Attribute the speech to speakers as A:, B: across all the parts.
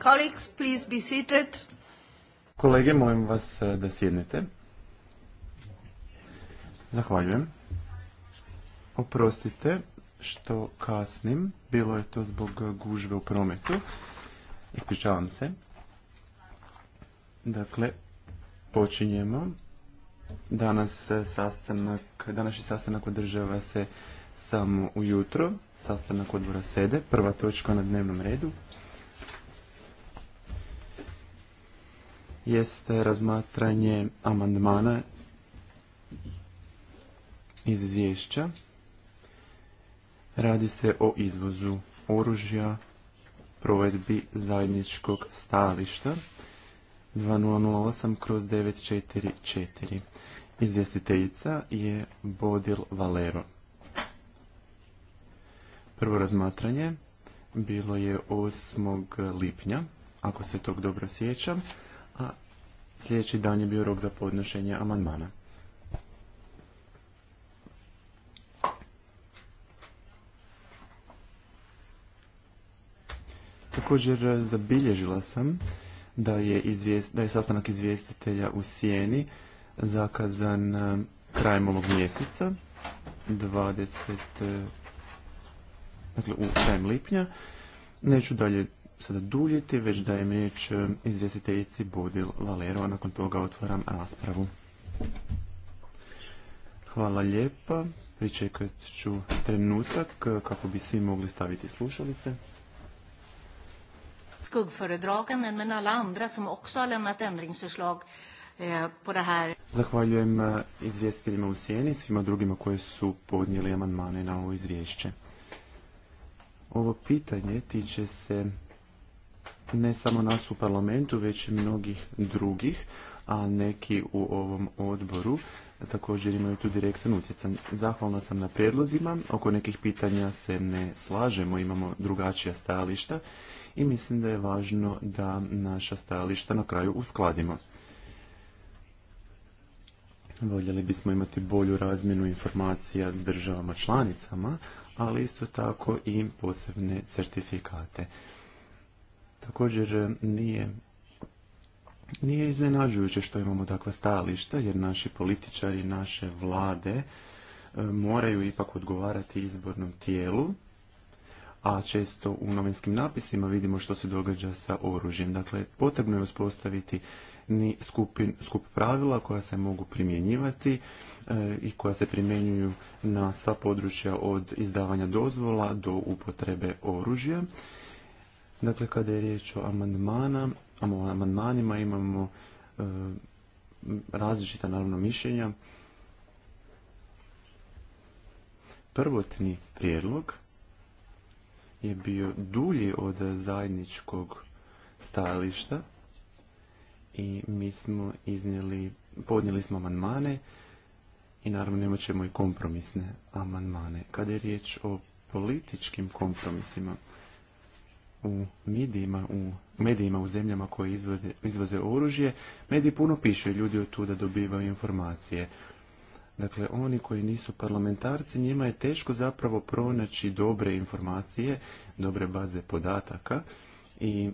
A: Colleagues,
B: Kolege, molim vas eh, da sjednete. Zahvaljujem. Oprostite što kasnim. Bilo je to zbog eh, gužve u prometu. Ispričavam se. Dakle, počinjemo. Danas eh, sastanak, današnji sastanak održava se samo ujutro. Sastanak odbora sede. Prva točka na dnevnom redu. jeste razmatranje amandmana iz izvješća. Radi se o izvozu oružja, provedbi zajedničkog stavišta 2008 kroz 944. Izvjestiteljica je Bodil Valero. Prvo razmatranje bilo je 8. lipnja, ako se tog dobro sjećam a sljedeći dan je bio rok za podnošenje amandmana. Također zabilježila sam da je, da je sastanak izvjestitelja u Sijeni zakazan e, krajem ovog mjeseca, 20, e, dakle u krajem lipnja. Neću dalje sada duljiti, već dajem riječ e, izvjestiteljici Bodil Valero, a nakon toga otvaram raspravu. Hvala lijepa, pričekat ću trenutak kako bi svi mogli staviti slušalice.
A: men alla andra som också har eh,
B: Zahvaljujem e, izvjestiteljima u sjeni, svima drugima koji su podnijeli amandmane na ovo izvješće. Ovo pitanje tiče se ne samo nas u parlamentu, već i mnogih drugih, a neki u ovom odboru također imaju tu direktan utjecan. Zahvalna sam na prijedlozima, oko nekih pitanja se ne slažemo, imamo drugačija stajališta i mislim da je važno da naša stajališta na kraju uskladimo. Voljeli bismo imati bolju razmjenu informacija s državama članicama, ali isto tako i posebne certifikate. Također e, nije nije iznenađujuće što imamo takva stajališta, jer naši političari, naše vlade e, moraju ipak odgovarati izbornom tijelu, a često u novinskim napisima vidimo što se događa sa oružjem. Dakle, potrebno je uspostaviti ni skup pravila koja se mogu primjenjivati e, i koja se primjenjuju na sva područja od izdavanja dozvola do upotrebe oružja Dakle, kada je riječ o amandmanima, imamo e, različita naravno mišljenja. Prvotni prijedlog je bio dulji od zajedničkog stajališta i mi smo iznijeli, podnijeli smo amandmane i naravno imat ćemo i kompromisne amandmane. Kada je riječ o političkim kompromisima, u medijima u, medijima u zemljama koje izvode, izvoze oružje, mediji puno pišu i ljudi od da dobivaju informacije. Dakle, oni koji nisu parlamentarci, njima je teško zapravo pronaći dobre informacije, dobre baze podataka i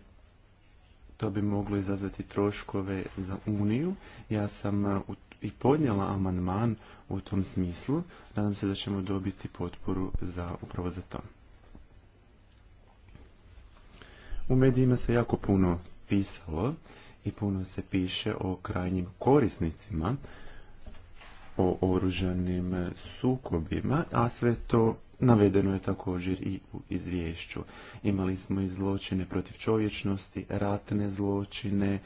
B: to bi moglo izazvati troškove za Uniju. Ja sam uh, i podnijela amandman u tom smislu. Nadam se da ćemo dobiti potporu za, upravo za to. U medijima se jako puno pisalo i puno se piše o krajnjim korisnicima, o oružanim sukobima, a sve to navedeno je također i u izvješću. Imali smo i zločine protiv čovječnosti, ratne zločine,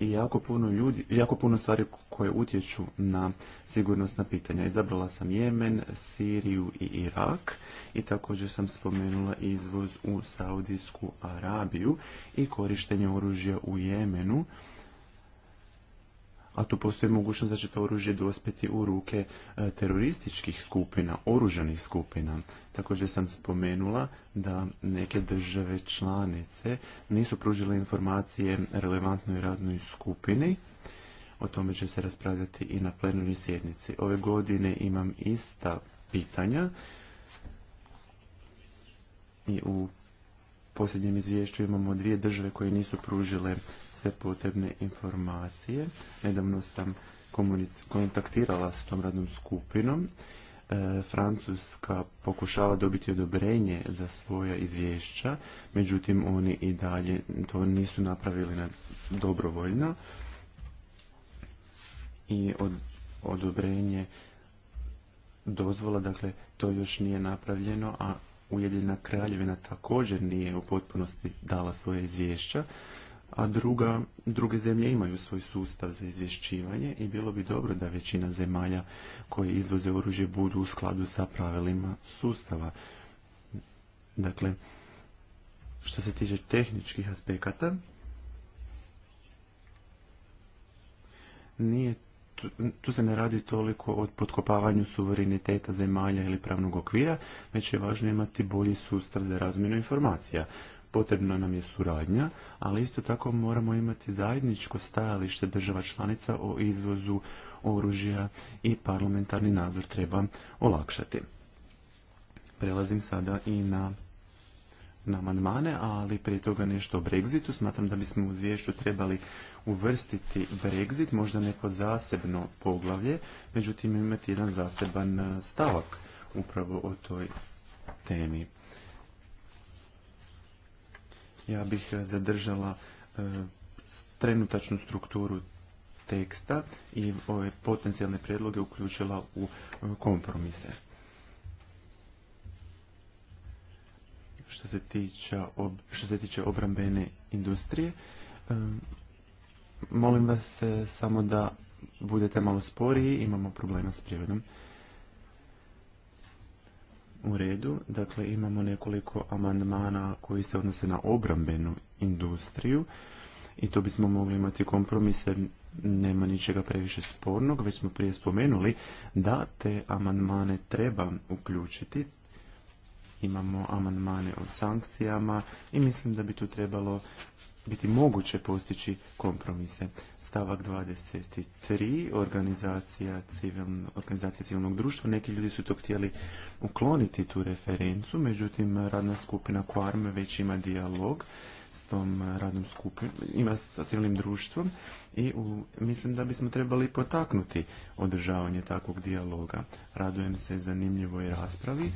B: i jako puno, ljudi, jako puno stvari koje utječu na sigurnosna pitanja. Izabrala sam Jemen, Siriju i Irak i također sam spomenula izvoz u Saudijsku Arabiju i korištenje oružja u Jemenu a tu postoji mogućnost da će to oružje dospjeti u ruke e, terorističkih skupina, oružanih skupina. Također sam spomenula da neke države članice nisu pružile informacije relevantnoj radnoj skupini. O tome će se raspravljati i na plenarnoj sjednici. Ove godine imam ista pitanja i u posljednjem izvješću imamo dvije države koje nisu pružile sve potrebne informacije. Nedavno sam kontaktirala s tom radnom skupinom. E, Francuska pokušava dobiti odobrenje za svoja izvješća, međutim oni i dalje to nisu napravili na dobrovoljno i od, odobrenje dozvola, dakle to još nije napravljeno, a Ujedina kraljevina također nije u potpunosti dala svoje izvješća, a druga, druge zemlje imaju svoj sustav za izvješćivanje i bilo bi dobro da većina zemalja koje izvoze oružje budu u skladu sa pravilima sustava. Dakle, što se tiče tehničkih aspekata, nije tu se ne radi toliko o potkopavanju suvereniteta zemalja ili pravnog okvira, već je važno imati bolji sustav za razmjenu informacija. Potrebna nam je suradnja, ali isto tako moramo imati zajedničko stajalište država članica o izvozu oružja i parlamentarni nadzor treba olakšati. Prelazim sada i na na amandmane, ali prije toga nešto o Brexitu. Smatram da bismo u izvješću trebali uvrstiti Brexit, možda neko zasebno poglavlje, međutim imati jedan zaseban e, stavak upravo o toj temi. Ja bih e, zadržala e, trenutačnu strukturu teksta i ove potencijalne predloge uključila u kompromise. što se tiče, što se tiče obrambene industrije. molim vas samo da budete malo sporiji, imamo problema s prijevodom. U redu, dakle imamo nekoliko amandmana koji se odnose na obrambenu industriju i to bismo mogli imati kompromise, nema ničega previše spornog, već smo prije spomenuli da te amandmane treba uključiti, imamo amandmane o sankcijama i mislim da bi tu trebalo biti moguće postići kompromise. Stavak 23, organizacija, organizacija civilnog društva. Neki ljudi su to htjeli ukloniti tu referencu, međutim radna skupina Kvarme već ima dijalog s tom radnom skupinom, ima sa civilnim društvom i mislim da bismo trebali potaknuti održavanje takvog dijaloga. Radujem se zanimljivoj raspravi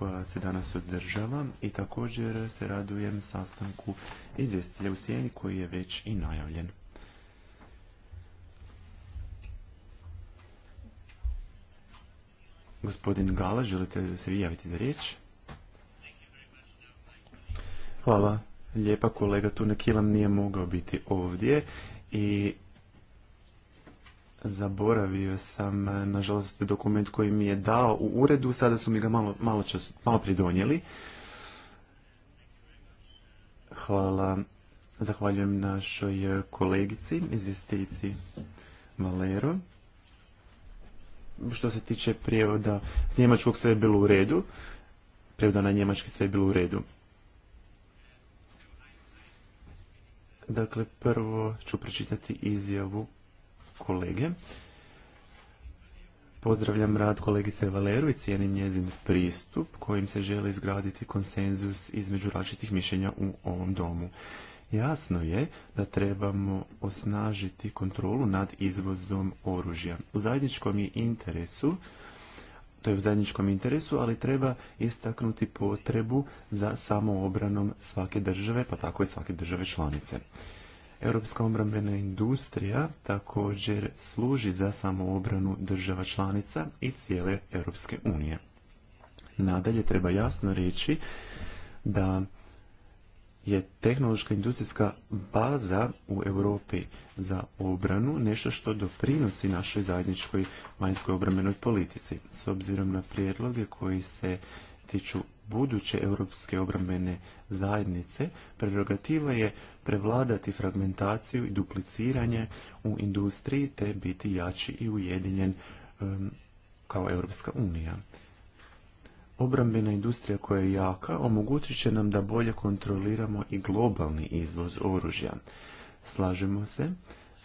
B: koja se danas održava i također se radujem sastanku izvjestitelja u sjeni koji je već i najavljen. Gospodin Gala, želite da se vi javiti za riječ? Hvala. Lijepa kolega Tune Kilam nije mogao biti ovdje i Zaboravio sam, e, nažalost, dokument koji mi je dao u uredu, sada su mi ga malo, malo, malo pridonijeli. Hvala, zahvaljujem našoj e, kolegici, izvjestici Valero. Što se tiče prijevoda s njemačkog sve je bilo u redu, prijevoda na njemački sve je bilo u redu. Dakle, prvo ću pročitati izjavu kolege. Pozdravljam rad kolegice Valeru i cijenim njezin pristup kojim se želi izgraditi konsenzus između različitih mišljenja u ovom domu. Jasno je da trebamo osnažiti kontrolu nad izvozom oružja. U zajedničkom je interesu, to je u zajedničkom interesu, ali treba istaknuti potrebu za samoobranom svake države, pa tako i svake države članice. Europska obrambena industrija također služi za samoobranu država članica i cijele Europske unije. Nadalje treba jasno reći da je tehnološka industrijska baza u Europi za obranu nešto što doprinosi našoj zajedničkoj vanjskoj obrambenoj politici. S obzirom na prijedloge koji se tiču buduće europske obrambene zajednice prerogativa je prevladati fragmentaciju i dupliciranje u industriji te biti jači i ujedinjen kao Europska unija. Obrambena industrija koja je jaka omogućit će nam da bolje kontroliramo i globalni izvoz oružja. Slažemo se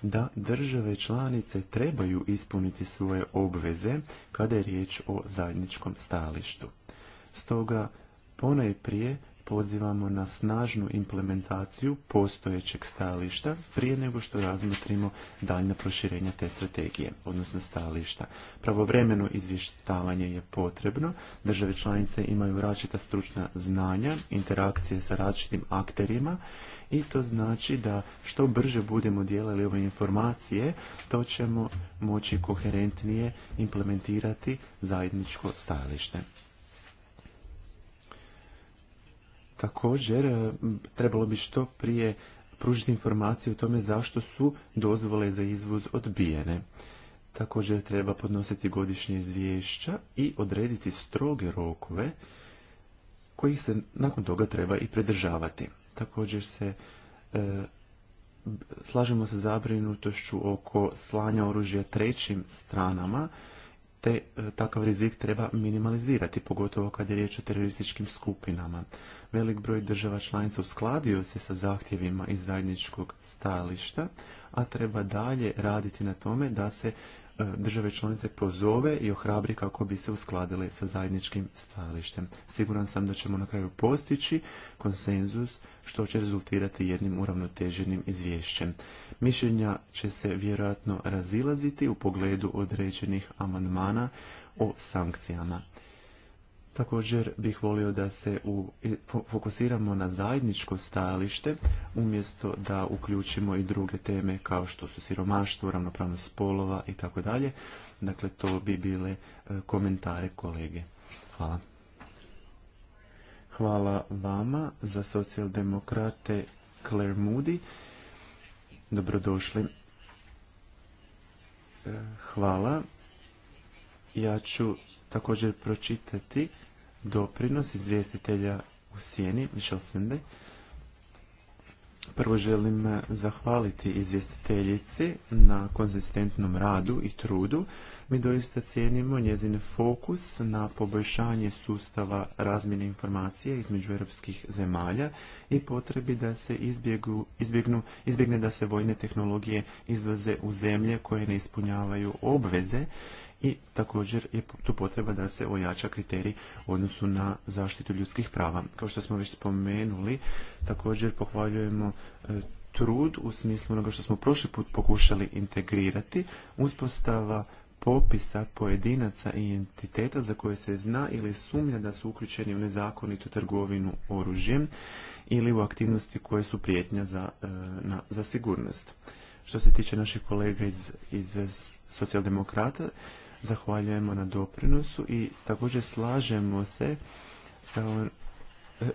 B: da države članice trebaju ispuniti svoje obveze kada je riječ o zajedničkom stalištu. Stoga ponaj pozivamo na snažnu implementaciju postojećeg stajališta prije nego što razmotrimo daljna proširenja te strategije, odnosno stajališta. Pravovremeno izvještavanje je potrebno, države članice imaju različita stručna znanja, interakcije sa različitim akterima i to znači da što brže budemo dijelili ove informacije, to ćemo moći koherentnije implementirati zajedničko stajalište. Također, e, trebalo bi što prije pružiti informacije o tome zašto su dozvole za izvoz odbijene. Također treba podnositi godišnje izvješća i odrediti stroge rokove kojih se nakon toga treba i predržavati. Također se e, slažemo sa zabrinutošću oko slanja oružja trećim stranama, te e, takav rizik treba minimalizirati, pogotovo kad je riječ o terorističkim skupinama velik broj država članica uskladio se sa zahtjevima iz zajedničkog stajališta, a treba dalje raditi na tome da se e, države članice pozove i ohrabri kako bi se uskladile sa zajedničkim stajalištem. Siguran sam da ćemo na kraju postići konsenzus što će rezultirati jednim uravnoteženim izvješćem. Mišljenja će se vjerojatno razilaziti u pogledu određenih amandmana o sankcijama. Također bih volio da se u, fokusiramo na zajedničko stajalište umjesto da uključimo i druge teme kao što su siromaštvo, ravnopravnost spolova i tako dalje. Dakle, to bi bile e, komentare kolege. Hvala. Hvala vama za socijaldemokrate Claire Moody. Dobrodošli. E, hvala. Ja ću također pročitati doprinos izvjestitelja u sjeni, Michel Sende. Prvo želim eh, zahvaliti izvjestiteljici na konzistentnom radu i trudu mi doista cijenimo njezin fokus na poboljšanje sustava razmjene informacija između europskih zemalja i potrebi da se izbjegne da se vojne tehnologije izvoze u zemlje koje ne ispunjavaju obveze i također je tu potreba da se ojača kriterij u odnosu na zaštitu ljudskih prava. Kao što smo već spomenuli, također pohvaljujemo e, trud u smislu onoga što smo prošli put pokušali integrirati, uspostava popisa pojedinaca i entiteta za koje se zna ili sumnja da su uključeni u nezakonitu trgovinu oružjem ili u aktivnosti koje su prijetnja za, e, sigurnost. Što se tiče naših kolega iz, iz socijaldemokrata, zahvaljujemo na doprinosu i također slažemo se sa, e,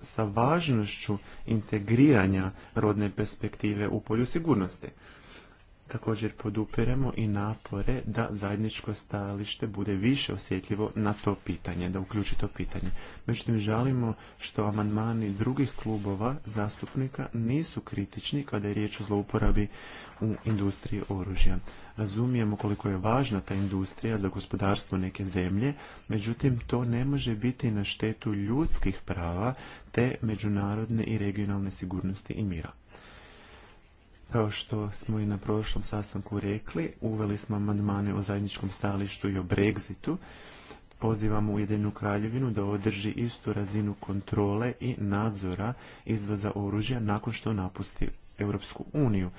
B: sa važnošću integriranja rodne perspektive u polju sigurnosti. Također podupiremo i napore da zajedničko stajalište bude više osjetljivo na to pitanje, da uključi to pitanje. Međutim, žalimo što amandmani drugih klubova zastupnika nisu kritični kada je riječ o zlouporabi u industriji oružja. Razumijemo koliko je važna ta industrija za gospodarstvo neke zemlje, međutim to ne može biti na štetu ljudskih prava te međunarodne i regionalne sigurnosti i mira. Kao što smo i na prošlom sastanku rekli, uveli smo amandmane o zajedničkom stalištu i o Brexitu. Pozivamo Ujedinu kraljevinu da održi istu razinu kontrole i nadzora izvoza oružja nakon što napusti Europsku uniju.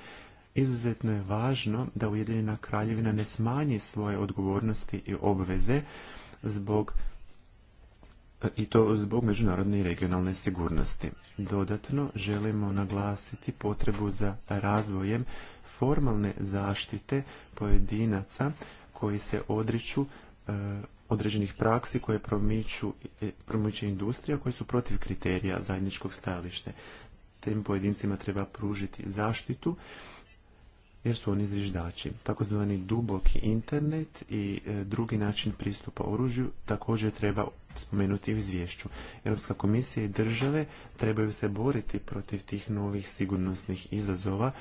B: Izuzetno je važno da Ujedinjena kraljevina ne smanji svoje odgovornosti i obveze zbog i to zbog međunarodne i regionalne sigurnosti. Dodatno želimo naglasiti potrebu za razvojem formalne zaštite pojedinaca koji se odriču e, određenih praksi koje promiču, e, promiče industrija koji su protiv kriterija zajedničkog stajalište. Tim pojedincima treba pružiti zaštitu jer su oni zviždači. Takozvani duboki internet i e, drugi način pristupa oružju također treba spomenuti u izvješću. Europska komisija i države trebaju se boriti protiv tih novih sigurnosnih izazova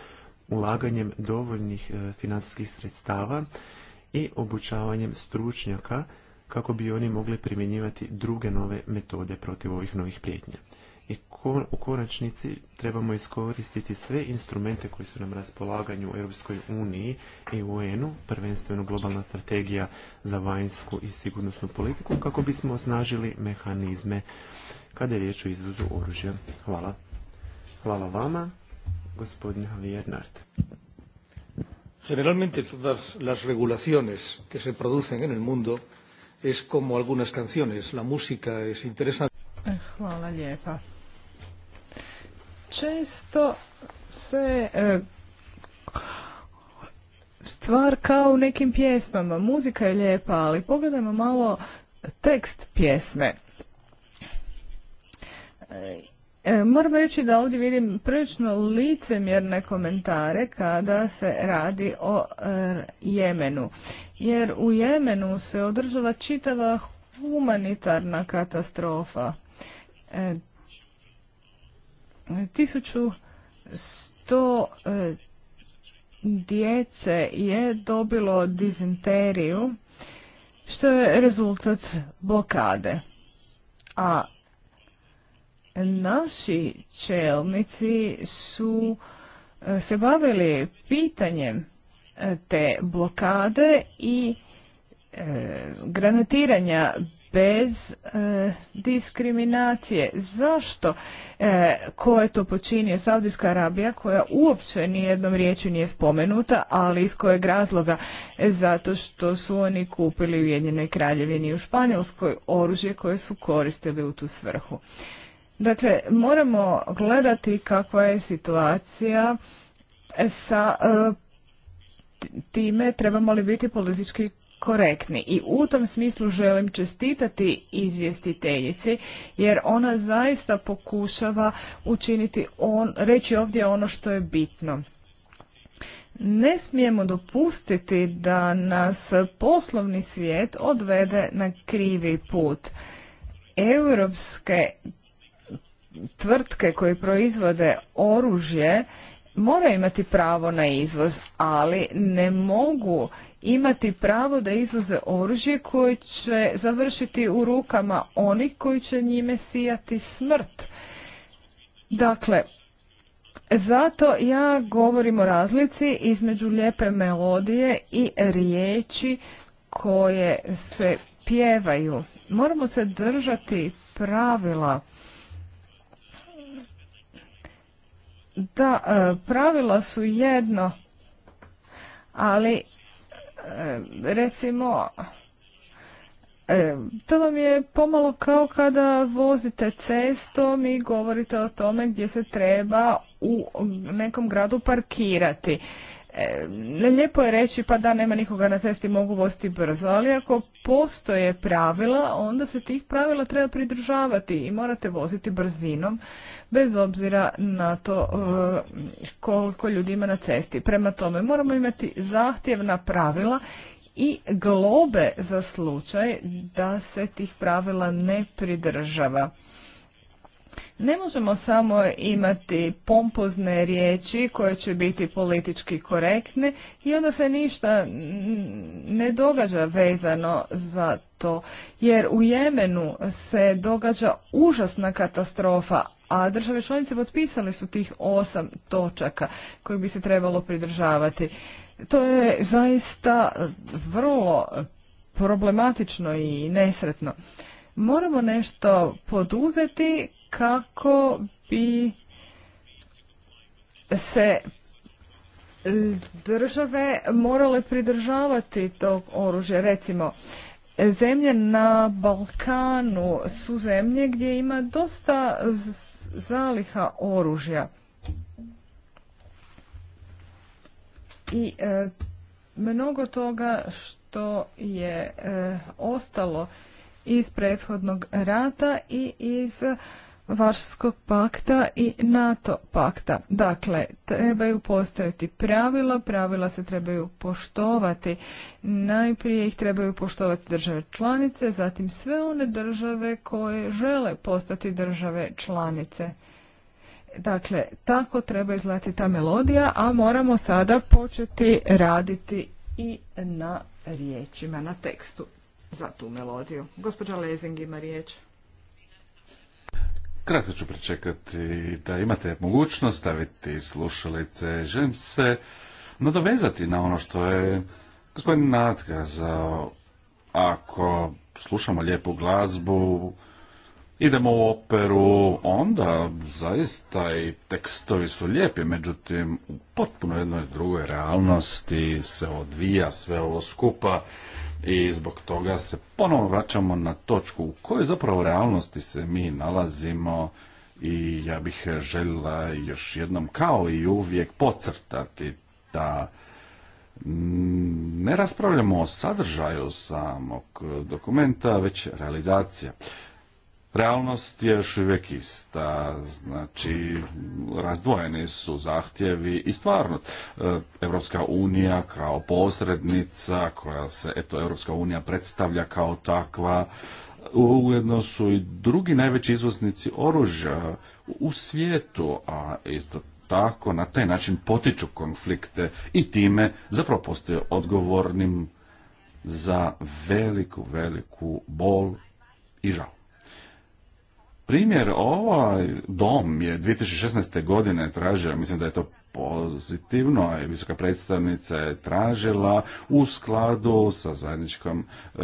B: ulaganjem dovoljnih e, financijskih sredstava i obučavanjem stručnjaka kako bi oni mogli primjenjivati druge nove metode protiv ovih novih prijetnja i u konačnici trebamo iskoristiti sve instrumente koji su nam raspolaganju u Europskoj uniji i UN-u, prvenstveno globalna strategija za vanjsku i sigurnosnu politiku, kako bismo osnažili mehanizme kada je riječ o izvozu oružja. Hvala. Hvala vama, gospodin Javier Nart.
C: Generalmente todas las regulaciones que se producen en el mundo es como algunas canciones, la música es interesante.
A: Hvala lijepa često se e, stvar kao u nekim pjesmama. Muzika je lijepa, ali pogledajmo malo tekst pjesme. E, moram reći da ovdje vidim prilično licemjerne komentare kada se radi o e, Jemenu. Jer u Jemenu se održava čitava humanitarna katastrofa. 1100 e, djece je dobilo dizenteriju što je rezultat blokade. A naši čelnici su e, se bavili pitanjem e, te blokade i granatiranja bez e, diskriminacije. Zašto? E, ko je to počinio? Saudijska Arabija koja uopće nijednom riječju nije spomenuta, ali iz kojeg razloga? E, zato što su oni kupili u Jedinoj kraljevini u Španjolskoj oružje koje su koristili u tu svrhu. Dakle, moramo gledati kakva je situacija sa e, time trebamo li biti politički korektni i u tom smislu želim čestitati izvjestiteljici jer ona zaista pokušava učiniti on, reći ovdje ono što je bitno. Ne smijemo dopustiti da nas poslovni svijet odvede na krivi put. Europske tvrtke koje proizvode oružje moraju imati pravo na izvoz, ali ne mogu imati pravo da izvoze oružje koje će završiti u rukama onih koji će njime sijati smrt. Dakle, zato ja govorim o razlici između lijepe melodije i riječi koje se pjevaju. Moramo se držati pravila. Da, e, pravila su jedno, ali E, recimo, e, to vam je pomalo kao kada vozite cestom i govorite o tome gdje se treba u nekom gradu parkirati. E, lijepo je reći pa da nema nikoga na cesti mogu voziti brzo, ali ako postoje pravila onda se tih pravila treba pridržavati i morate voziti brzinom bez obzira na to e, koliko ljudi ima na cesti. Prema tome moramo imati zahtjevna pravila i globe za slučaj da se tih pravila ne pridržava. Ne možemo samo imati pompozne riječi koje će biti politički korektne i onda se ništa ne događa vezano za to. Jer u Jemenu se događa užasna katastrofa, a države članice potpisale su tih osam točaka koje bi se trebalo pridržavati. To je zaista vrlo problematično i nesretno. Moramo nešto poduzeti kako bi se države morale pridržavati tog oružja. Recimo, zemlje na Balkanu su zemlje gdje ima dosta zaliha oružja. I e, mnogo toga što je e, ostalo iz prethodnog rata i iz Varšavskog pakta i NATO pakta. Dakle, trebaju postaviti pravila, pravila se trebaju poštovati. Najprije ih trebaju poštovati države članice, zatim sve one države koje žele postati države članice. Dakle, tako treba izgledati ta melodija, a moramo sada početi raditi i na riječima, na tekstu za tu melodiju. Gospođa Lezing ima riječ.
D: Kratko ću pričekati da imate mogućnost staviti slušalice. Želim se nadovezati na ono što je gospodin Natka za ako slušamo lijepu glazbu, idemo u operu, onda zaista i tekstovi su lijepi, međutim u potpuno jednoj drugoj realnosti se odvija sve ovo skupa i zbog toga se ponovo vraćamo na točku u kojoj zapravo realnosti se mi nalazimo i ja bih željela još jednom kao i uvijek pocrtati da ne raspravljamo o sadržaju samog dokumenta, već realizacija. Realnost je još uvijek ista, znači razdvojeni su zahtjevi i stvarno. E, Evropska unija kao posrednica koja se, eto, Evropska unija predstavlja kao takva, ujedno su i drugi najveći izvoznici oružja u svijetu, a isto tako na taj način potiču konflikte i time zapravo postoje odgovornim za veliku, veliku bol i žal. Primjer, ovaj dom je 2016. godine tražio, mislim da je to pozitivno, je visoka predstavnica je tražila u skladu sa zajedničkom e,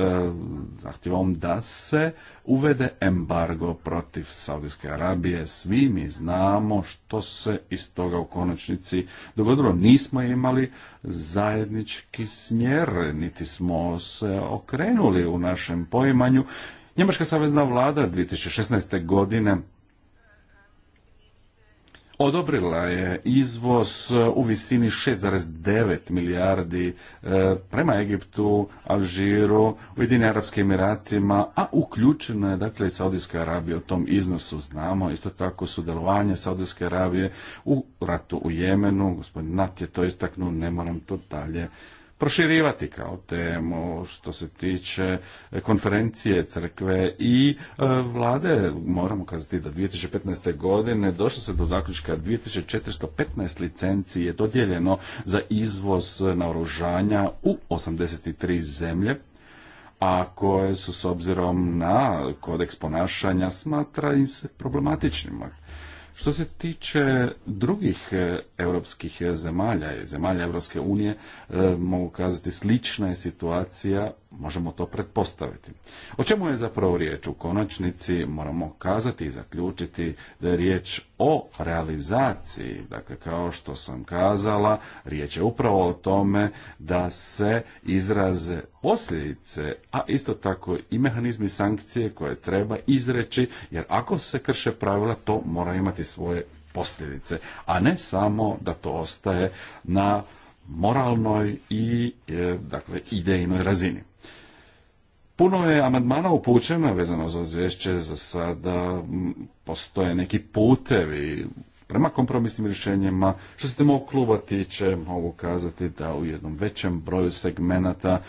D: zahtjevom da se uvede embargo protiv Saudijske Arabije. Svi mi znamo što se iz toga u konačnici dogodilo. Nismo imali zajednički smjer, niti smo se okrenuli u našem poimanju Njemačka savezna vlada 2016. godine odobrila je izvoz u visini 6,9 milijardi e, prema Egiptu, Alžiru, Ujedinjenim Arabskim Emiratima, a uključena je dakle i Saudijska Arabija u tom iznosu. Znamo isto tako sudjelovanje Saudijske Arabije u ratu u Jemenu, gospodin Nat je to istaknuo, ne moram to dalje proširivati kao temu što se tiče konferencije crkve i e, vlade. Moramo kazati da 2015. godine došlo se do zaključka 2415 licenci je dodijeljeno za izvoz naoružanja u 83 zemlje a koje su s obzirom na kodeks ponašanja smatra im se problematičnima što se tiče drugih europskih e, zemalja i zemalja Europske unije, e, mogu kazati slična je situacija možemo to pretpostaviti. O čemu je zapravo riječ? U konačnici moramo kazati i zaključiti da je riječ o realizaciji. Dakle, kao što sam kazala, riječ je upravo o tome da se izraze posljedice, a isto tako i mehanizmi sankcije koje treba izreći, jer ako se krše pravila, to mora imati svoje posljedice, a ne samo da to ostaje na moralnoj i e, dakle idejnoj razini. Puno je amandmana upućeno vezano za izvješće za sada. Postoje neki putevi prema kompromisnim rješenjima. Što se mog kluba tiče, mogu kazati da u jednom većem broju segmenata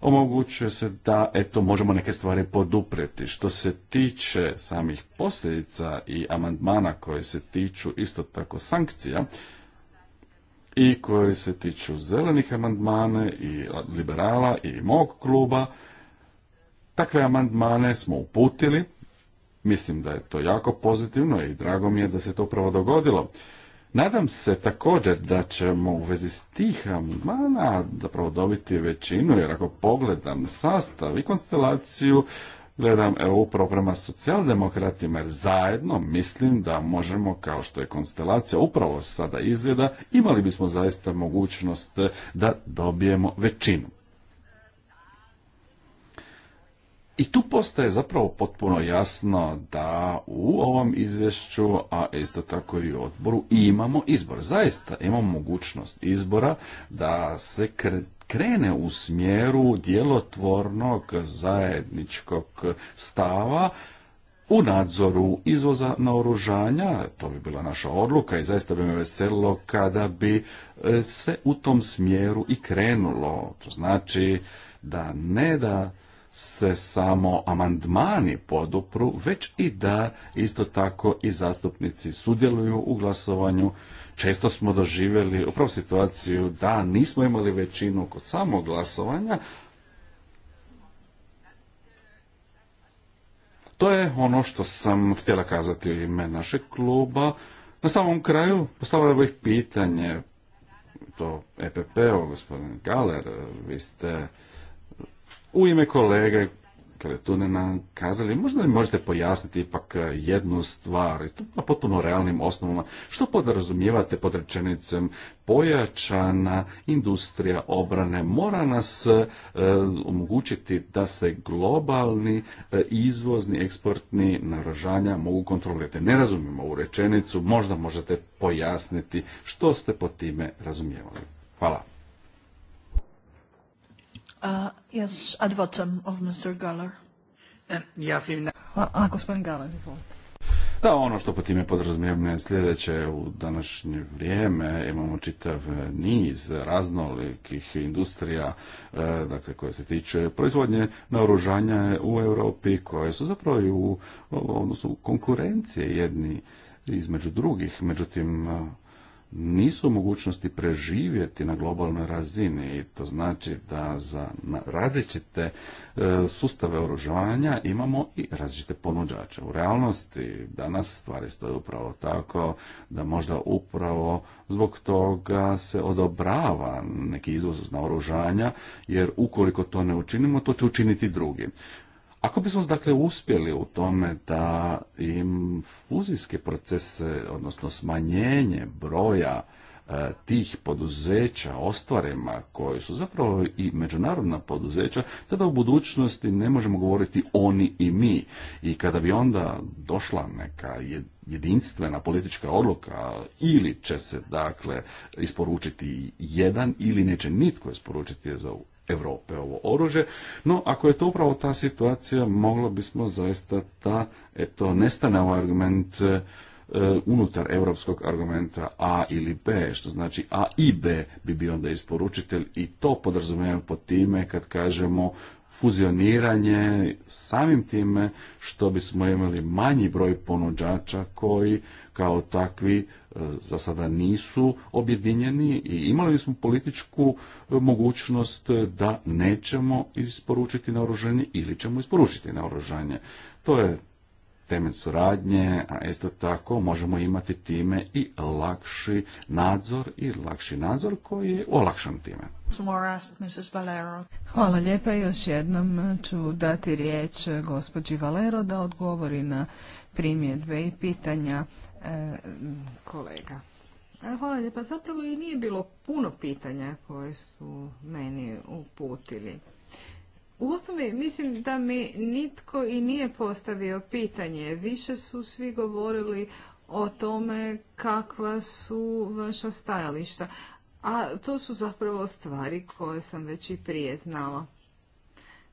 D: omogućuje se da eto možemo neke stvari poduprijeti. Što se tiče samih posljedica i amandmana koje se tiču isto tako sankcija i koji se tiču zelenih amandmana i liberala i mog kluba, Takve amandmane smo uputili, mislim da je to jako pozitivno i drago mi je da se to upravo dogodilo. Nadam se također da ćemo u vezi s tih amandmana zapravo dobiti većinu, jer ako pogledam sastav i konstelaciju, gledam evo upravo prema socijaldemokratima, jer zajedno mislim da možemo, kao što je konstelacija upravo sada izgleda, imali bismo zaista mogućnost da dobijemo većinu. I tu postaje zapravo potpuno jasno da u ovom izvješću, a isto tako i u odboru, imamo izbor. Zaista imamo mogućnost izbora da se krene u smjeru djelotvornog zajedničkog stava u nadzoru izvoza naoružanja, to bi bila naša odluka i zaista bi me veselilo kada bi e, se u tom smjeru i krenulo. To znači da ne da se samo amandmani podupru, već i da isto tako i zastupnici sudjeluju u glasovanju. Često smo doživjeli upravo situaciju da nismo imali većinu kod samog glasovanja, To je ono što sam htjela kazati u ime našeg kluba. Na samom kraju postavila bih pitanje to EPP-o, gospodin Galer, vi ste u ime kolege Kretunena kazali, možda li možete pojasniti ipak e, jednu stvar, na potpuno realnim osnovama, što podrazumijevate pod rečenicom pojačana industrija obrane mora nas e, omogućiti da se globalni e, izvozni, eksportni narožanja mogu kontrolirati. Ne razumijemo ovu rečenicu, možda možete pojasniti što ste po time razumijevali. Hvala. Da, ono što po time podrazumijem je sljedeće, u današnje vrijeme imamo čitav niz raznolikih industrija e, dakle, koje se tiče proizvodnje naoružanja u Europi, koje su zapravo i u odnosu konkurencije jedni između drugih, međutim nisu u mogućnosti preživjeti na globalnoj razini i to znači da za različite e, sustave oružavanja imamo i različite ponuđače. U realnosti danas stvari stoje upravo tako da možda upravo zbog toga se odobrava neki izvoz na oružanja jer ukoliko to ne učinimo to će učiniti drugi. Ako bismo dakle uspjeli u tome da im fuzijske procese, odnosno smanjenje broja e, tih poduzeća ostvarima koji su zapravo i međunarodna poduzeća, tada u budućnosti ne možemo govoriti oni i mi. I kada bi onda došla neka jedinstvena politička odluka ili će se dakle isporučiti jedan ili neće nitko isporučiti za Europe ovo oružje, no ako je to upravo ta situacija, moglo bismo zaista da eto, nestane ovaj argument e, e, unutar europskog argumenta A ili B, što znači A i B bi bio onda isporučitelj i to podrazumijeva po time kad kažemo fuzioniranje samim time što bismo imali manji broj ponuđača koji kao takvi E, za sada nisu objedinjeni i imali smo političku e, mogućnost da nećemo isporučiti naoružanje ili ćemo isporučiti naoružanje. To je temelj suradnje, a isto tako možemo imati time i lakši nadzor i lakši nadzor koji je olakšan time.
A: Hvala lijepa. Još jednom ću dati riječ gospođi Valero da odgovori na primjedbe i pitanja. E, kolega. E, hvala lijepa. Zapravo i nije bilo puno pitanja koje su meni uputili. U osnovi mislim da mi nitko i nije postavio pitanje. Više su svi govorili o tome kakva su vaša stajališta. A to su zapravo stvari koje sam već i prije znala.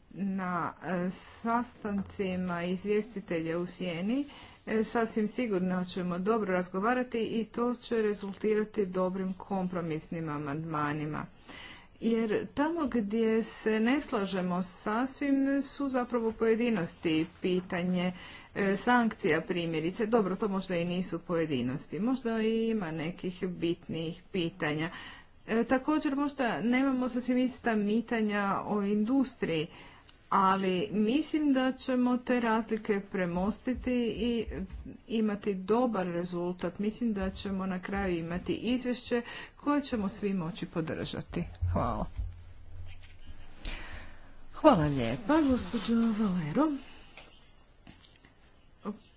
A: Na e, sastancima izvjestitelja u Sjeni E, sasvim sigurno ćemo dobro razgovarati i to će rezultirati dobrim kompromisnim amandmanima. Jer tamo gdje se ne slažemo sasvim su zapravo pojedinosti pitanje e, sankcija primjerice. Dobro, to možda i nisu pojedinosti. Možda i ima nekih bitnijih pitanja. E, također možda nemamo sasvim ista mitanja o industriji ali mislim da ćemo te razlike premostiti i imati dobar rezultat. Mislim da ćemo na kraju imati izvješće koje ćemo svi moći podržati. Hvala. Hvala lijepa, gospođo Valero.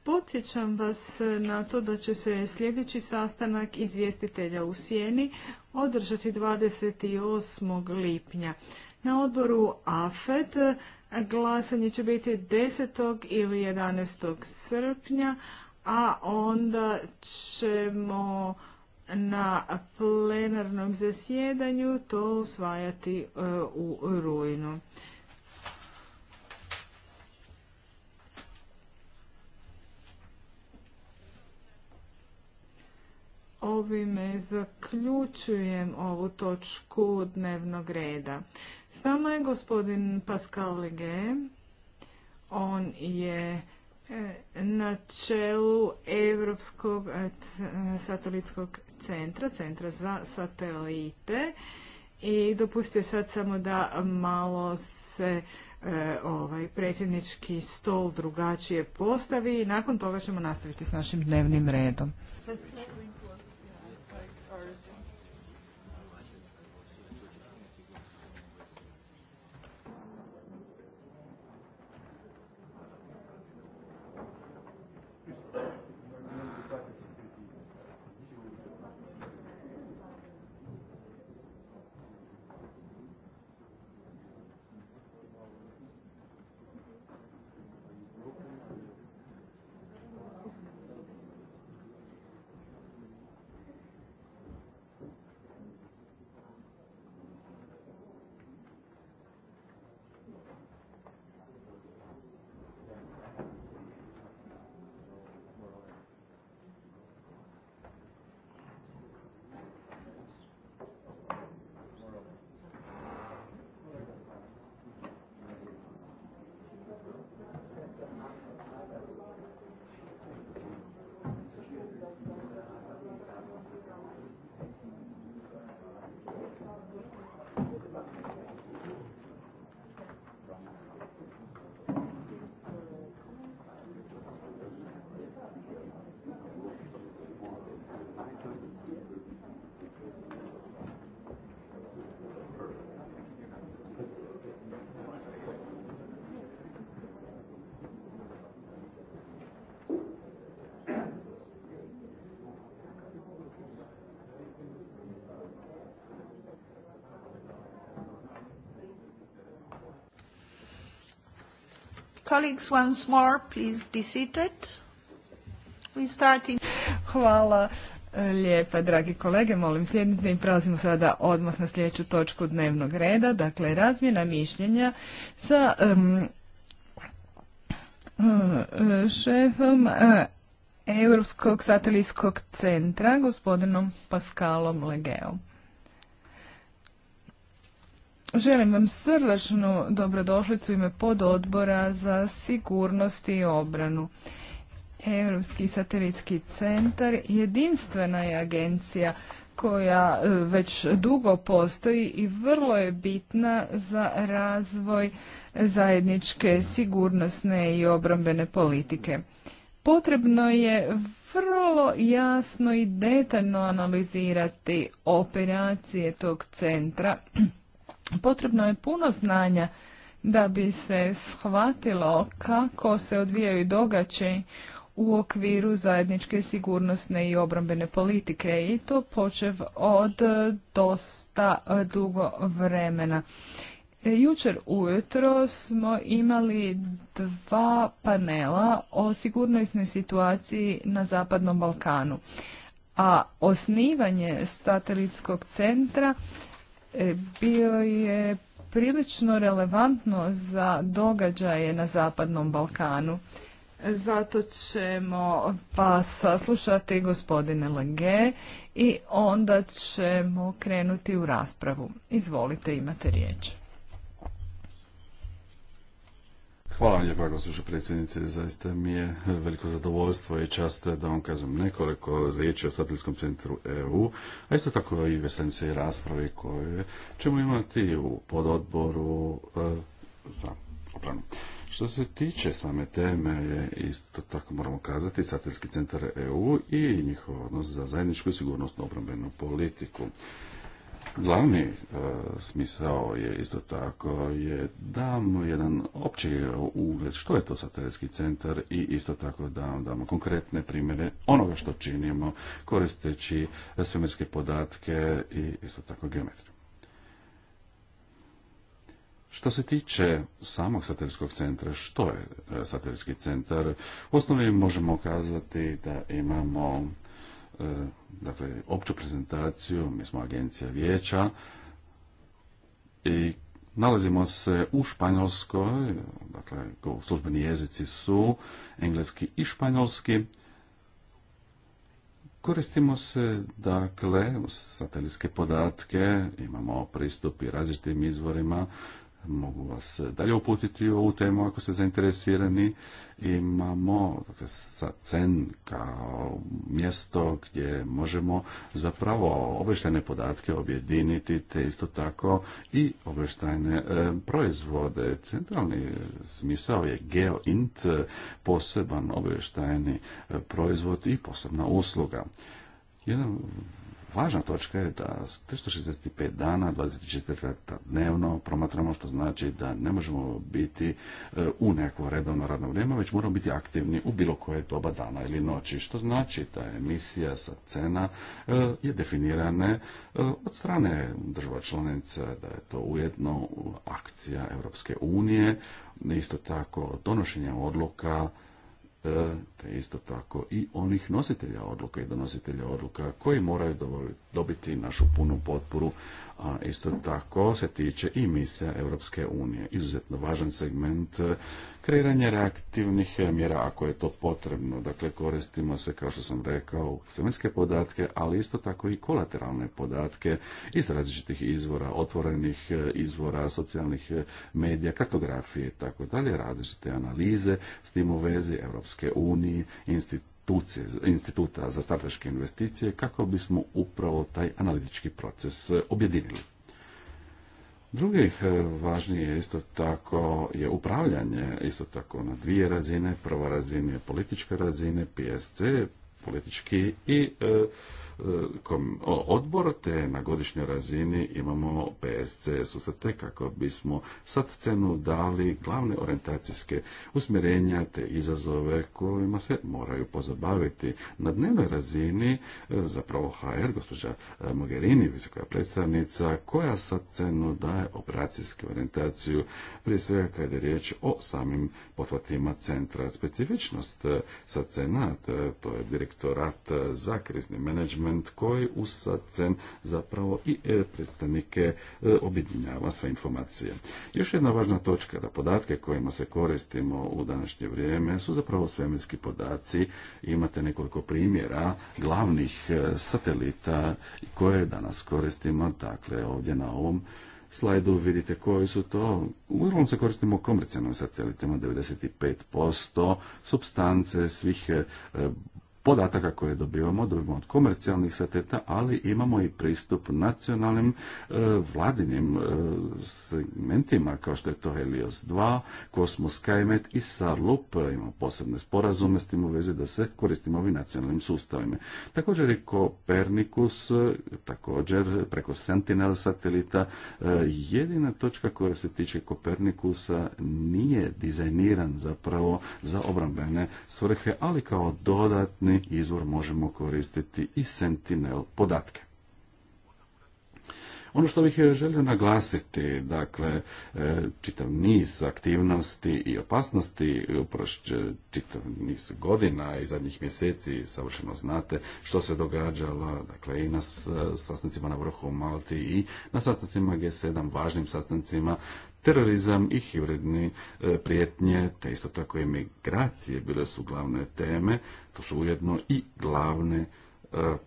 A: Podsjećam vas na to da će se sljedeći sastanak izvjestitelja u Sjeni održati 28. lipnja. Na odboru AFED Glasanje će biti 10. ili 11. srpnja, a onda ćemo na plenarnom zasjedanju to usvajati e, u rujnu. Ovime zaključujem ovu točku dnevnog reda. S nama je gospodin Pascal Lege. On je e, na čelu Europskog e, e, satelitskog centra, centra za satelite. I dopustio sad samo da malo se ovaj predsjednički stol drugačije postavi i nakon toga ćemo nastaviti s našim dnevnim redom. Colleagues, once Hvala eh, lijepa, dragi kolege. Molim sjednite i prelazimo sada odmah na sljedeću točku dnevnog reda. Dakle, razmjena mišljenja sa eh, šefom eh, Europskog satelitskog centra, gospodinom Paskalom Legeom. Želim vam srdačnu dobrodošlicu ime pododbora za sigurnost i obranu. Europski satelitski centar jedinstvena je agencija koja e, već dugo postoji i vrlo je bitna za razvoj zajedničke sigurnosne i obrambene politike. Potrebno je vrlo jasno i detaljno analizirati operacije tog centra Potrebno je puno znanja da bi se shvatilo kako se odvijaju događaji u okviru zajedničke sigurnosne i obrambene politike i to počev od dosta dugo vremena. E, jučer ujutro smo imali dva panela o sigurnosnoj situaciji na Zapadnom Balkanu, a osnivanje satelitskog centra E, bio je prilično relevantno za događaje na Zapadnom Balkanu. E, zato ćemo pa saslušati gospodine Lange i onda ćemo krenuti u raspravu. Izvolite, imate riječ.
D: Hvala lijepa, gospođo predsjednice. Zaista mi je veliko zadovoljstvo i čast da vam kažem nekoliko riječi o Sateljskom centru EU, a isto tako i veselice i raspravi koje ćemo imati u pododboru e, za obranu. Što se tiče same teme, isto tako moramo kazati, Sateljski centar EU i njihov odnos za zajedničku i sigurnosnu obrambenu politiku. Glavni e, smisao je isto tako je damo jedan opći ugled što je to satelitski centar i isto tako da damo konkretne primjere onoga što činimo koristeći svemirske podatke i isto tako geometriju. Što se tiče samog satelitskog centra, što je e, satelitski centar? U osnovi možemo kazati da imamo e, dakle, opću prezentaciju, mi smo agencija vijeća i nalazimo se u Španjolskoj, dakle, službeni jezici su engleski i španjolski, Koristimo se, dakle, satelitske podatke, imamo pristup i različitim izvorima, mogu vas eh, dalje uputiti u ovu temu ako ste zainteresirani. Imamo dakle, cen kao mjesto gdje možemo zapravo obještajne podatke objediniti, te isto tako i obještajne eh, proizvode. Centralni eh, smisao je GeoInt, poseban obještajni proizvod i posebna usluga. Jedan važna točka je da 365 dana, 24 sata dnevno promatramo, što znači da ne možemo biti e, u neko redovno radno vrijeme, već moramo biti aktivni u bilo koje doba dana ili noći, što znači da emisija sa cena e, je definirane e, od strane država članica, da je to ujedno akcija Europske unije, isto tako donošenje odluka E, te isto tako i onih nositelja odluka i donositelja odluka koji moraju dobiti našu punu potporu a isto tako se tiče i misija Europske unije. Izuzetno važan segment eh, kreiranja reaktivnih eh, mjera ako je to potrebno. Dakle, koristimo se, kao što sam rekao, semenske podatke, ali isto tako i kolateralne podatke iz različitih izvora, otvorenih eh, izvora, socijalnih medija, kartografije i tako dalje, različite analize s tim u vezi Europske unije, institucije instituta za strateške investicije kako bismo upravo taj analitički proces e, objedinili. Drugi e, važniji je isto tako je upravljanje isto tako na dvije razine. Prva razina je politička razine, PSC, politički i e, odbor, te na godišnjoj razini imamo PSC te kako bismo sad cenu dali glavne orientacijske usmjerenja te izazove kojima se moraju pozabaviti. Na dnevnoj razini e, zapravo HR, gospođa e, Mogherini, visoka predstavnica, koja sad cenu daje operacijsku orientaciju, prije svega kada je riječ o samim potvatima centra. Specifičnost e, sad to je direktorat za krizni menadžment, segment koji uz SACEN zapravo i predstavnike e, objedinjava sve informacije. Još jedna važna točka da podatke kojima se koristimo u današnje vrijeme su zapravo svemirski podaci. Imate nekoliko primjera glavnih e, satelita koje danas koristimo, dakle ovdje na ovom slajdu vidite koji su to. Uglavnom se koristimo komercijalnim satelitima, 95% substance svih e, podataka koje dobivamo, dobivamo od komercijalnih sateta, ali imamo i pristup nacionalnim e, vladinim e, segmentima kao što je to Helios 2, Cosmos Skymet i Sarlup. E, imamo posebne sporazume s tim u vezi da se koristimo ovim nacionalnim sustavima. Također i Kopernikus, e, također preko Sentinel satelita, jedina točka koja se tiče Kopernikusa nije dizajniran zapravo za obrambene svrhe, ali kao dodatni izvor možemo koristiti i Sentinel podatke. Ono što bih želio naglasiti, dakle, e, čitav niz aktivnosti i opasnosti upravo čitav niz godina i zadnjih mjeseci, savršeno znate što se događalo, dakle, i na e, sastancima na vrhu u Malti i na sastancima G7, važnim sastancima, terorizam i hibridni e, prijetnje, te isto tako i migracije bile su glavne teme, to su ujedno i glavne e,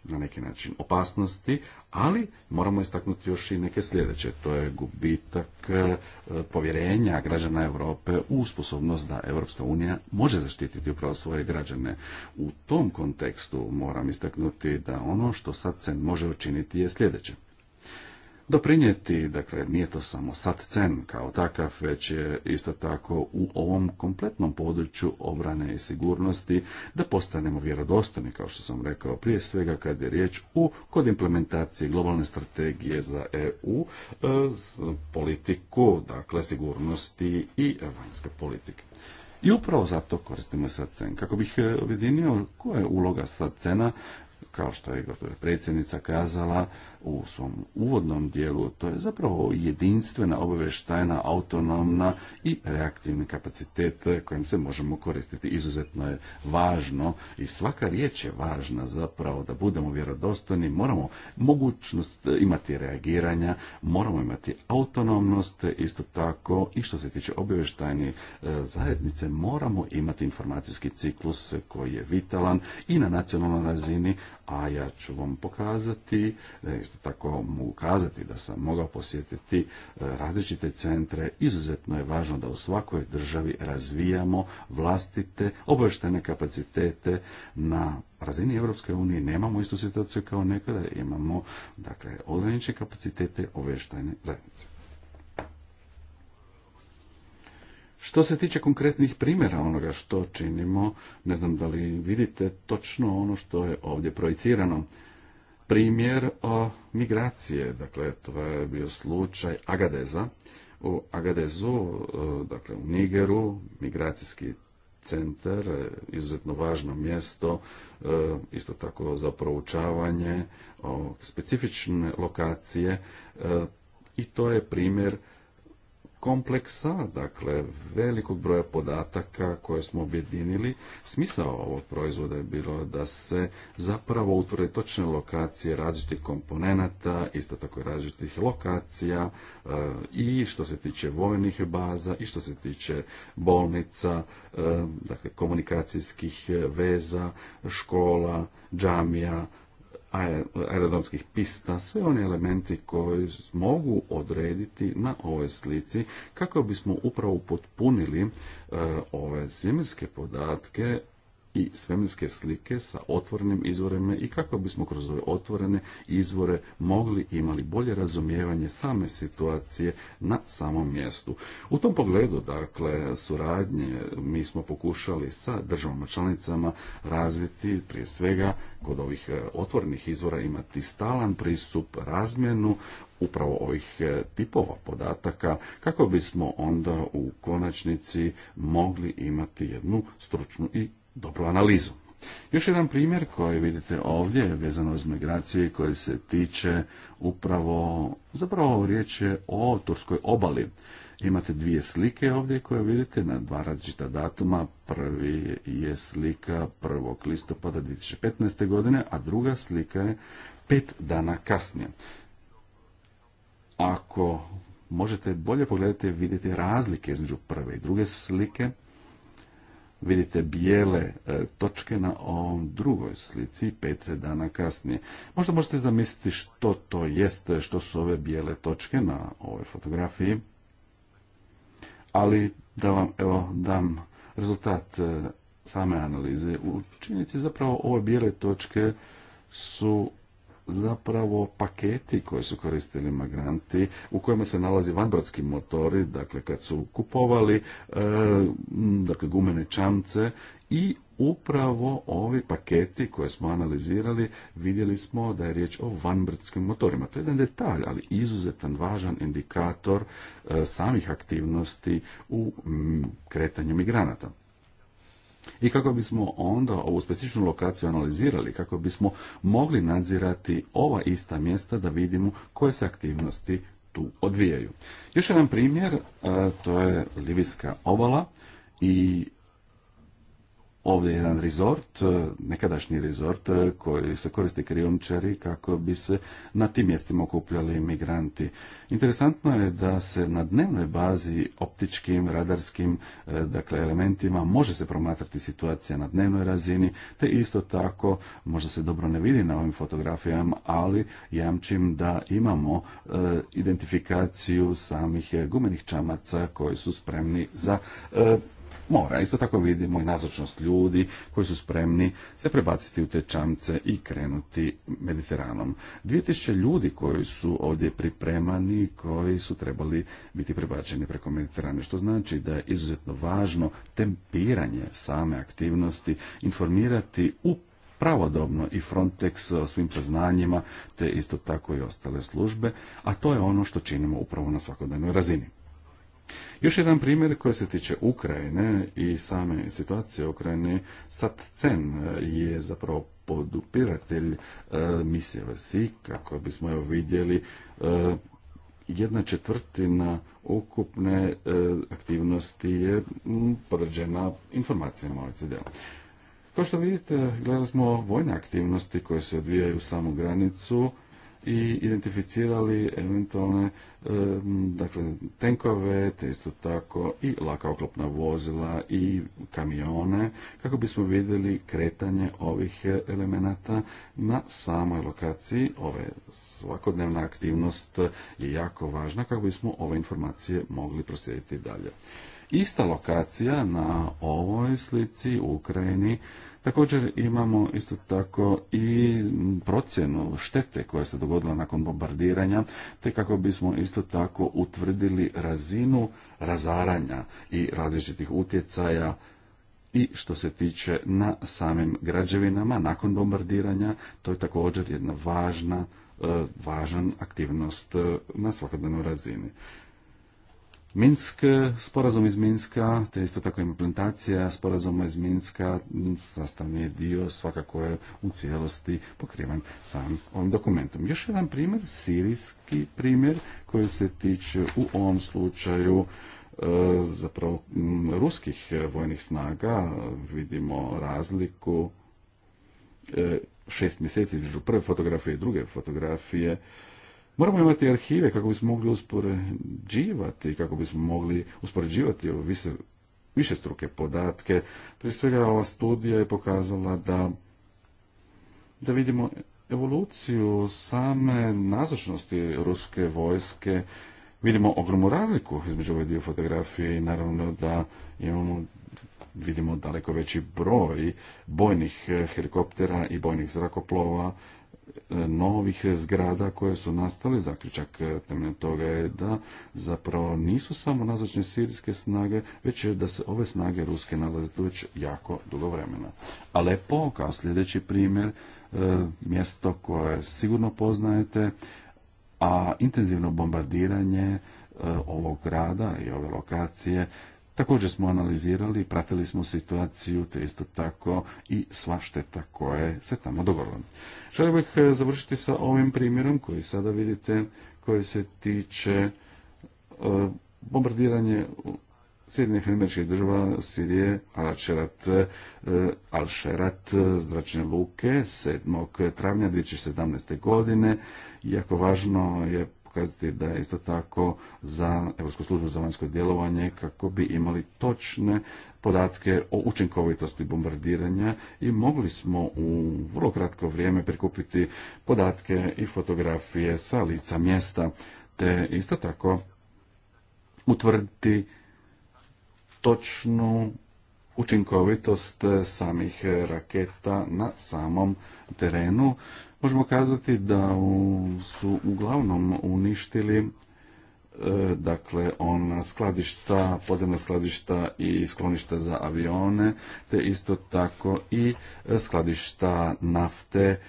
D: na neki način opasnosti, ali moramo istaknuti još i neke sljedeće. To je gubitak e, povjerenja građana Europe u sposobnost da Europska unija može zaštititi upravo svoje građane. U tom kontekstu moram istaknuti da ono što sad se može učiniti je sljedeće doprinijeti, dakle nije to samo sad cen kao takav, već je isto tako u ovom kompletnom području obrane i sigurnosti da postanemo vjerodostojni, kao što sam rekao prije svega kad je riječ u kod implementacije globalne strategije za EU, e, politiku, dakle sigurnosti i vanjske politike. I upravo zato koristimo sad cen. Kako bih e, objedinio koja je uloga sad cena, kao što je predsjednica kazala, u svom uvodnom dijelu, to je zapravo jedinstvena obavještajna, autonomna i reaktivni kapacitet kojim se možemo koristiti. Izuzetno je važno i svaka riječ je važna zapravo da budemo vjerodostojni, moramo mogućnost imati reagiranja, moramo imati autonomnost, isto tako i što se tiče obavještajne e, zajednice moramo imati informacijski ciklus koji je vitalan i na nacionalnoj razini, a ja ću vam pokazati e, isto tako mogu ukazati da sam mogao posjetiti e, različite centre. Izuzetno je važno da u svakoj državi razvijamo vlastite obavještajne kapacitete na razini Evropske unije nemamo istu situaciju kao nekada, imamo dakle ograničene kapacitete obavještajne zajednice. Što se tiče konkretnih primjera onoga što činimo, ne znam da li vidite točno ono što je ovdje projicirano primjer o migracije. Dakle, to je bio slučaj Agadeza. U Agadezu, e, dakle u Nigeru, migracijski centar, e, izuzetno važno mjesto, e, isto tako za proučavanje o specifične lokacije i to je primjer kompleksa, dakle velikog broja podataka koje smo objedinili. Smisao ovog proizvoda je bilo da se zapravo utvrde točne lokacije različitih komponenata, isto tako i različitih lokacija e, i što se tiče vojnih baza i što se tiče bolnica, e, dakle komunikacijskih veza, škola, džamija, aerodromskih pista, sve oni elementi koji mogu odrediti na ovoj slici kako bismo upravo potpunili e, ove svemirske podatke i svemirske slike sa otvorenim izvorima i kako bismo kroz ove otvorene izvore mogli imali bolje razumijevanje same situacije na samom mjestu. U tom pogledu, dakle, suradnje mi smo pokušali sa državama članicama razviti prije svega kod ovih e, otvorenih izvora imati stalan pristup, razmjenu upravo ovih e, tipova podataka kako bismo onda u konačnici mogli imati jednu stručnu i dobru analizu. Još jedan primjer koji vidite ovdje vezano uz migracije koji se tiče upravo, zapravo riječ je o Turskoj obali. Imate dvije slike ovdje koje vidite na dva različita datuma. Prvi je slika 1. listopada 2015. godine, a druga slika je pet dana kasnije. Ako možete bolje pogledati, vidite razlike između prve i druge slike vidite bijele e, točke na ovom drugoj slici pet dana kasnije. Možda možete zamisliti što to jeste, što su ove bijele točke na ovoj fotografiji, ali da vam evo dam rezultat e, same analize u činjenici zapravo ove bijele točke su zapravo paketi koje su koristili migranti u kojima se nalazi vanbrodski motori, dakle kad su kupovali e, dakle gumene čamce i upravo ovi paketi koje smo analizirali vidjeli smo da je riječ o vanbrdskim motorima. To je jedan detalj, ali izuzetan važan indikator e, samih aktivnosti u kretanju migranata i kako bismo onda ovu specifičnu lokaciju analizirali, kako bismo mogli nadzirati ova ista mjesta da vidimo koje se aktivnosti tu odvijaju. Još jedan primjer, to je Livijska obala i ovdje jedan rezort, e, nekadašnji rezort e, koji se koristi krijomčari kako bi se na tim mjestima okupljali migranti. Interesantno je da se na dnevnoj bazi optičkim, radarskim e, dakle, elementima može se promatrati situacija na dnevnoj razini, te isto tako možda se dobro ne vidi na ovim fotografijama, ali jamčim da imamo identifikaciju samih gumenih čamaca koji su spremni za mora. Isto tako vidimo i nazočnost ljudi koji su spremni se prebaciti u te čamce i krenuti Mediteranom. 2000 ljudi koji su ovdje pripremani, koji su trebali biti prebačeni preko Mediterane, što znači da je izuzetno važno tempiranje same aktivnosti, informirati u pravodobno i Frontex o svim saznanjima, te isto tako i ostale službe, a to je ono što činimo upravo na svakodnevnoj razini. Još jedan primjer koji se tiče Ukrajine i same situacije u Ukrajini, SatCen je zapravo podupiratelj e, misije kako bismo evo vidjeli e, jedna četvrtina ukupne e, aktivnosti je podređena informacijama OECD-a. Kao što vidite, gledali smo vojne aktivnosti koje se odvijaju u samu granicu, i identificirali eventualne dakle, tenkove, te isto tako i laka oklopna vozila i kamione, kako bismo vidjeli kretanje ovih elemenata na samoj lokaciji. Ove svakodnevna aktivnost je jako važna kako bismo ove informacije mogli proslijediti dalje. Ista lokacija na ovoj slici u Ukrajini Također imamo isto tako i procjenu štete koja se dogodila nakon bombardiranja, te kako bismo isto tako utvrdili razinu razaranja i različitih utjecaja i što se tiče na samim građevinama nakon bombardiranja, to je također jedna važna, e, važan aktivnost e, na svakodnevnoj razini. Minsk, sporazum iz Minska, te isto tako implementacija sporazuma iz Minska, sastavni je dio svakako je u cijelosti pokriven sam ovim dokumentom. Još jedan primjer, sirijski primjer koji se tiče u ovom slučaju e, zapravo ruskih vojnih snaga vidimo razliku e, šest mjeseci između prve fotografije i druge fotografije Moramo imati arhive kako bismo mogli uspoređivati, kako bismo mogli uspoređivati ove više struke podatke. Prije svega ova studija je pokazala da, da vidimo evoluciju same nazočnosti ruske vojske. Vidimo ogromnu razliku između ove dvije fotografije i naravno da imamo vidimo daleko veći broj bojnih helikoptera i bojnih zrakoplova novih zgrada koje su nastale, zaključak e, temeljem toga je da zapravo nisu samo nazočne sirijske snage, već da se ove snage ruske nalaze tu već jako dugo vremena. Alepo, kao sljedeći primjer, e, mjesto koje sigurno poznajete, a intenzivno bombardiranje e, ovog grada i ove lokacije Također smo analizirali, pratili smo situaciju, te isto tako i sva šteta koje se tamo dogodila. Želim bih e, završiti sa ovim primjerom koji sada vidite, koji se tiče e, bombardiranje Sjedinjenih američkih država, Sirije, Al-Sherat, e, Al zračne luke 7. travnja 2017. godine. iako važno je pokazati da je isto tako za Evropsku službu za vanjsko djelovanje kako bi imali točne podatke o učinkovitosti bombardiranja i mogli smo u vrlo kratko vrijeme prikupiti podatke i fotografije sa lica mjesta, te isto tako utvrditi točnu učinkovitost samih raketa na samom terenu možemo kazati da su uglavnom uništili e, dakle ona skladišta, podzemna skladišta i skloništa za avione, te isto tako i skladišta nafte,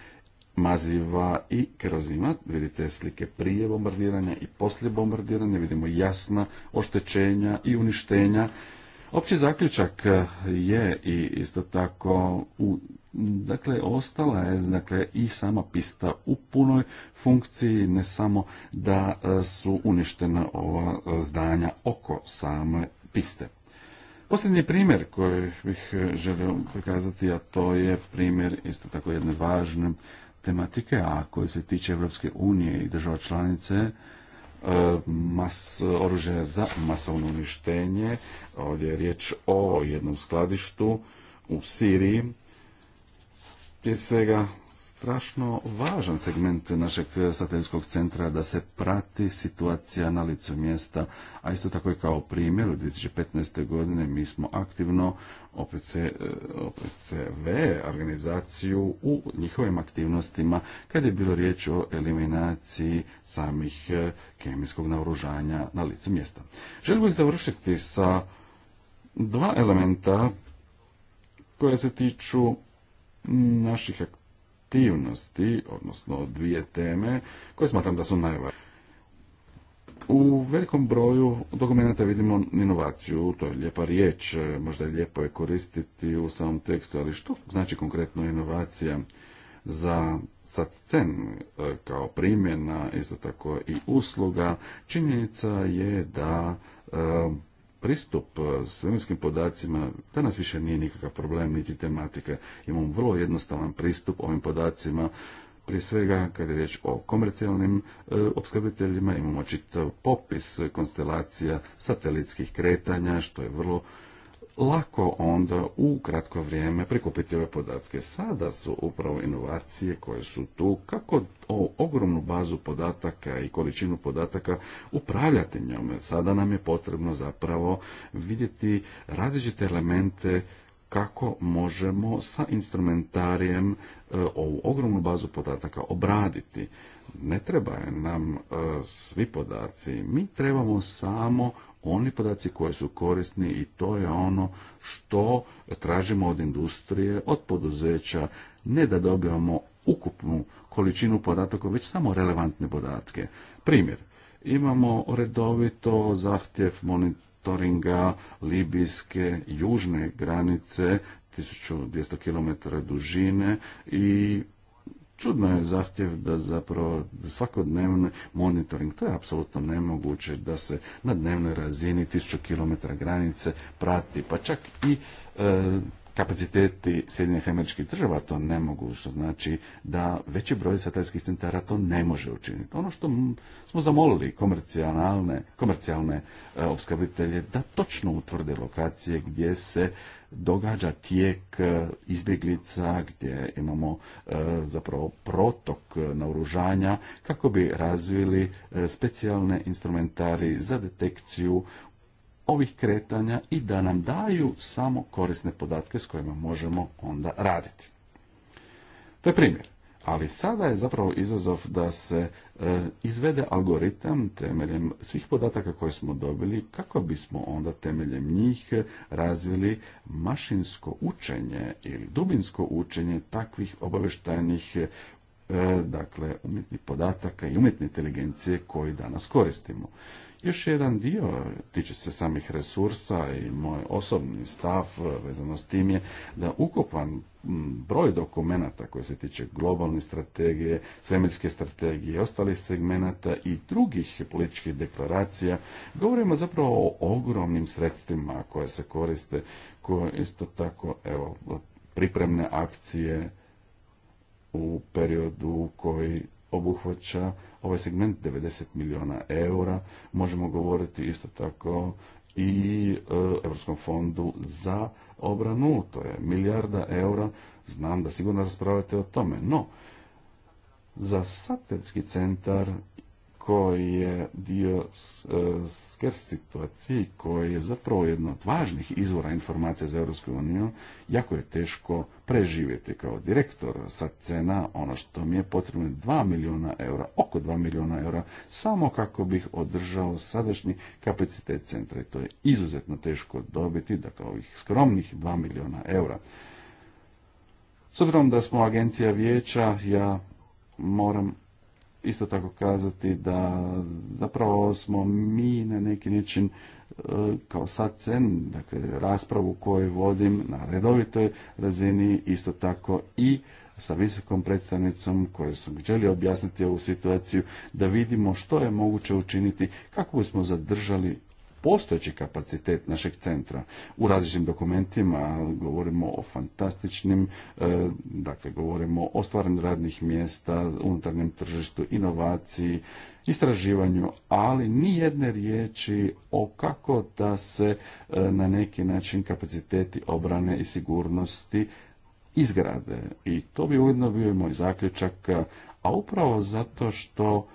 D: maziva i kerozima. Vidite slike prije bombardiranja i poslije bombardiranja, vidimo jasna oštećenja i uništenja Opći zaključak e, je i isto tako u Dakle, ostala je dakle, i sama pista u punoj funkciji, ne samo da e, su uništena ova e, zdanja oko same piste. Posljednji primjer koji bih želio prikazati, a to je primjer isto tako jedne važne tematike, a koji se tiče Evropske unije i država članice, E, mas, oružje za masovno uništenje. Ovdje je riječ o jednom skladištu u Siriji. Prije svega strašno važan segment našeg satelitskog centra da se prati situacija na licu mjesta, a isto tako je kao primjer u 2015. godine mi smo aktivno OPC, eh, OPCV organizaciju u njihovim aktivnostima kad je bilo riječ o eliminaciji samih eh, kemijskog naoružanja na licu mjesta. Želim bih završiti sa dva elementa koja se tiču mm, naših aktivnosti aktivnosti, odnosno dvije teme koje smatram da su najvažnije. U velikom broju dokumenta vidimo inovaciju, to je lijepa riječ, možda je lijepo je koristiti u samom tekstu, ali što znači konkretno inovacija za sad cen e, kao primjena, isto tako i usluga, činjenica je da e, pristup e, svemirskim podacima danas više nije nikakav problem niti tematika. Imamo vrlo jednostavan pristup ovim podacima prije svega kad je riječ o komercijalnim e, opskrbiteljima imamo čitav popis konstelacija satelitskih kretanja što je vrlo lako onda u kratko vrijeme prikupiti ove podatke. Sada su upravo inovacije koje su tu kako ovu ogromnu bazu podataka i količinu podataka upravljati njome. Sada nam je potrebno zapravo vidjeti različite elemente kako možemo sa instrumentarijem e, ovu ogromnu bazu podataka obraditi. Ne treba nam e, svi podaci, mi trebamo samo oni podaci koji su korisni i to je ono što tražimo od industrije, od poduzeća, ne da dobivamo ukupnu količinu podataka, već samo relevantne podatke. Primjer, imamo redovito zahtjev monitoringa libijske južne granice 1200 km dužine i čudno je zahtjev da zapravo svakodnevni monitoring, to je apsolutno nemoguće da se na dnevnoj razini 1000 km granice prati, pa čak i e, kapaciteti Sjedinjenih američkih država to ne mogu, što znači da veći broj satelitskih centara to ne može učiniti. Ono što smo zamolili komercijalne, komercijalne e, opskrbitelje da točno utvrde lokacije gdje se događa tijek e, izbjeglica, gdje imamo e, zapravo protok naoružanja kako bi razvili e, specijalne instrumentari za detekciju ovih kretanja i da nam daju samo korisne podatke s kojima možemo onda raditi. To je primjer. Ali sada je zapravo izazov da se e, izvede algoritam temeljem svih podataka koje smo dobili, kako bismo onda temeljem njih razvili mašinsko učenje ili dubinsko učenje takvih obavještajnih e, dakle umjetnih podataka i umjetne inteligencije koji danas koristimo. Još jedan dio tiče se samih resursa i moj osobni stav vezano s tim je da ukupan broj dokumenata koji se tiče globalne strategije, svemirske strategije i ostalih segmenata i drugih političkih deklaracija, govorimo zapravo o ogromnim sredstvima koje se koriste, koje isto tako, evo, pripremne akcije u periodu koji obuhvaća ovaj segment 90 milijuna eura. Možemo govoriti isto tako i e, Europskom fondu za obranu, to je milijarda eura. Znam da sigurno raspravljate o tome, no za satelitski centar koji je dio e, skrb situaciji koji je zapravo jedna od važnih izvora informacija za Europsku uniju, jako je teško preživjeti kao direktor sa cena ono što mi je potrebno 2 milijuna eura, oko 2 milijuna eura, samo kako bih održao sadašnji kapacitet centra i to je izuzetno teško dobiti, dakle ovih skromnih 2 milijuna eura. S obzirom da smo agencija vijeća, ja moram isto tako kazati da zapravo smo mi na neki način e, kao sad cen, dakle raspravu koju vodim na redovitoj razini, isto tako i sa visokom predstavnicom koju sam želi objasniti ovu situaciju, da vidimo što je moguće učiniti kako bismo zadržali postojeći kapacitet našeg centra. U različitim dokumentima govorimo o fantastičnim, e, dakle govorimo o stvaranju radnih mjesta, unutarnjem tržištu, inovaciji, istraživanju, ali ni jedne riječi o kako da se e, na neki način kapaciteti obrane i sigurnosti izgrade. I to bi ujedno bio i moj zaključak, a upravo zato što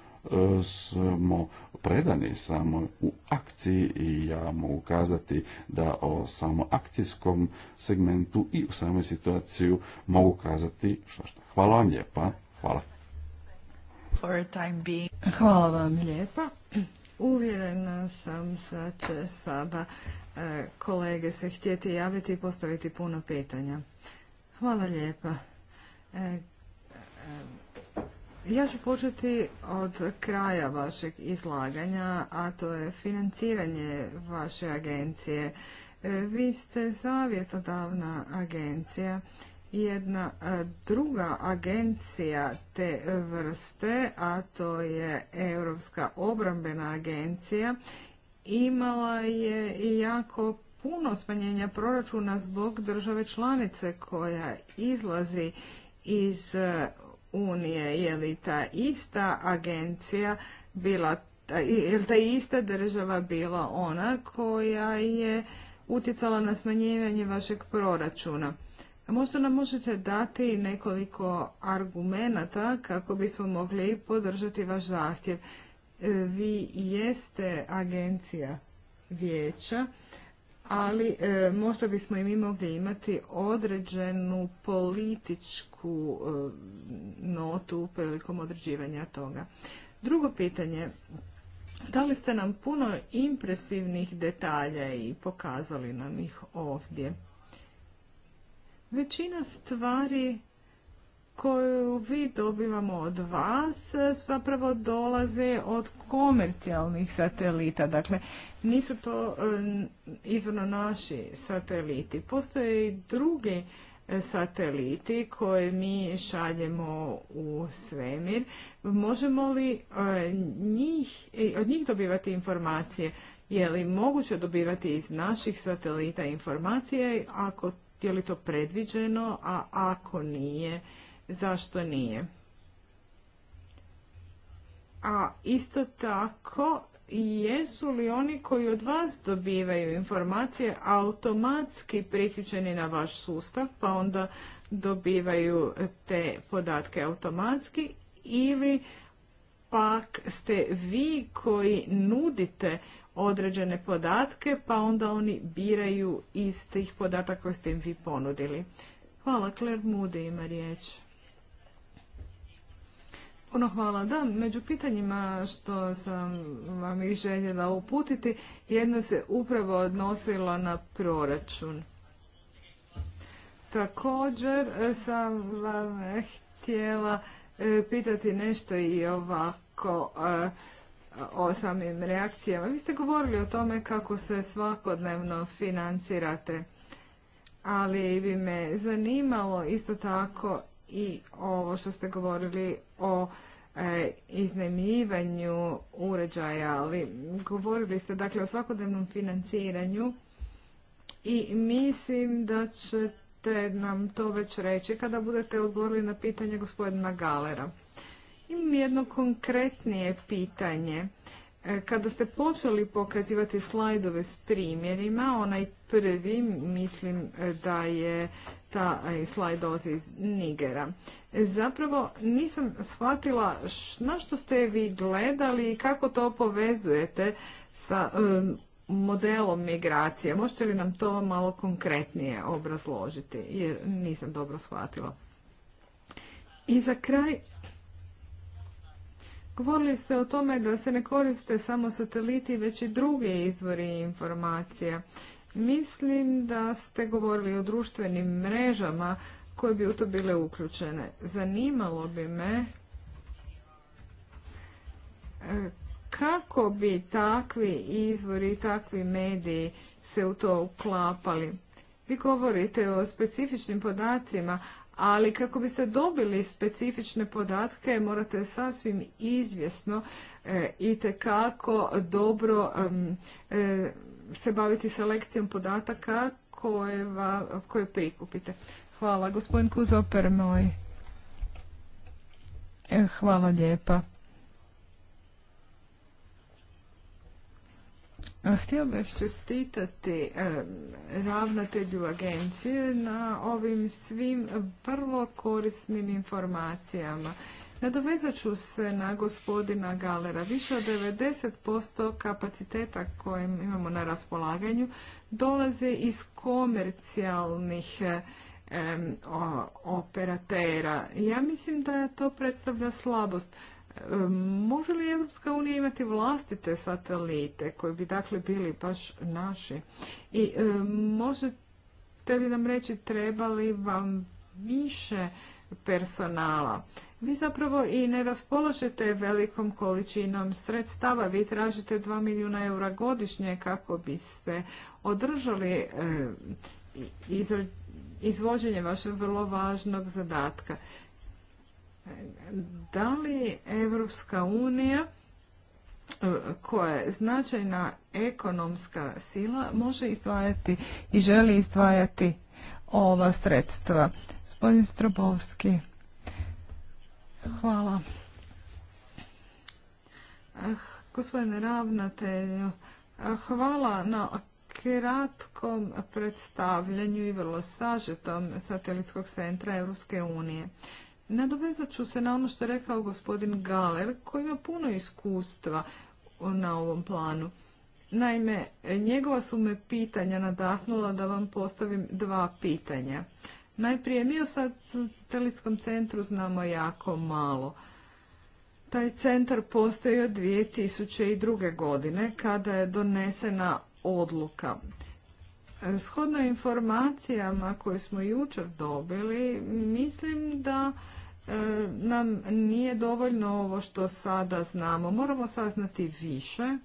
D: smo predani samo u akciji i ja mogu kazati da o samo akcijskom segmentu i u samoj situaciju mogu kazati što što. Hvala vam lijepa. Hvala.
A: Hvala vam lijepa. Uvjerena sam da će sada e, kolege se htjeti javiti i postaviti puno pitanja. Hvala lijepa. E, e, ja ću početi od kraja vašeg izlaganja, a to je financiranje vaše agencije. E, vi ste zavjetodavna agencija. Jedna e, druga agencija te vrste, a to je Europska obrambena agencija, imala je jako puno smanjenja proračuna zbog države članice koja izlazi iz e, unije. Je li ta ista agencija bila, je li ta ista država bila ona koja je utjecala na smanjivanje vašeg proračuna? možda nam možete dati nekoliko argumenata kako bismo mogli podržati vaš zahtjev. E, vi jeste agencija vijeća ali e, možda bismo i mi mogli imati određenu političku e, notu prilikom određivanja toga. Drugo pitanje, li ste nam puno impresivnih detalja i pokazali nam ih ovdje. Većina stvari koju vi dobivamo od vas zapravo dolaze od komercijalnih satelita. Dakle, nisu to e, izvorno naši sateliti. Postoje i drugi e, sateliti koje mi šaljemo u svemir. Možemo li e, njih, od njih dobivati informacije? Je li moguće dobivati iz naših satelita informacije? Ako je li to predviđeno, a ako nije? zašto nije. A isto tako, jesu li oni koji od vas dobivaju informacije automatski priključeni na vaš sustav, pa onda dobivaju te podatke automatski ili pak ste vi koji nudite određene podatke, pa onda oni biraju iz tih podataka koje ste im vi ponudili. Hvala, Claire Moody ima riječ. Puno hvala. Da, među pitanjima što sam vam i željela uputiti, jedno se upravo odnosilo na proračun. Također sam vam htjela e, pitati nešto i ovako e, o samim reakcijama. Vi ste govorili o tome kako se svakodnevno financirate, ali bi me zanimalo isto tako i ovo što ste govorili o E, iznajmljivanju uređaja, ali govorili ste dakle o svakodnevnom financiranju i mislim da ćete nam to već reći kada budete odgovorili na pitanje gospodina Galera. Imam jedno konkretnije pitanje. E, kada ste počeli pokazivati slajdove s primjerima, onaj prvi mislim da je i e, slajd dolazi iz Nigera. Zapravo nisam shvatila na što ste vi gledali i kako to povezujete sa e, modelom migracije. Možete li nam to malo konkretnije obrazložiti jer nisam dobro shvatila. I za kraj govorili ste o tome da se ne koriste samo sateliti već i druge izvori informacija Mislim da ste govorili o društvenim mrežama koje bi u to bile uključene. Zanimalo bi me e, kako bi takvi izvori i takvi mediji se u to uklapali. Vi govorite o specifičnim podacima, ali kako biste dobili specifične podatke morate sasvim izvjesno e, i tekako dobro e, se baviti selekcijom podataka koje, koje prikupite. Hvala. Gospodin Kuzoper moj. E, hvala lijepa. Htio bih čestitati e, ravnatelju agencije na ovim svim vrlo korisnim informacijama Nadovezat ću se na gospodina Galera. Više od 90% kapaciteta kojem imamo na raspolaganju dolaze iz komercijalnih operatera. Ja mislim da to predstavlja slabost. Može li Europska unija imati vlastite satelite koji bi dakle bili baš naši? I možete li nam reći treba li vam više personala? vi zapravo i ne raspolažete velikom količinom sredstava. Vi tražite 2 milijuna eura godišnje kako biste održali e, izvođenje vašeg vrlo važnog zadatka. Da li Evropska unija e, koja je značajna ekonomska sila može izdvajati i želi izdvajati ova sredstva. Gospodin Strobovski. Hvala. Ah, gospodine ravnatelju, ah, hvala na kratkom predstavljanju i vrlo sažetom satelitskog centra Europske unije. Nadovezat ću se na ono što je rekao gospodin Galer, koji ima puno iskustva na ovom planu. Naime, njegova su me pitanja nadahnula da vam postavim dva pitanja. Najprije mi o satelitskom centru znamo jako malo. Taj centar postoji od 2002. godine kada je donesena odluka. Shodno informacijama koje smo jučer dobili, mislim da e, nam nije dovoljno ovo što sada znamo. Moramo saznati više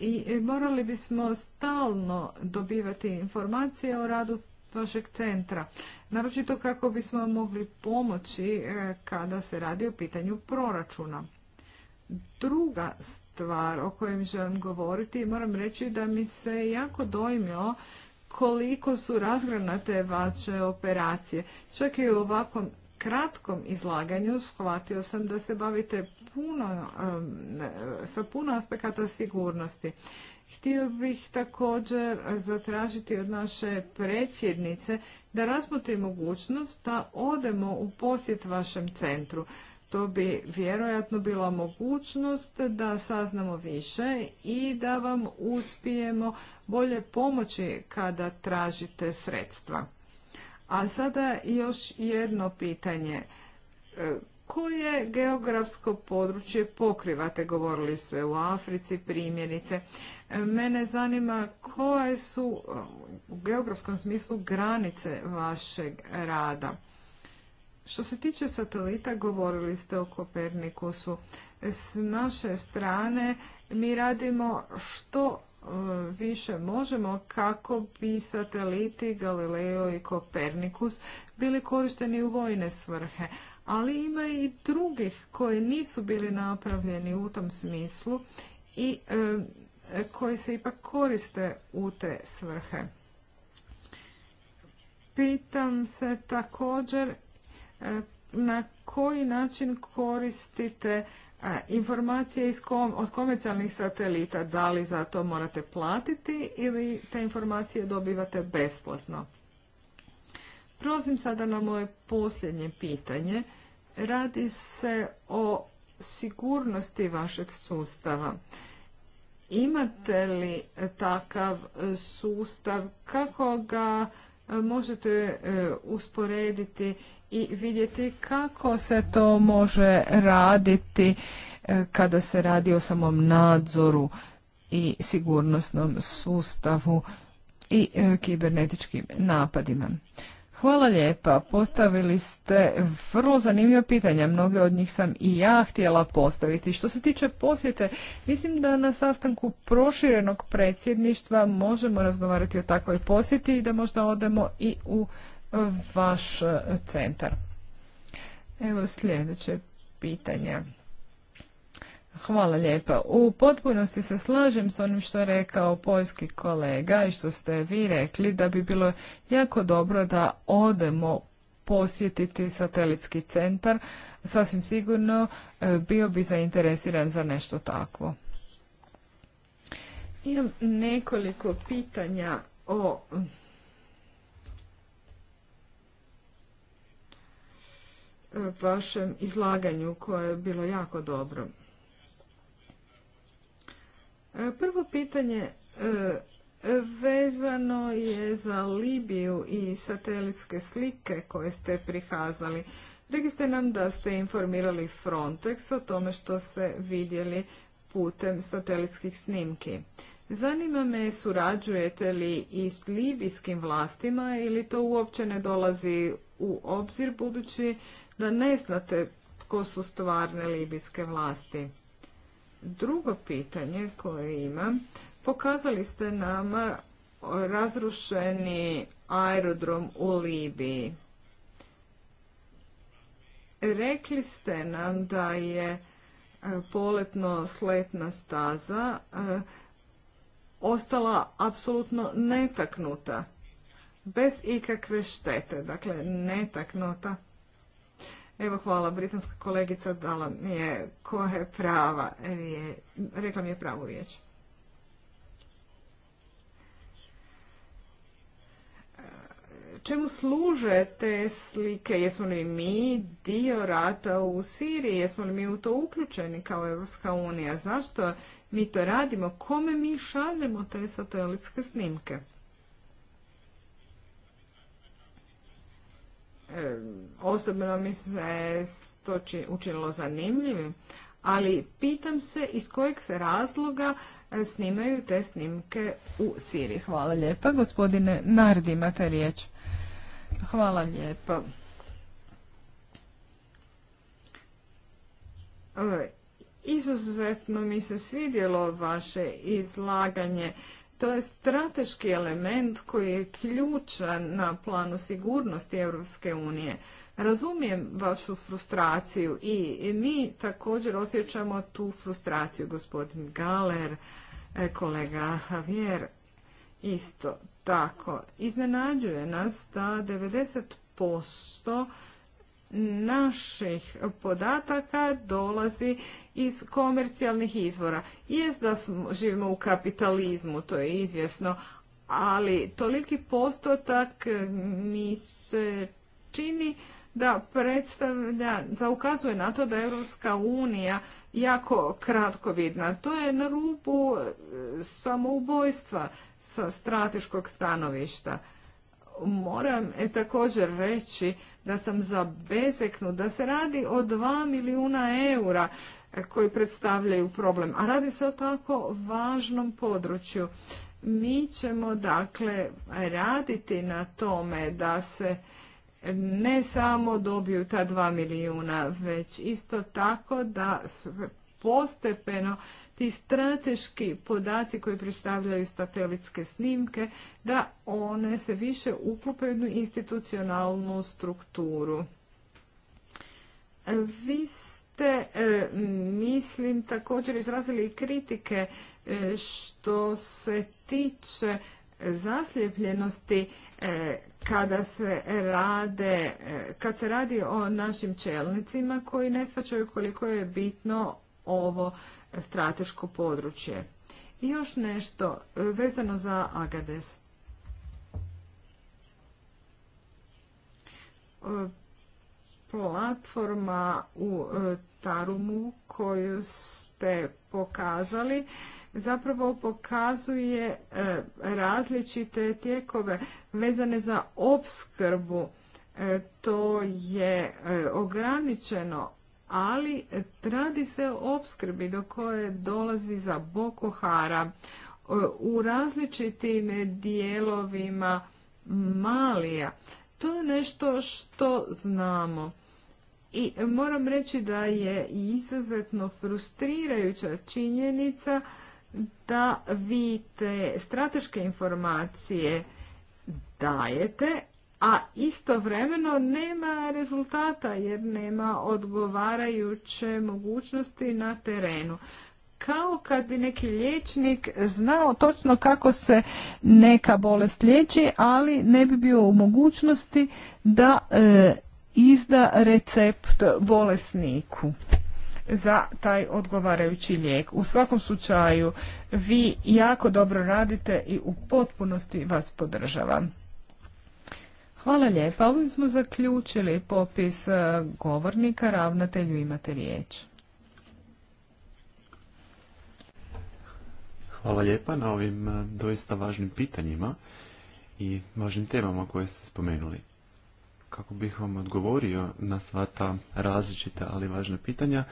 A: i morali bismo stalno dobivati informacije o radu vašeg centra naročito kako bismo mogli pomoći e, kada se radi o pitanju proračuna. Druga stvar o kojem želim govoriti, moram reći da mi se jako dojmio koliko su razgranate vaše operacije. Čak i u ovakvom kratkom izlaganju shvatio sam da se bavite puno, sa puno aspekata sigurnosti. Htio bih također zatražiti od naše predsjednice da razmotri mogućnost da odemo u posjet vašem centru. To bi vjerojatno bila mogućnost da saznamo više i da vam uspijemo bolje pomoći kada tražite sredstva. A sada još jedno pitanje koje geografsko područje pokrivate, govorili ste u Africi primjerice. Mene zanima koje su u geografskom smislu granice vašeg rada. Što se tiče satelita, govorili ste o Kopernikusu. S naše strane mi radimo što e, više možemo kako bi sateliti Galileo i Kopernikus bili korišteni u vojne svrhe, ali ima i drugih koji nisu bili napravljeni u tom smislu i e, koji se ipak koriste u te svrhe. Pitam se također e, na koji način koristite e, informacije iz od komercijalnih satelita, da li za to morate platiti ili te informacije dobivate besplatno. Prolazim sada na moje posljednje pitanje. Radi se o sigurnosti vašeg sustava. Imate li takav sustav? Kako ga e, možete e, usporediti i vidjeti kako se to može raditi e, kada se radi o samom nadzoru i sigurnosnom sustavu i kibernetičkim napadima. Hvala lijepa. Postavili ste vrlo zanimljiva pitanja. Mnoge od njih sam i ja htjela postaviti. Što se tiče posjete, mislim da na sastanku proširenog predsjedništva možemo razgovarati o takvoj posjeti i da možda odemo i u vaš centar. Evo sljedeće pitanje. Hvala lijepa. U potpunosti se slažem s onim što je rekao poljski kolega i što ste vi rekli da bi bilo jako dobro da odemo posjetiti satelitski centar. Sasvim sigurno e, bio bi zainteresiran za nešto takvo. Imam nekoliko pitanja o e, vašem izlaganju koje je bilo jako dobro. Prvo pitanje e, vezano je za Libiju i satelitske slike koje ste prikazali. Rekli ste nam da ste informirali Frontex o tome što ste vidjeli putem satelitskih snimki. Zanima me surađujete li i s libijskim vlastima ili to uopće ne dolazi u obzir budući da ne znate tko su stvarne libijske vlasti. Drugo pitanje koje imam, pokazali ste nama razrušeni aerodrom u Libiji. Rekli ste nam da je e, poletno-sletna staza e, ostala apsolutno netaknuta, bez ikakve štete, dakle netaknuta. Evo hvala, britanska kolegica dala mi je koja je prava, rekla mi je pravu riječ. Čemu služe te slike? Jesmo li mi dio rata u Siriji? Jesmo li mi u to uključeni kao Evropska unija? Zašto mi to radimo? Kome mi šaljemo te satelitske snimke? osobno mi se to učinilo zanimljivim, ali pitam se iz kojeg se razloga e, snimaju te snimke u Siriji. Hvala lijepa. Gospodine Nardi, imate riječ. Hvala lijepa. E, izuzetno mi se svidjelo vaše izlaganje to je strateški element koji je ključan na planu sigurnosti Europske unije. Razumijem vašu frustraciju i mi također osjećamo tu frustraciju, gospodin Galer, e, kolega Javier, isto tako. Iznenađuje nas da 90% naših podataka dolazi iz komercijalnih izvora. Jest da živimo u kapitalizmu, to je izvjesno, ali toliki postotak e, mi se čini da predstavlja, da ukazuje na to da je Europska unija jako kratkovidna. To je na rubu e, samoubojstva sa strateškog stanovišta. Moram je također reći da sam zabezeknu da se radi o 2 milijuna eura koji predstavljaju problem. A radi se o tako važnom području. Mi ćemo dakle raditi na tome da se ne samo dobiju ta dva milijuna, već isto tako da postepeno ti strateški podaci koji predstavljaju statelitske snimke, da one se više uklope u institucionalnu strukturu. Vi ste, e, mislim, također izrazili kritike e, što se tiče zasljepljenosti e, kada se rade, kad se radi o našim čelnicima koji ne svačaju koliko je bitno ovo strateško područje. I još nešto vezano za Agades. Platforma u starumu koju ste pokazali zapravo pokazuje e, različite tijekove vezane za opskrbu. E, to je e, ograničeno, ali radi se o opskrbi do koje dolazi za Boko u različitim dijelovima Malija. To je nešto što znamo. I moram reći da je izuzetno frustrirajuća činjenica da vi te strateške informacije dajete, a istovremeno nema rezultata jer nema odgovarajuće mogućnosti na terenu. Kao kad bi neki liječnik znao točno kako se neka bolest liječi, ali ne bi bio u mogućnosti da e, izda recept bolesniku za taj odgovarajući lijek. U svakom slučaju vi jako dobro radite i u potpunosti vas podržavam. Hvala lijepa. Ovim smo zaključili popis e, govornika. Ravnatelju imate riječ.
B: Hvala lijepa na ovim e, doista važnim pitanjima i važnim temama koje ste spomenuli kako bih vam odgovorio na sva ta različita, ali važna pitanja,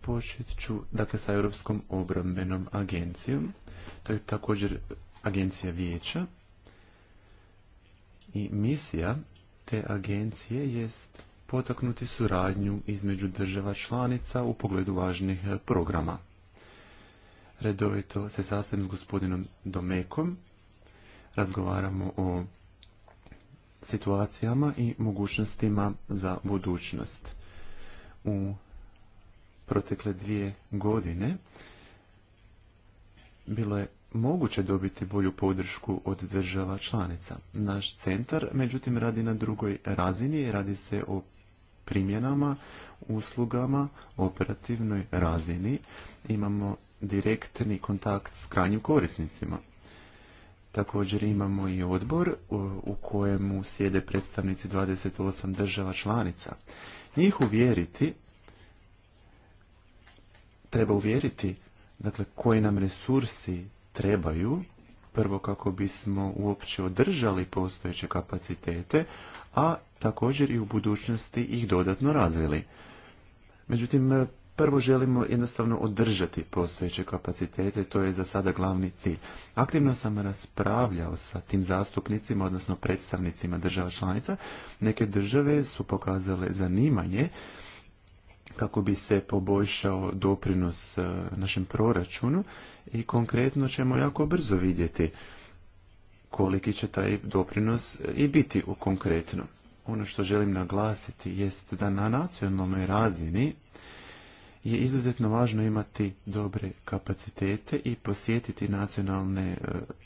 B: počet ću dakle, sa Europskom obrambenom agencijom. To je također agencija vijeća. I misija te agencije jest potaknuti suradnju između država članica u pogledu važnih e, programa. Redovito se sastavim s gospodinom Domekom, razgovaramo o situacijama i mogućnostima za budućnost. U protekle dvije godine bilo je moguće dobiti bolju podršku od država članica. Naš centar, međutim, radi na drugoj razini, radi se o primjenama, uslugama, operativnoj razini. Imamo direktni kontakt s krajnjim korisnicima. Također imamo i odbor u kojemu sjede predstavnici 28 država članica. Njih uvjeriti, treba uvjeriti dakle, koji nam resursi trebaju, prvo kako bismo uopće održali postojeće kapacitete, a također i u budućnosti ih dodatno razvili. Međutim, prvo želimo jednostavno održati postojeće kapacitete, to je za sada glavni cilj. Aktivno sam raspravljao sa tim zastupnicima, odnosno predstavnicima država članica. Neke države su pokazale zanimanje kako bi se poboljšao doprinos e, našem proračunu i konkretno ćemo jako brzo vidjeti koliki će taj doprinos e, i biti u konkretnom. Ono što želim naglasiti jest da na nacionalnoj razini je izuzetno važno imati dobre kapacitete i posjetiti nacionalne e,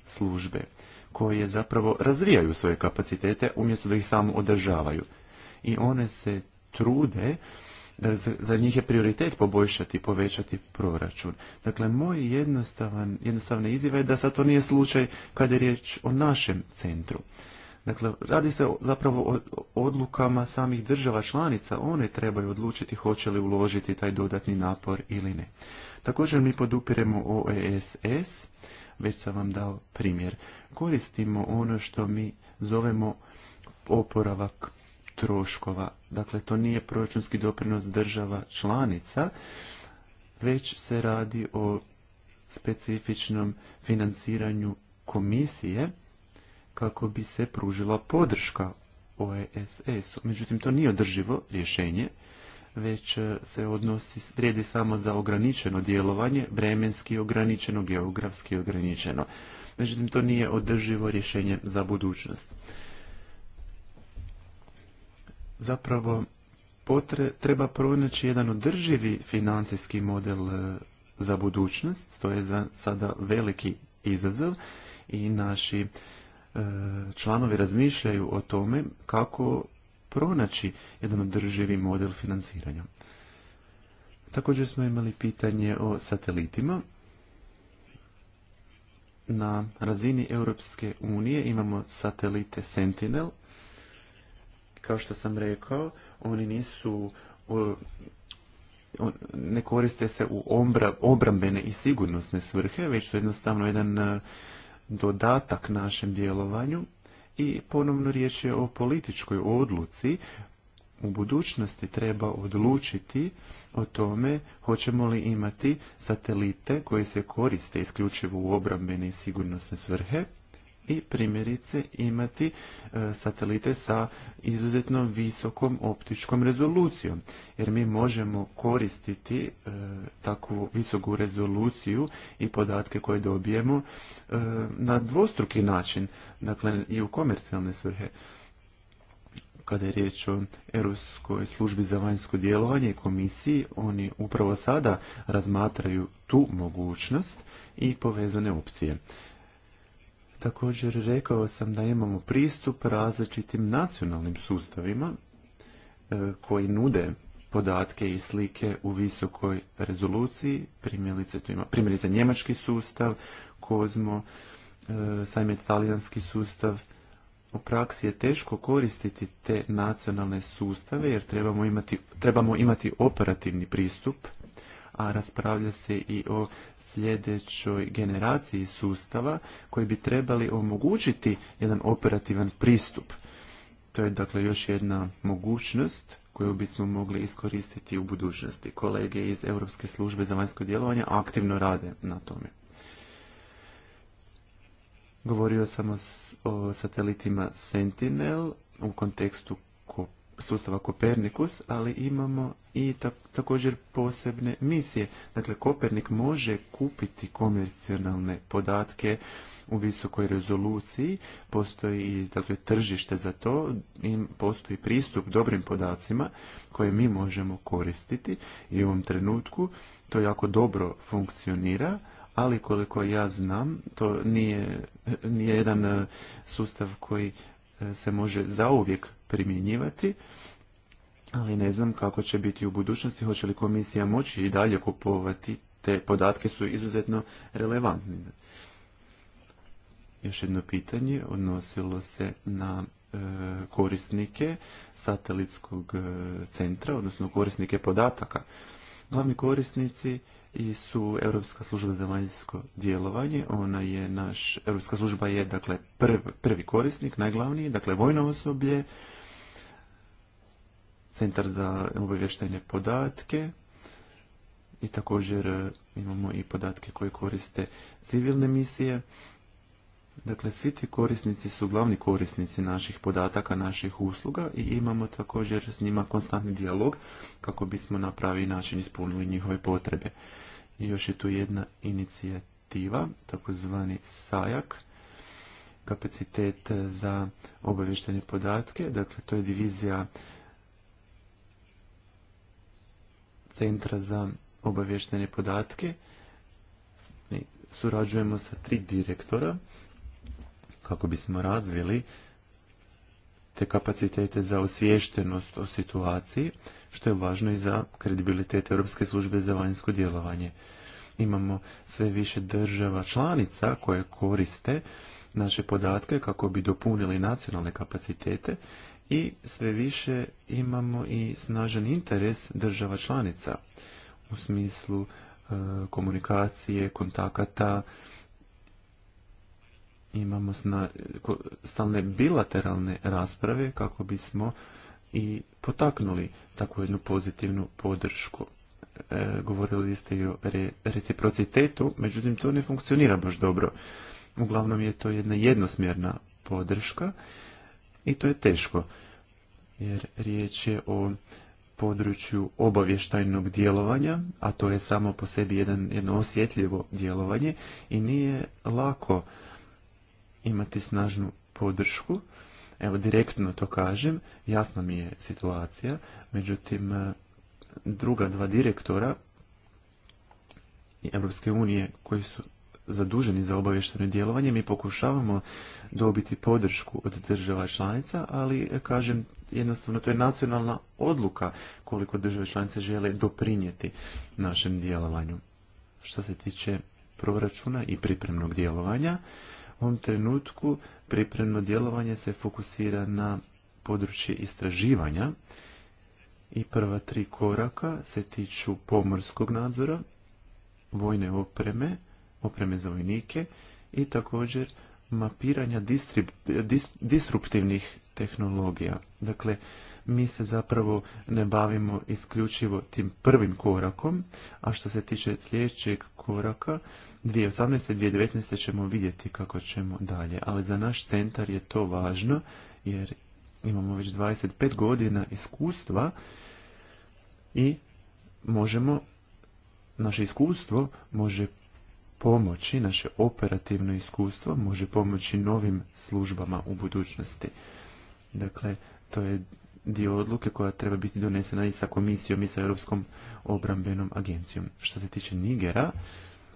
B: službe koje zapravo razvijaju svoje kapacitete umjesto da ih samo održavaju. I one se trude da e, za njih je prioritet poboljšati i povećati proračun. Dakle, moj jednostavan, jednostavna izjava je da sad to nije slučaj kada je riječ o našem centru. Dakle, radi se zapravo o odlukama samih država članica. One trebaju odlučiti hoće li uložiti taj dodatni napor ili ne. Također mi podupiremo OESS, već sam vam dao primjer. Koristimo ono što mi zovemo oporavak troškova. Dakle, to nije proračunski doprinos država članica, već se radi o specifičnom financiranju komisije kako bi se pružila podrška OESS-u. Međutim, to nije održivo rješenje, već e, se odnosi, vrijedi samo za ograničeno djelovanje, vremenski ograničeno, geografski ograničeno. Međutim, to nije održivo rješenje za budućnost. Zapravo, treba pronaći jedan održivi financijski model e, za budućnost, to je za sada veliki izazov i naši E, članovi razmišljaju o tome kako pronaći jedan održivi model financiranja. Također smo imali pitanje o satelitima. Na razini Europske unije imamo satelite Sentinel. Kao što sam rekao, oni nisu ne koriste se u obrambene i sigurnosne svrhe, već su jednostavno jedan dodatak našem djelovanju i ponovno riječ je o političkoj odluci. U budućnosti treba odlučiti o tome hoćemo li imati satelite koji se koriste isključivo u obrambene i sigurnosne svrhe i primjerice imati e, satelite sa izuzetno visokom optičkom rezolucijom. Jer mi možemo koristiti e, takvu visoku rezoluciju i podatke koje dobijemo e, na dvostruki način, dakle i u komercijalne svrhe kada je riječ o Europskoj službi za vanjsko djelovanje i komisiji, oni upravo sada razmatraju tu mogućnost i povezane opcije. Također rekao sam da imamo pristup različitim nacionalnim sustavima e, koji nude podatke i slike u visokoj rezoluciji, primjerice, tu ima, njemački sustav, kozmo, e, sajme italijanski sustav. U praksi je teško koristiti te nacionalne sustave jer trebamo imati, trebamo imati operativni pristup a raspravlja se i o sljedećoj generaciji sustava koji bi trebali omogućiti jedan operativan pristup. To je dakle još jedna mogućnost koju bismo mogli iskoristiti u budućnosti. Kolege iz Europske službe za vanjsko djelovanje aktivno rade na tome. Govorio sam o satelitima Sentinel u kontekstu sustava Kopernikus, ali imamo i također posebne misije. Dakle, Kopernik može kupiti komercionalne podatke u visokoj rezoluciji, postoji dakle, tržište za to, postoji pristup dobrim podacima koje mi možemo koristiti i u ovom trenutku to jako dobro funkcionira, ali koliko ja znam, to nije, nije jedan eh, sustav koji se može zauvijek primjenjivati, ali ne znam kako će biti u budućnosti, hoće li komisija moći i dalje kupovati te podatke su izuzetno relevantni. Još jedno pitanje odnosilo se na e, korisnike satelitskog e, centra, odnosno korisnike podataka. Glavni korisnici su Europska služba za vanjsko djelovanje. Ona je naš, Europska služba je dakle prvi korisnik, najglavniji, dakle vojno osoblje, centar za obavještajne podatke i također e, imamo i podatke koje koriste civilne misije. Dakle, svi ti korisnici su glavni korisnici naših podataka, naših usluga i imamo također s njima konstantni dijalog kako bismo na pravi način ispunili njihove potrebe. još je tu jedna inicijativa, takozvani SAJAK, kapacitet za obavještene podatke, dakle to je divizija Centra za obavještene podatke. surađujemo sa tri direktora kako bismo razvili te kapacitete za osviještenost o situaciji, što je važno i za kredibilitet Europske službe za vanjsko djelovanje. Imamo sve više država članica koje koriste naše podatke kako bi dopunili nacionalne kapacitete i sve više imamo i snažan interes država članica u smislu e, komunikacije, kontakata, imamo sna, stalne bilateralne rasprave kako bismo i potaknuli takvu jednu pozitivnu podršku. E, govorili ste i o reciprocitetu, međutim to ne funkcionira baš dobro. Uglavnom je to jedna jednosmjerna podrška i to je teško jer riječ je o području obavještajnog djelovanja, a to je samo po sebi jedan, jedno osjetljivo djelovanje i nije lako imati snažnu podršku. Evo, direktno to kažem, jasna mi je situacija, međutim, e, druga dva direktora Europske unije koji su zaduženi za obavješteno djelovanje, mi pokušavamo dobiti podršku od država članica, ali e, kažem jednostavno to je nacionalna odluka koliko države članice žele doprinijeti našem djelovanju. Što se tiče proračuna i pripremnog djelovanja, u ovom trenutku pripremno djelovanje se fokusira na područje istraživanja i prva tri koraka se tiču pomorskog nadzora, vojne opreme, opreme za vojnike i također mapiranja disruptivnih tehnologija. Dakle, mi se zapravo ne bavimo isključivo tim prvim korakom, a što se tiče sljedećeg koraka, 2018. 2019. ćemo vidjeti kako ćemo dalje, ali za naš centar je to važno jer imamo već 25 godina iskustva i možemo, naše iskustvo može pomoći, naše operativno iskustvo može pomoći novim službama u budućnosti. Dakle, to je dio odluke koja treba biti donesena i sa komisijom i sa Europskom obrambenom agencijom. Što se tiče Nigera,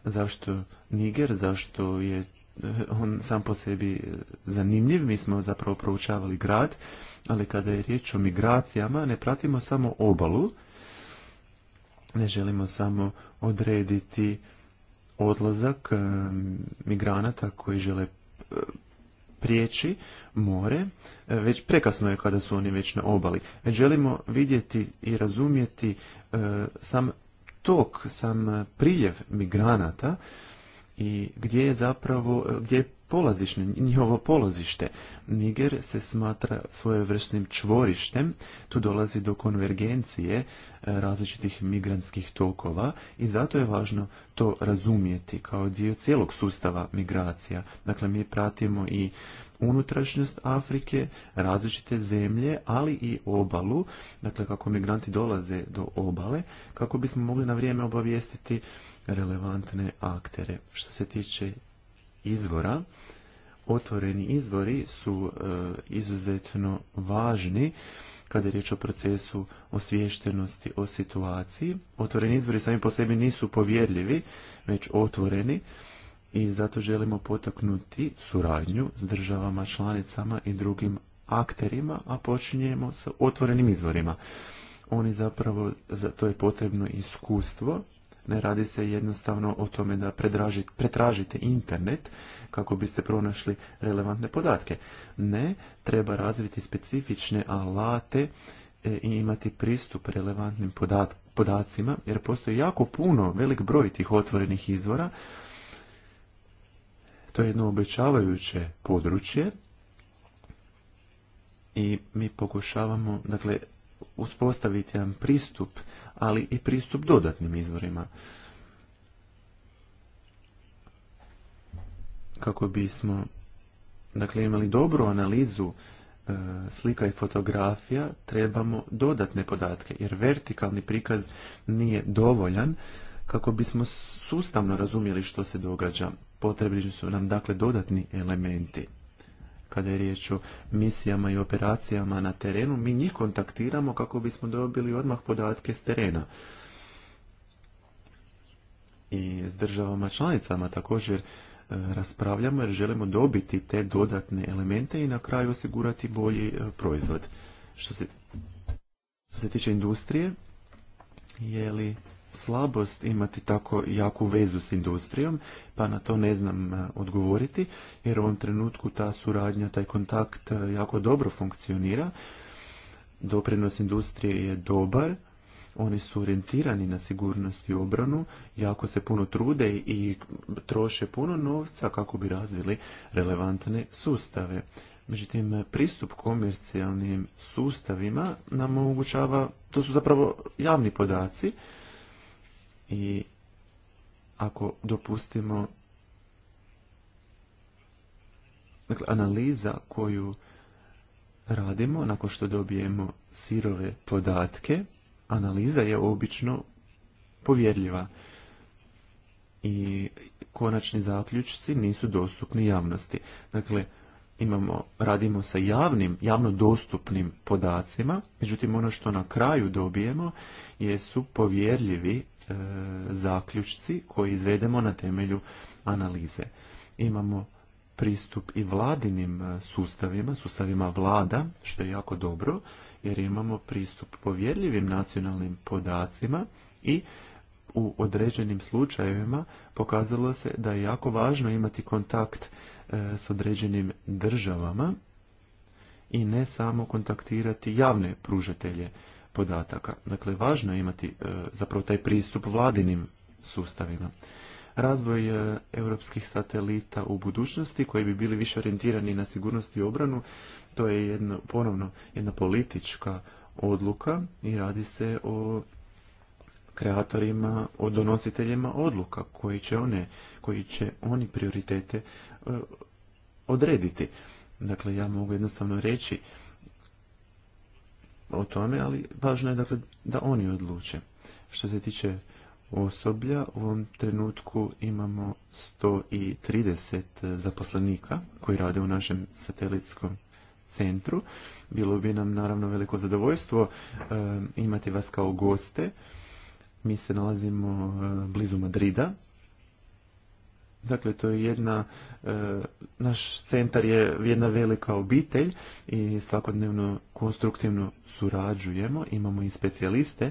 B: zašto Niger, zašto je eh, on sam po sebi eh, zanimljiv, mi smo zapravo proučavali grad, ali kada je riječ o migracijama ne pratimo samo obalu, ne želimo samo odrediti odlazak eh, migranata koji žele prijeći more, već prekasno je kada su oni već na obali. Želimo vidjeti i razumjeti sam tok, sam e, priljev migranata i gdje je zapravo, e, gdje je polazišno, njihovo polazište. Niger se smatra svojevrsnim čvorištem, tu dolazi do konvergencije e, različitih migrantskih tokova i zato je važno to razumjeti kao dio cijelog sustava migracija. Dakle, mi pratimo i unutrašnjost Afrike, različite zemlje, ali i obalu, dakle kako migranti dolaze do obale, kako bismo mogli na vrijeme obavijestiti relevantne aktere. Što se tiče izvora, otvoreni izvori su e, izuzetno važni kada je riječ o procesu osviještenosti o situaciji. Otvoreni izvori sami po sebi nisu povjerljivi, već otvoreni i zato želimo potaknuti suradnju s državama, članicama i drugim akterima, a počinjemo sa otvorenim izvorima. Oni zapravo, za to je potrebno iskustvo, ne radi se jednostavno o tome da pretražite internet kako biste pronašli relevantne podatke. Ne, treba razviti specifične alate e, i imati pristup relevantnim podacima, jer postoji jako puno, velik broj tih otvorenih izvora, to je jedno obećavajuće područje i mi pokušavamo dakle, uspostaviti jedan pristup, ali i pristup dodatnim izvorima. Kako bismo dakle, imali dobru analizu e, slika i fotografija, trebamo dodatne podatke, jer vertikalni prikaz nije dovoljan kako bismo sustavno razumjeli što se događa potrebni su nam dakle dodatni elementi. Kada je riječ o misijama i operacijama na terenu, mi njih kontaktiramo kako bismo dobili odmah podatke s terena. I s državama članicama također e, raspravljamo jer želimo dobiti te dodatne elemente i na kraju osigurati bolji e, proizvod. Što se, se tiče industrije, je li slabost imati tako jaku vezu s industrijom, pa na to ne znam e, odgovoriti, jer u ovom trenutku ta suradnja, taj kontakt e, jako dobro funkcionira. Doprinos industrije je dobar, oni su orijentirani na sigurnost i obranu, jako se puno trude i troše puno novca kako bi razvili relevantne sustave. Međutim, e, pristup komercijalnim sustavima nam omogućava, to su zapravo javni podaci, i ako dopustimo dakle, analiza koju radimo nakon što dobijemo sirove podatke, analiza je obično povjerljiva i konačni zaključci nisu dostupni javnosti. Dakle, imamo, radimo sa javnim, javno dostupnim podacima, međutim ono što na kraju dobijemo jesu povjerljivi E, zaključci koje izvedemo na temelju analize. Imamo pristup i vladinim e, sustavima, sustavima vlada, što je jako dobro, jer imamo pristup povjerljivim nacionalnim podacima i u određenim slučajevima pokazalo se da je jako važno imati kontakt e, s određenim državama i ne samo kontaktirati javne pružatelje podataka. Dakle, važno je imati e, zapravo taj pristup vladinim sustavima. Razvoj e, europskih satelita u budućnosti koji bi bili više orijentirani na sigurnost i obranu, to je ponovno jedna politička odluka i radi se o kreatorima, o donositeljima odluka koji će, one, koji će oni prioritete e, odrediti. Dakle, ja mogu jednostavno reći o tome, ali važno je dakle da oni odluče. Što se tiče osoblja, u ovom trenutku imamo 130 zaposlenika koji rade u našem satelitskom centru. Bilo bi nam naravno veliko zadovoljstvo eh, imati vas kao goste. Mi se nalazimo eh, blizu Madrida, Dakle, to je jedna, e, naš centar je jedna velika obitelj i svakodnevno konstruktivno surađujemo, imamo i specijaliste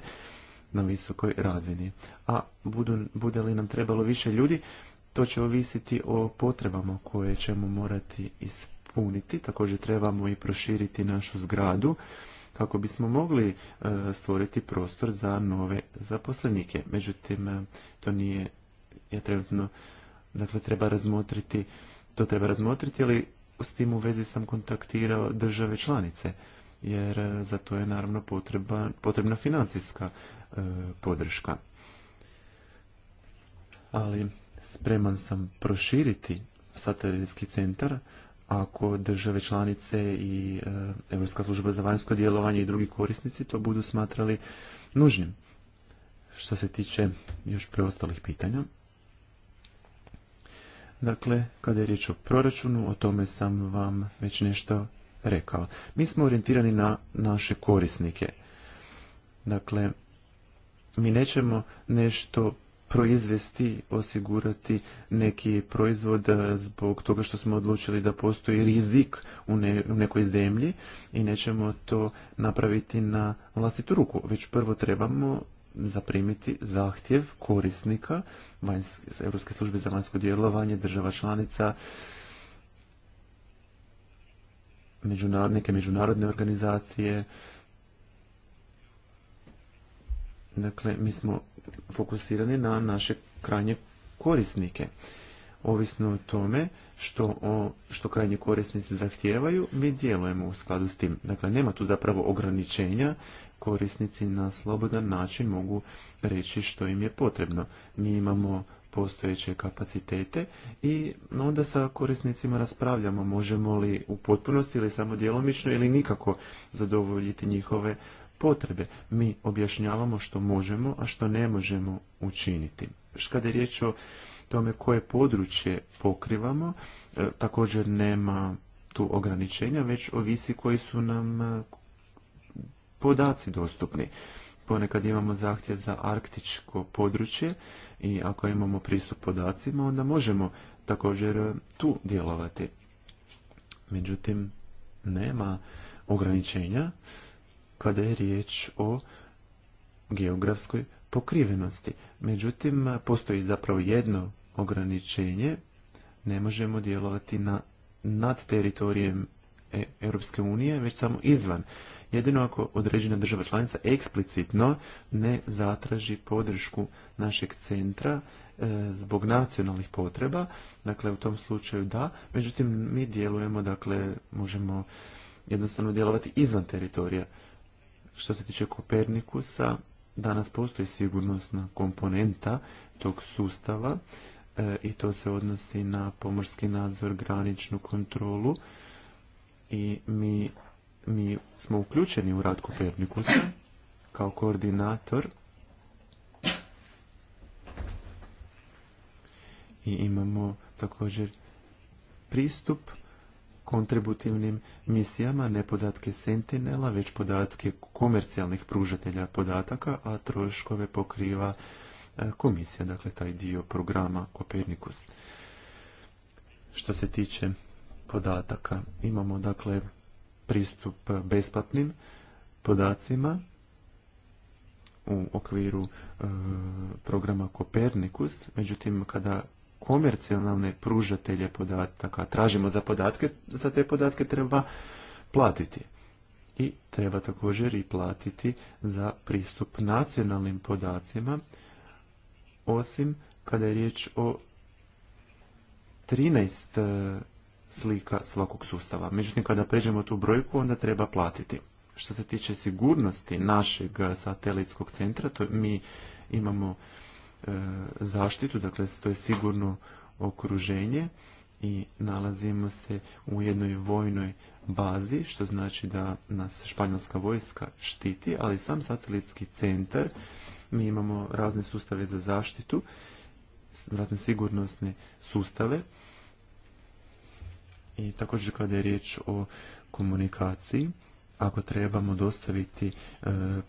B: na visokoj razini. A budu, bude li nam trebalo više ljudi, to će ovisiti o potrebama koje ćemo morati ispuniti. Također trebamo i proširiti našu zgradu kako bismo mogli e, stvoriti prostor za nove zaposlenike. Međutim, e, to nije ja trenutno Dakle, treba razmotriti, to treba razmotriti, ali s tim u vezi sam kontaktirao države članice, jer e, za to je naravno potreba, potrebna financijska e, podrška. Ali spreman sam proširiti satelitski centar ako države članice i e, Europska služba za vanjsko djelovanje i drugi korisnici to budu smatrali nužnim. Što se tiče još preostalih pitanja, Dakle, kada je riječ o proračunu, o tome sam vam već nešto rekao. Mi smo orijentirani na naše korisnike. Dakle, mi nećemo nešto proizvesti, osigurati neki proizvod zbog toga što smo odlučili da postoji rizik u, u nekoj zemlji i nećemo to napraviti na vlastitu ruku. Već prvo trebamo zaprimiti zahtjev korisnika Europske službe za vanjsko djelovanje država članica neke međunarodne organizacije dakle mi smo fokusirani na naše krajnje korisnike ovisno o tome što, što krajnji korisnici zahtijevaju, mi djelujemo u skladu s tim. Dakle, nema tu zapravo ograničenja korisnici na slobodan način mogu reći što im je potrebno. Mi imamo postojeće kapacitete i onda sa korisnicima raspravljamo možemo li u potpunosti ili samo djelomično ili nikako zadovoljiti njihove potrebe. Mi objašnjavamo što možemo, a što ne možemo učiniti. Kada je riječ o tome koje područje pokrivamo, e, također nema tu ograničenja, već ovisi koji su nam podaci dostupni. Ponekad imamo zahtjev za arktičko područje i ako imamo pristup podacima, onda možemo također e, tu djelovati. Međutim, nema ograničenja kada je riječ o geografskoj pokrivenosti. Međutim, postoji zapravo jedno ograničenje, ne možemo djelovati na, nad teritorijem e- Europske unije, već samo izvan jedino ako određena država članica eksplicitno ne zatraži podršku našeg centra e, zbog nacionalnih potreba, dakle u tom slučaju da, međutim mi djelujemo, dakle možemo jednostavno djelovati izvan teritorija. Što se tiče Kopernikusa, danas postoji sigurnosna komponenta tog sustava e, i to se odnosi na pomorski nadzor, graničnu kontrolu i mi mi smo uključeni u rad Kopernikusa kao koordinator i imamo također pristup kontributivnim misijama, ne podatke Sentinela, već podatke komercijalnih pružatelja podataka, a troškove pokriva e, komisija, dakle taj dio programa Kopernikus. Što se tiče podataka, imamo dakle pristup besplatnim podacima u okviru e, programa Kopernikus. Međutim, kada komercijalne pružatelje podataka tražimo za podatke, za te podatke treba platiti. I treba također i platiti za pristup nacionalnim podacima, osim kada je riječ o 13 slika svakog sustava. Međutim, kada pređemo tu brojku, onda treba platiti. Što se tiče sigurnosti našeg satelitskog centra, to mi imamo e, zaštitu, dakle to je sigurno okruženje i nalazimo se u jednoj vojnoj bazi, što znači da nas španjolska vojska štiti, ali sam satelitski centar, mi imamo razne sustave za zaštitu, razne sigurnosne sustave i također kada je riječ o komunikaciji, ako trebamo dostaviti e,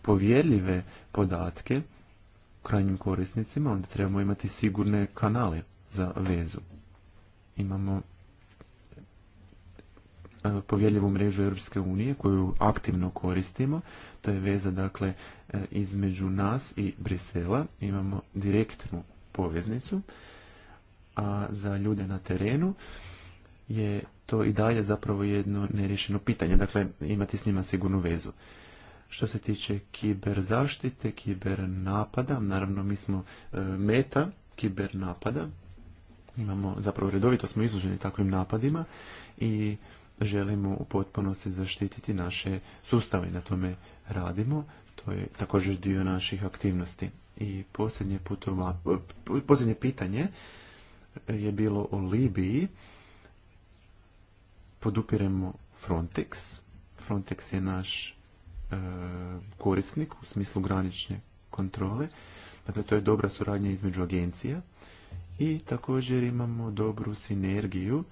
B: povjerljive podatke krajnjim korisnicima, onda trebamo imati sigurne kanale za vezu. Imamo e, povjerljivu mrežu Europske unije koju aktivno koristimo. To je veza dakle e, između nas i Brisela. Imamo direktnu poveznicu. A za ljude na terenu je to i dalje zapravo jedno nerješeno pitanje, dakle imati s njima sigurnu vezu. Što se tiče kiber zaštite, kiber napada, naravno mi smo e, meta kiber napada, imamo, zapravo redovito smo izloženi takvim napadima i želimo u potpunosti zaštititi naše sustave i na tome radimo. To je također dio naših aktivnosti. I posljednje, putova, e, posljednje pitanje je bilo o Libiji podupiremo Frontex. Frontex je naš e, korisnik u smislu granične kontrole. Dakle, to je dobra suradnja između agencija. I također imamo dobru sinergiju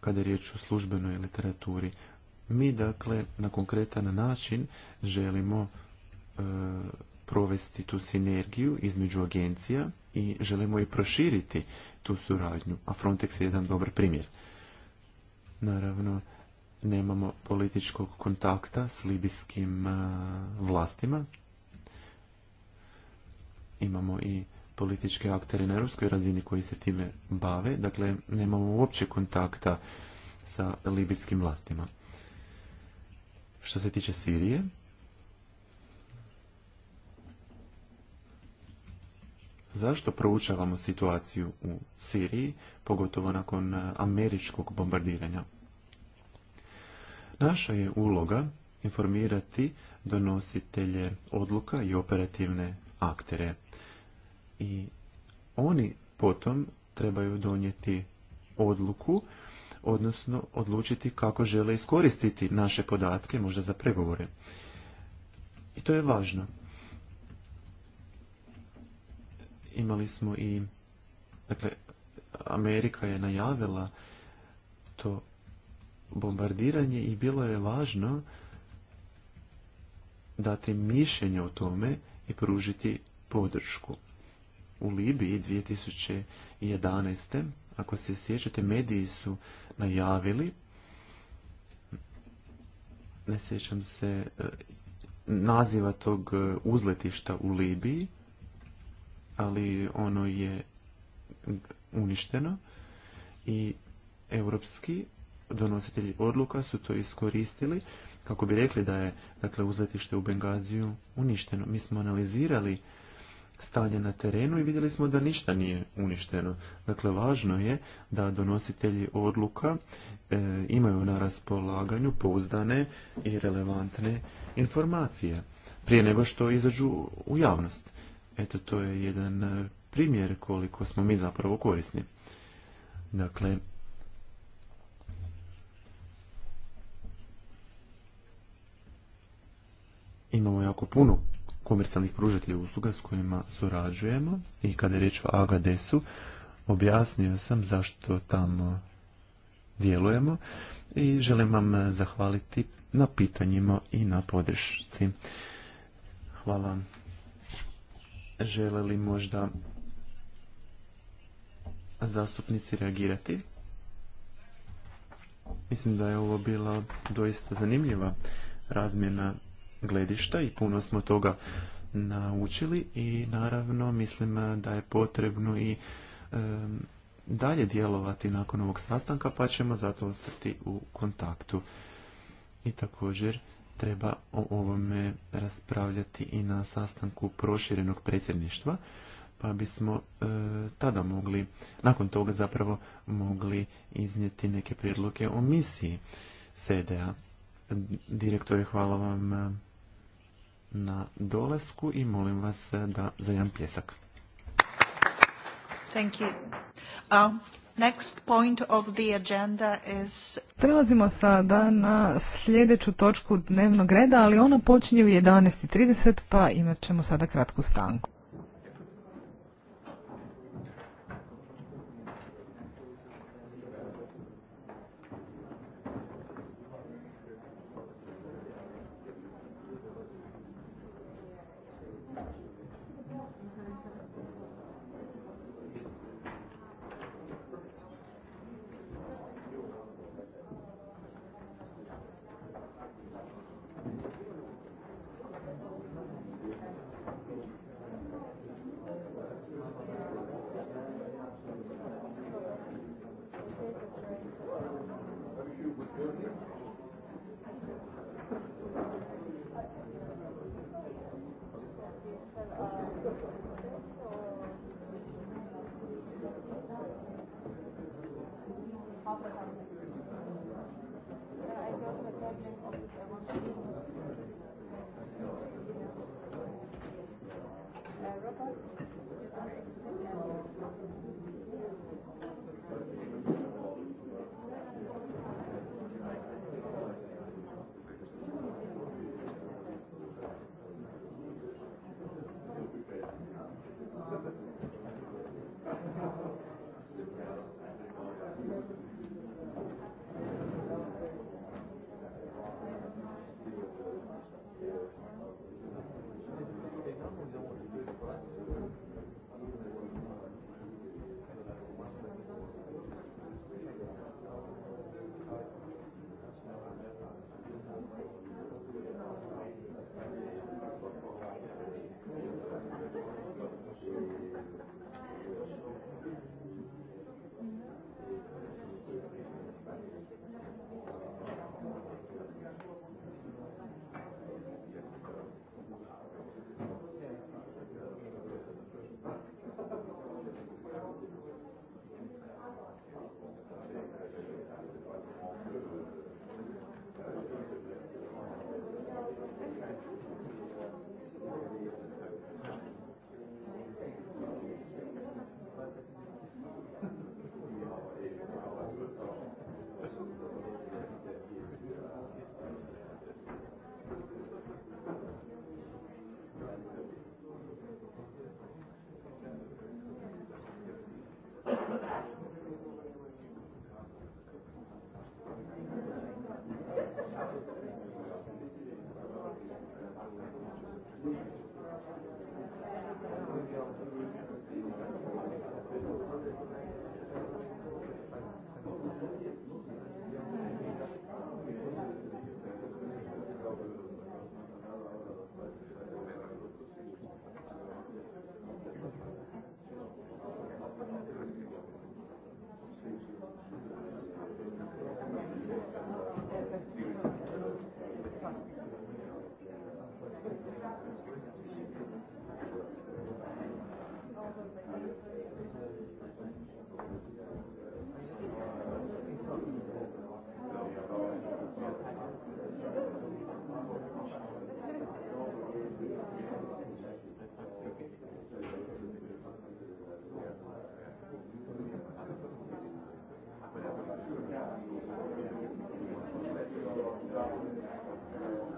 B: kada je riječ o službenoj literaturi. Mi, dakle, na konkretan način želimo e, provesti tu sinergiju između agencija i želimo i proširiti tu suradnju, a Frontex je jedan dobar primjer. Naravno, nemamo političkog kontakta s libijskim e, vlastima. Imamo i političke aktere na europskoj razini koji se time bave. Dakle, nemamo uopće kontakta sa libijskim vlastima. Što se tiče Sirije, zašto proučavamo situaciju u Siriji? pogotovo nakon e, američkog bombardiranja. Naša je uloga informirati donositelje odluka i operativne aktere. I oni potom trebaju donijeti odluku, odnosno odlučiti kako žele iskoristiti naše podatke, možda za pregovore. I to je važno. Imali smo i dakle, Amerika je najavila to bombardiranje i bilo je važno dati mišljenje o tome i pružiti podršku. U Libiji 2011. ako se sjećate, mediji su najavili, ne sjećam se e, naziva tog e, uzletišta u Libiji, ali ono je uništeno i europski donositelji odluka su to iskoristili kako bi rekli da je dakle, uzletište u Bengaziju uništeno. Mi smo analizirali stanje na terenu i vidjeli smo da ništa nije uništeno. Dakle, važno je da donositelji odluka e, imaju na raspolaganju pouzdane i relevantne informacije prije nego što izađu u javnost. Eto, to je jedan primjer koliko smo mi zapravo korisni. Dakle, imamo jako puno komercijalnih pružatelja usluga s kojima surađujemo i kada je riječ o Agadesu, objasnio sam zašto tamo djelujemo i želim vam zahvaliti na pitanjima i na podršci. Hvala. Žele li možda zastupnici reagirati. Mislim da je ovo bila doista zanimljiva razmjena gledišta i puno smo toga naučili i naravno mislim da je potrebno i dalje djelovati nakon ovog sastanka pa ćemo zato ostati u kontaktu. I također treba o ovome raspravljati i na sastanku proširenog predsjedništva pa bismo e, tada mogli, nakon toga zapravo mogli iznijeti neke prijedloge o misiji SEDEA. Direktore, hvala vam e, na dolasku i molim vas e, da za jedan pljesak.
A: Thank you. Um, next point of the agenda is... Prelazimo sada na sljedeću točku dnevnog reda, ali ona počinje u 11.30 pa imat ćemo sada kratku stanku.
C: dopuna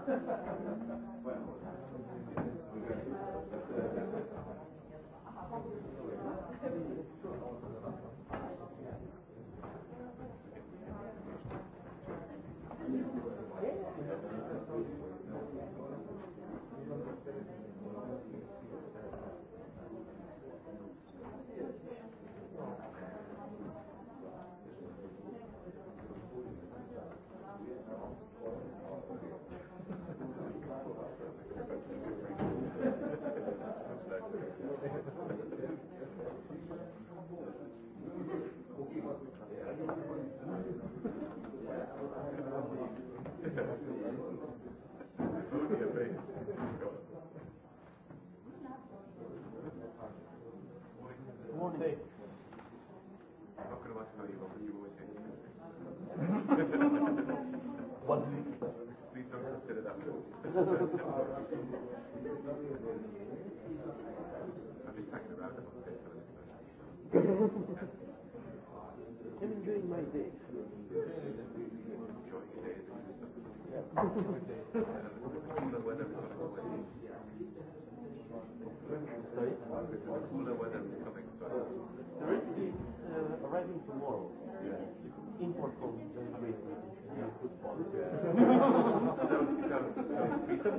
C: Bueno, Enjoying my day. The weather uh, arriving tomorrow. Yeah. Import Yeah.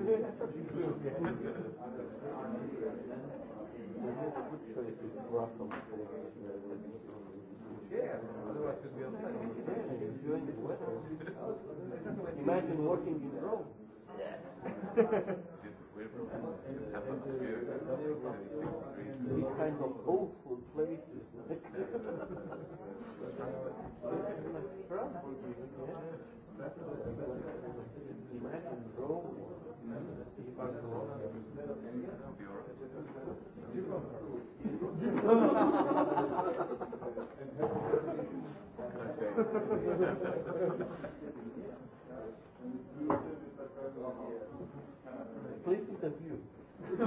C: Imagine working in Rome. These kind of awful places. Imagine Rome. Please interview. No,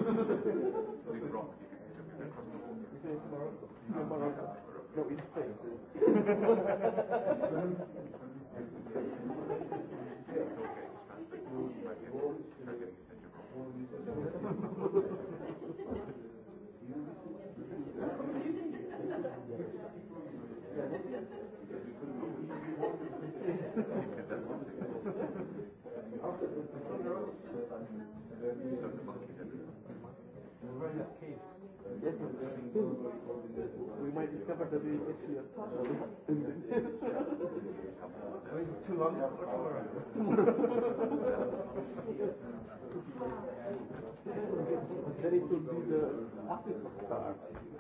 C: the Africa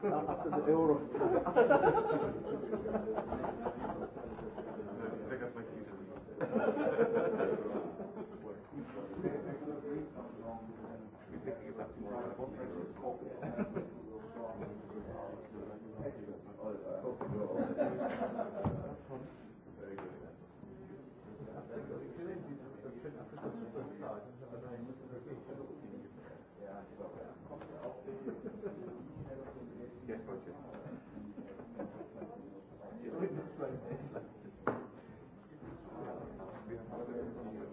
C: after Euro Hvala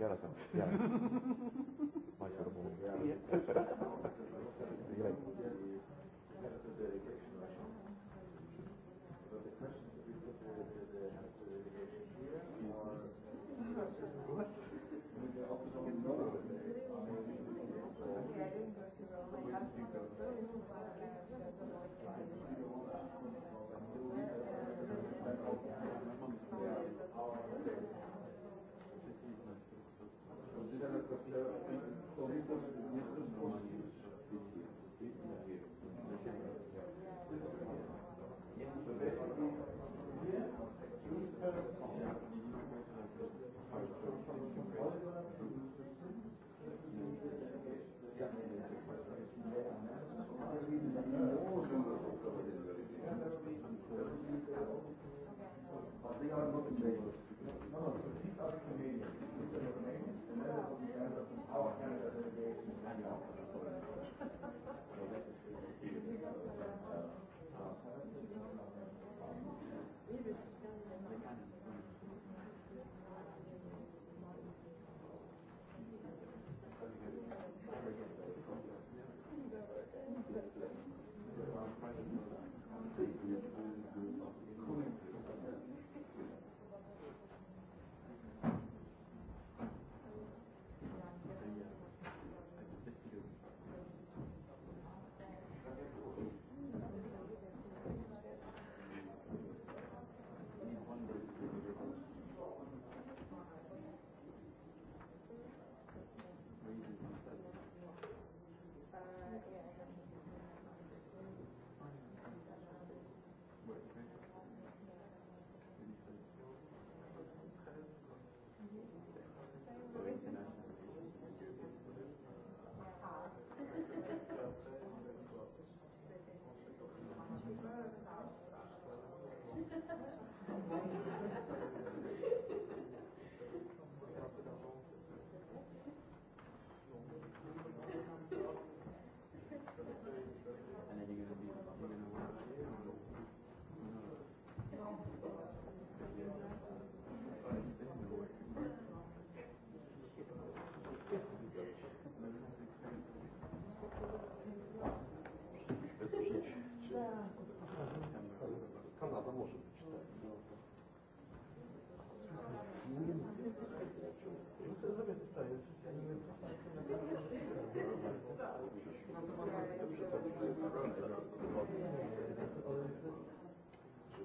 C: Ja razumem, ja. razumijem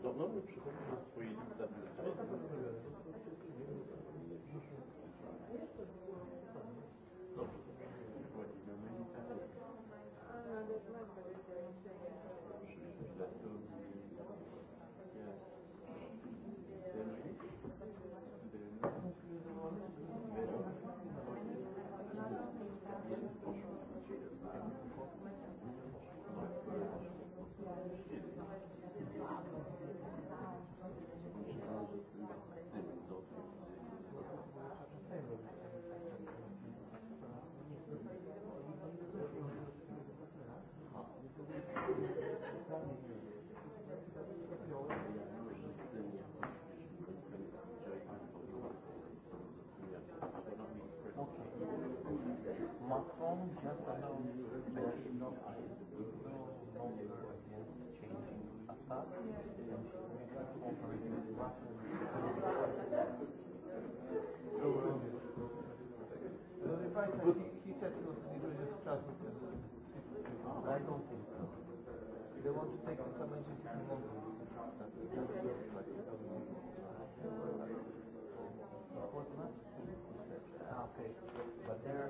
C: don't know I don't think so. They want to take some to but there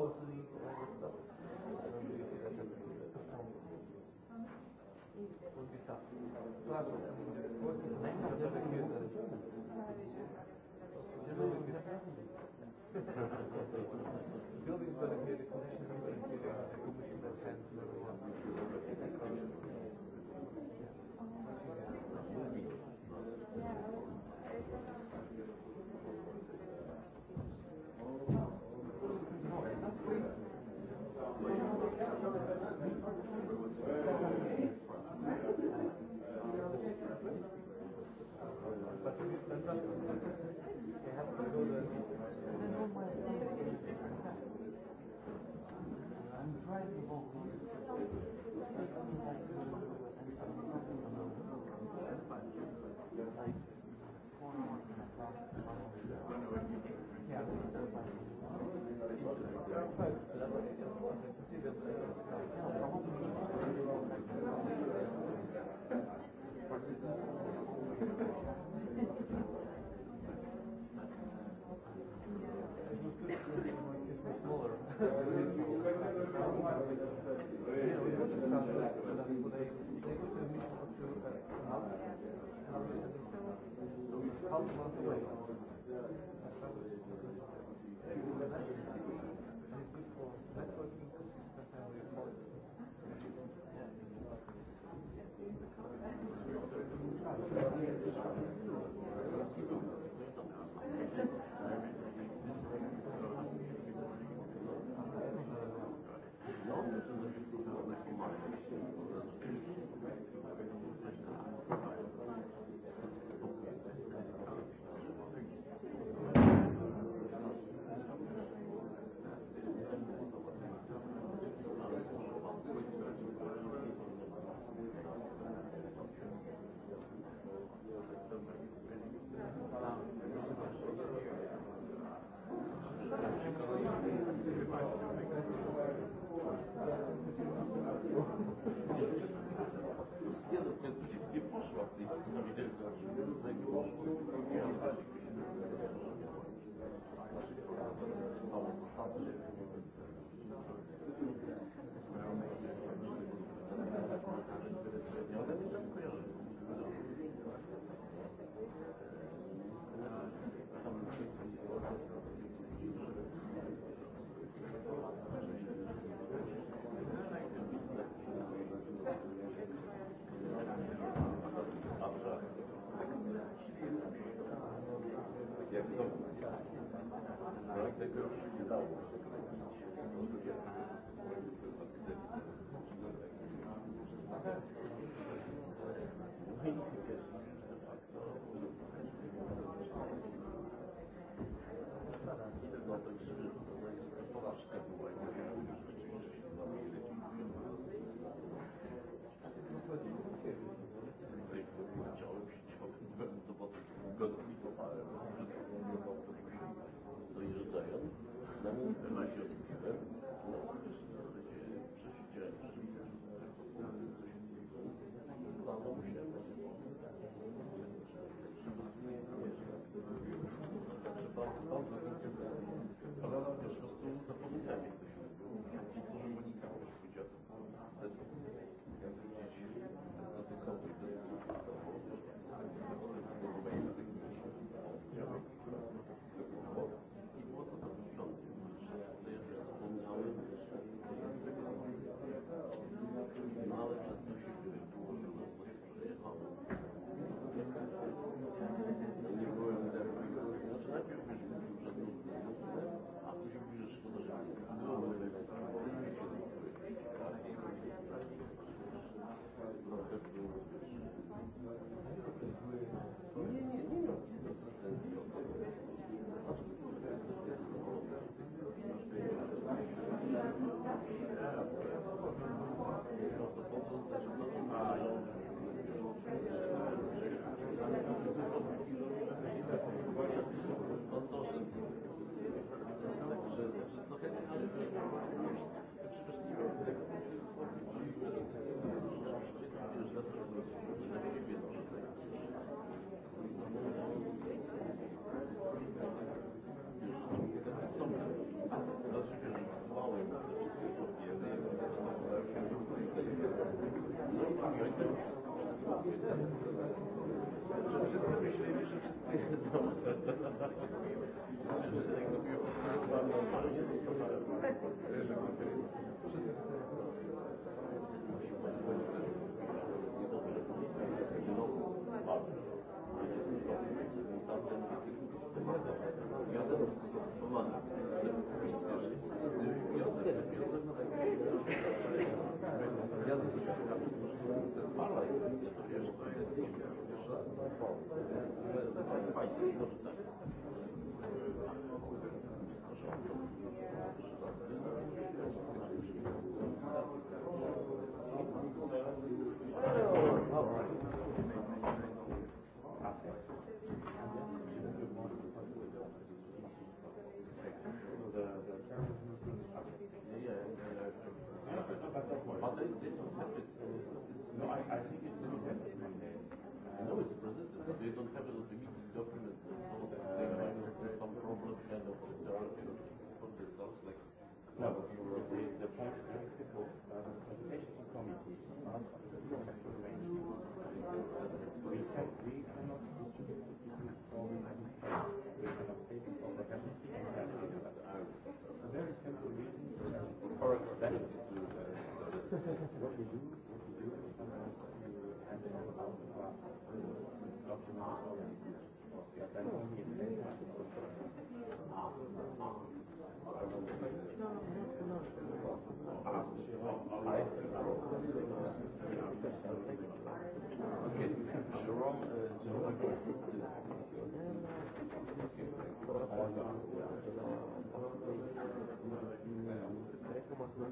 C: Hvala Hvala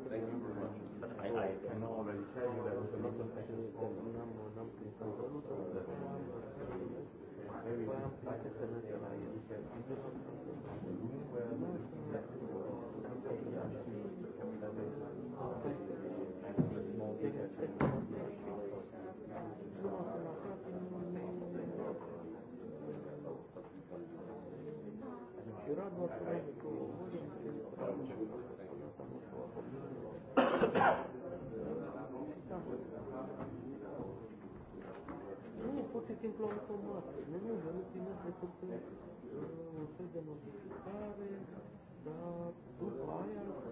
C: Thank and all that was simplu informație. Nu, da modificare, e, dar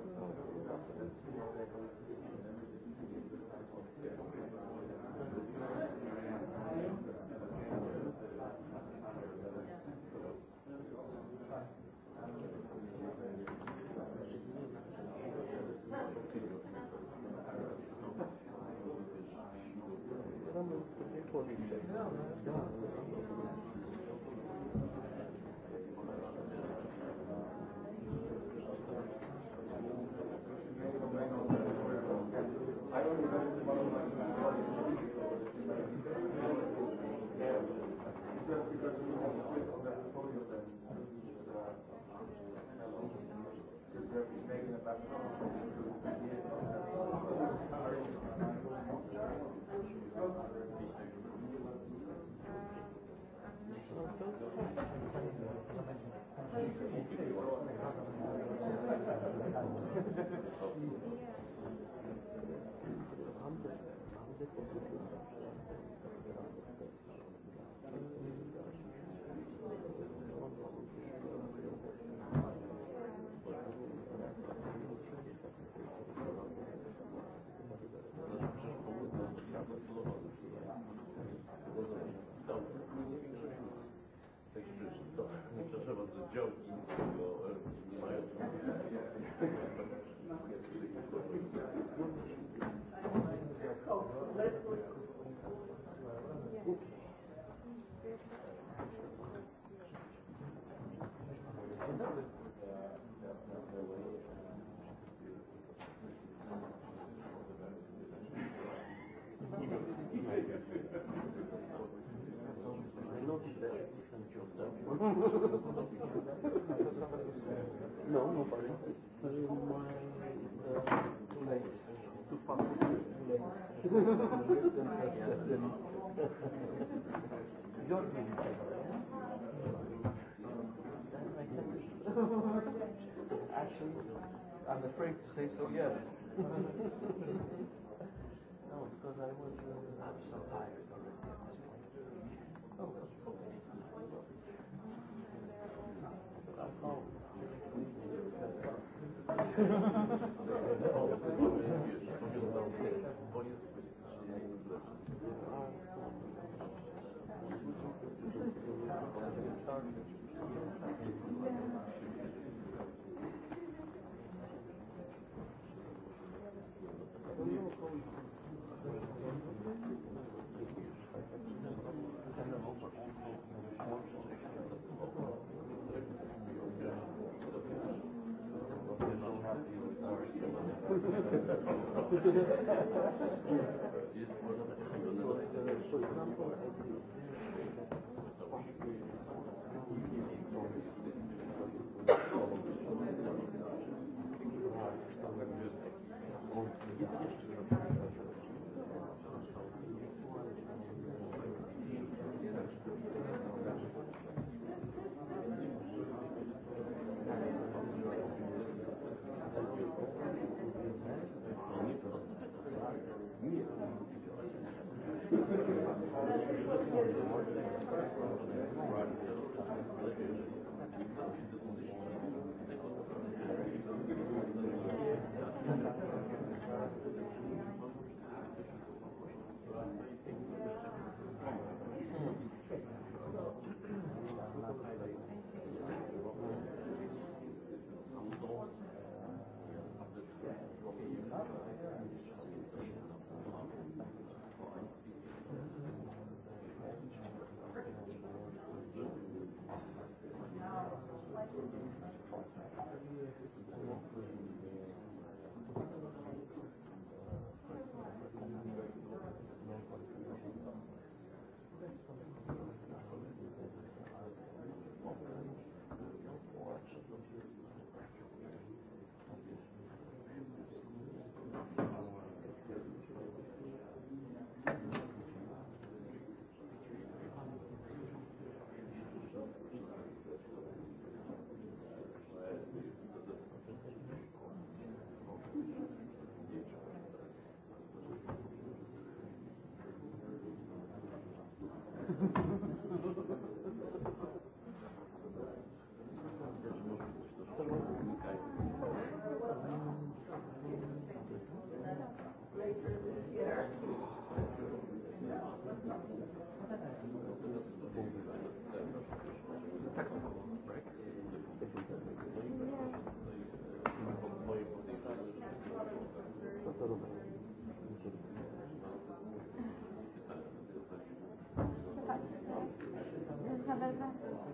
C: da se
A: no, nobody.
C: Too late. Too far. Your name. Actually, I'm afraid to say so, yes. no, because I was, uh, I'm so tired. Uh je možda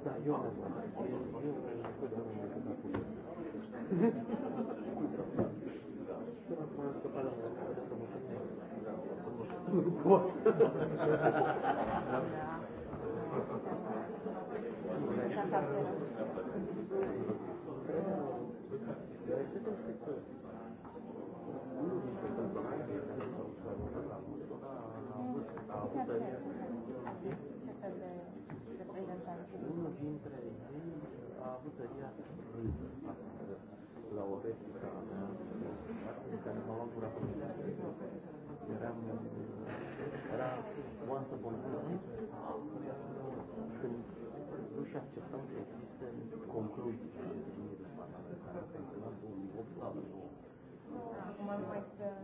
C: Da, osobe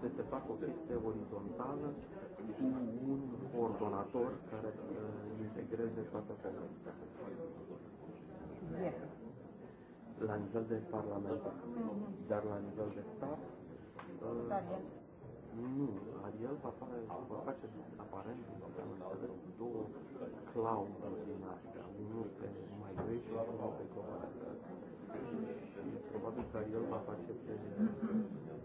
C: să se facă o chestie orizontală și un ordonator care să uh, integreze toată comunitatea. La nivel de parlament, dar la nivel de stat, uh, nu, Ariel va, face aparent, face aparent, două clauze din astea, unul pe mai și unul pe Și Probabil că Ariel va face pe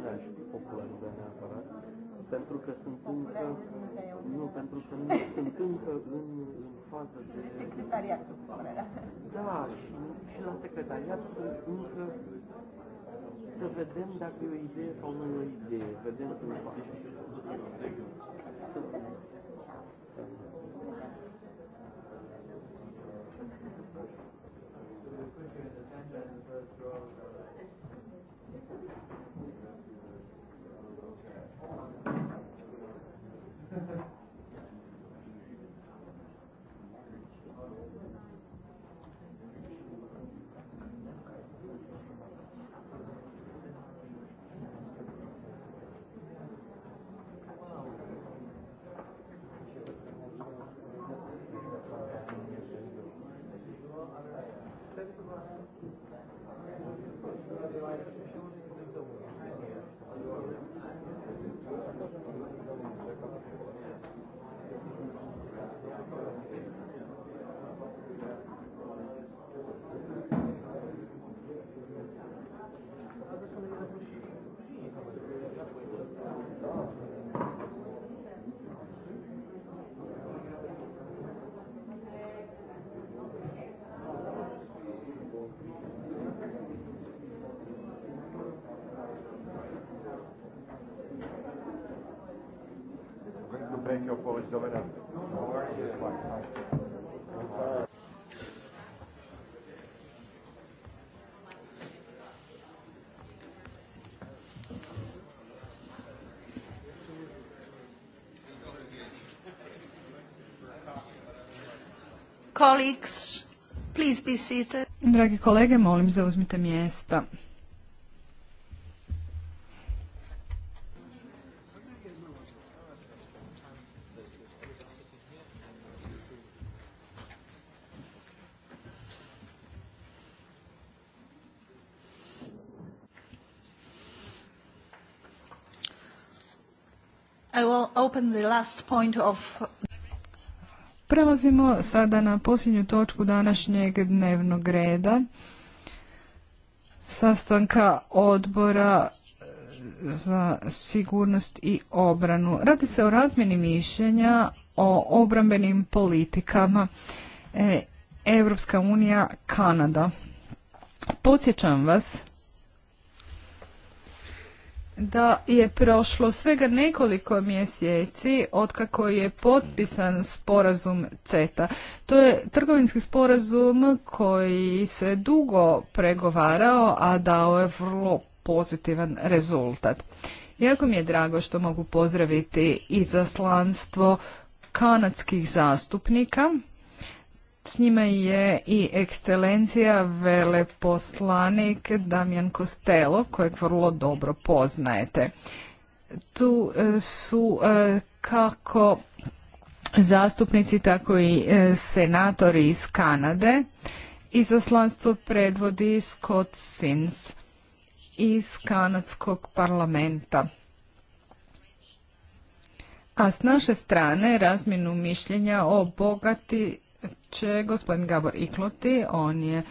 C: și naci popularizarea neapărat, pentru că sunt încă, nu, pentru că nu sunt încă în, în fază de... secretariat. Da, și, și la secretariat sunt încă să vedem dacă e o idee sau nu e o idee. Vedem cum facem. Thank
A: Colleagues, please be seated. Dragi kolege, molim zauzmite mjesta. I will open the last point of Prelazimo sada na posljednju točku današnjeg dnevnog reda sastanka odbora e, za sigurnost i obranu. Radi se o razmjeni mišljenja o obrambenim politikama Europska unija Kanada. Podsjećam vas da je prošlo svega nekoliko mjeseci otkako je potpisan sporazum CETA. To je trgovinski sporazum koji se dugo pregovarao, a dao je vrlo pozitivan rezultat. Jako mi je drago što mogu pozdraviti izaslanstvo kanadskih zastupnika s njima je i ekscelencija veleposlanik Damjan Kostelo, kojeg vrlo dobro poznajete. Tu e, su e, kako zastupnici, tako i e, senatori iz Kanade. Izaslanstvo predvodi Scott Sins iz Kanadskog parlamenta. A s naše strane razmjenu mišljenja o bogati će gospodin Gabor Ikloti, on je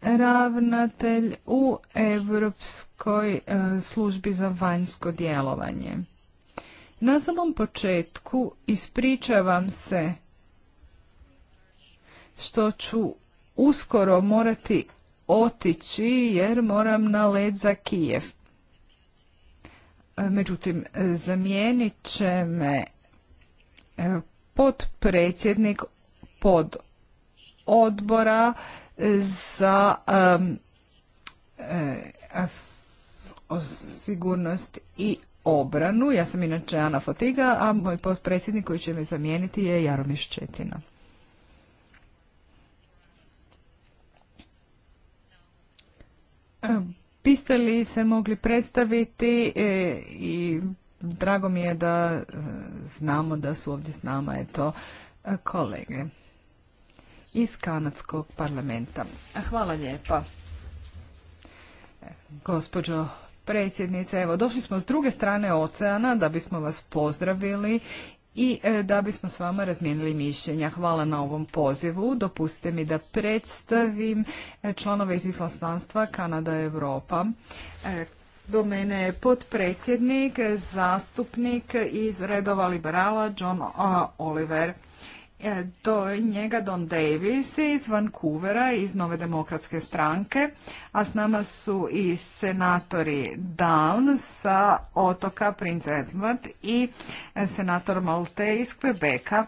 A: ravnatelj u Europskoj e, službi za vanjsko djelovanje. Na samom početku ispričavam se što ću uskoro morati otići jer moram na led za Kijev. E, međutim, zamijenit će me e, potpredsjednik pod odbora za eh, sigurnost i obranu. Ja sam inače Ana Fotiga, a moj potpredsjednik koji će me zamijeniti je Jaromir Ščetina. Biste li se mogli predstaviti e, i drago mi je da e, znamo da su ovdje s nama eto kolege iz Kanadskog parlamenta. Hvala lijepa. Gospođo predsjednice, evo došli smo s druge strane oceana da bismo vas pozdravili i e, da bismo s vama razmijenili mišljenja. Hvala na ovom pozivu. Dopustite mi da predstavim e, članove iz Islastanstva Kanada Europa. E, do mene je potpredsjednik, zastupnik iz redova liberala John Oliver do e, njega Don Davis iz Vancouvera, iz Nove demokratske stranke, a s nama su i senatori Down sa otoka Prince Edward i senator Malte iz Quebeca.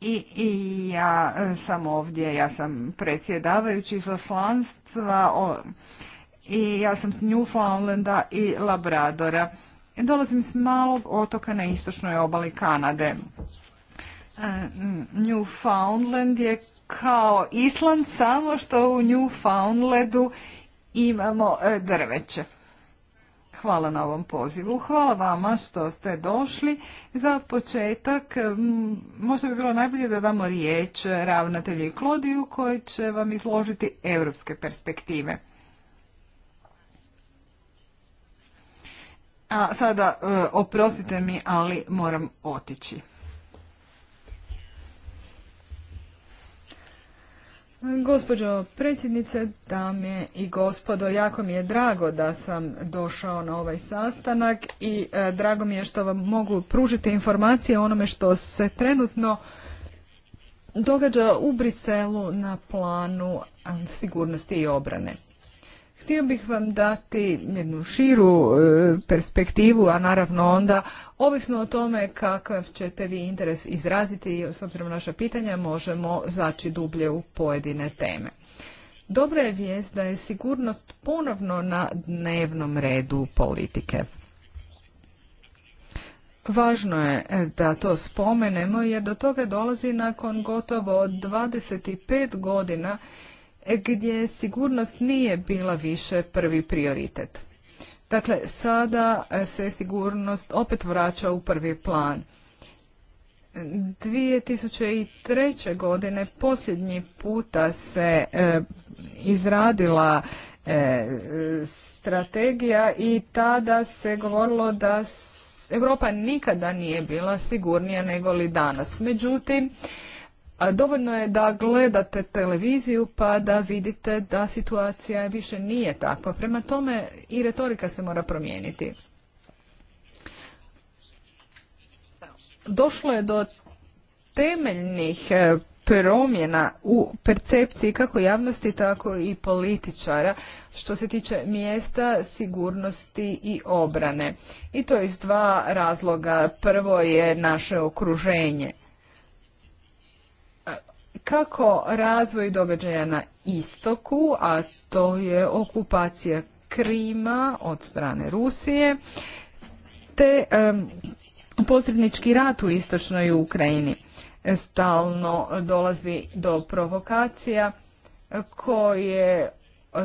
A: I, ja sam ovdje, ja sam predsjedavajući izaslanstva o, i ja sam s Newfoundlanda i Labradora. Dolazim s malog otoka na istočnoj obali Kanade. Eh, Newfoundland je kao Island, samo što u Newfoundlandu imamo eh, drveće. Hvala na ovom pozivu. Hvala vama što ste došli. Za početak eh, možda bi bilo najbolje da damo riječ ravnatelju Klodiju koji će vam izložiti europske perspektive. A sada oprostite mi, ali moram otići. Gospođo predsjednice, dame i gospodo, jako mi je drago da sam došao na ovaj sastanak i e, drago mi je što vam mogu pružiti informacije o onome što se trenutno događa u Briselu na planu sigurnosti i obrane. Htio bih vam dati jednu širu e, perspektivu, a naravno onda, ovisno o tome kakav ćete vi interes izraziti i s obzirom na naša pitanja, možemo zaći dublje u pojedine teme. Dobra je vijest da je sigurnost ponovno na dnevnom redu politike. Važno je e, da to spomenemo jer do toga dolazi nakon gotovo 25 godina gdje sigurnost nije bila više prvi prioritet. Dakle, sada e, se sigurnost opet vraća u prvi plan. 2003. godine posljednji puta se e, izradila e, strategija i tada se govorilo da Europa nikada nije bila sigurnija nego li danas. Međutim, Dovoljno je da gledate televiziju pa da vidite da situacija više nije takva. Prema tome i retorika se mora promijeniti. Došlo je do temeljnih e, promjena u percepciji kako javnosti, tako i političara što se tiče mjesta, sigurnosti i obrane. I to iz dva razloga. Prvo je naše okruženje kako razvoj događaja na istoku, a to je okupacija Krima od strane Rusije, te posrednički rat u istočnoj Ukrajini. Stalno dolazi do provokacija koje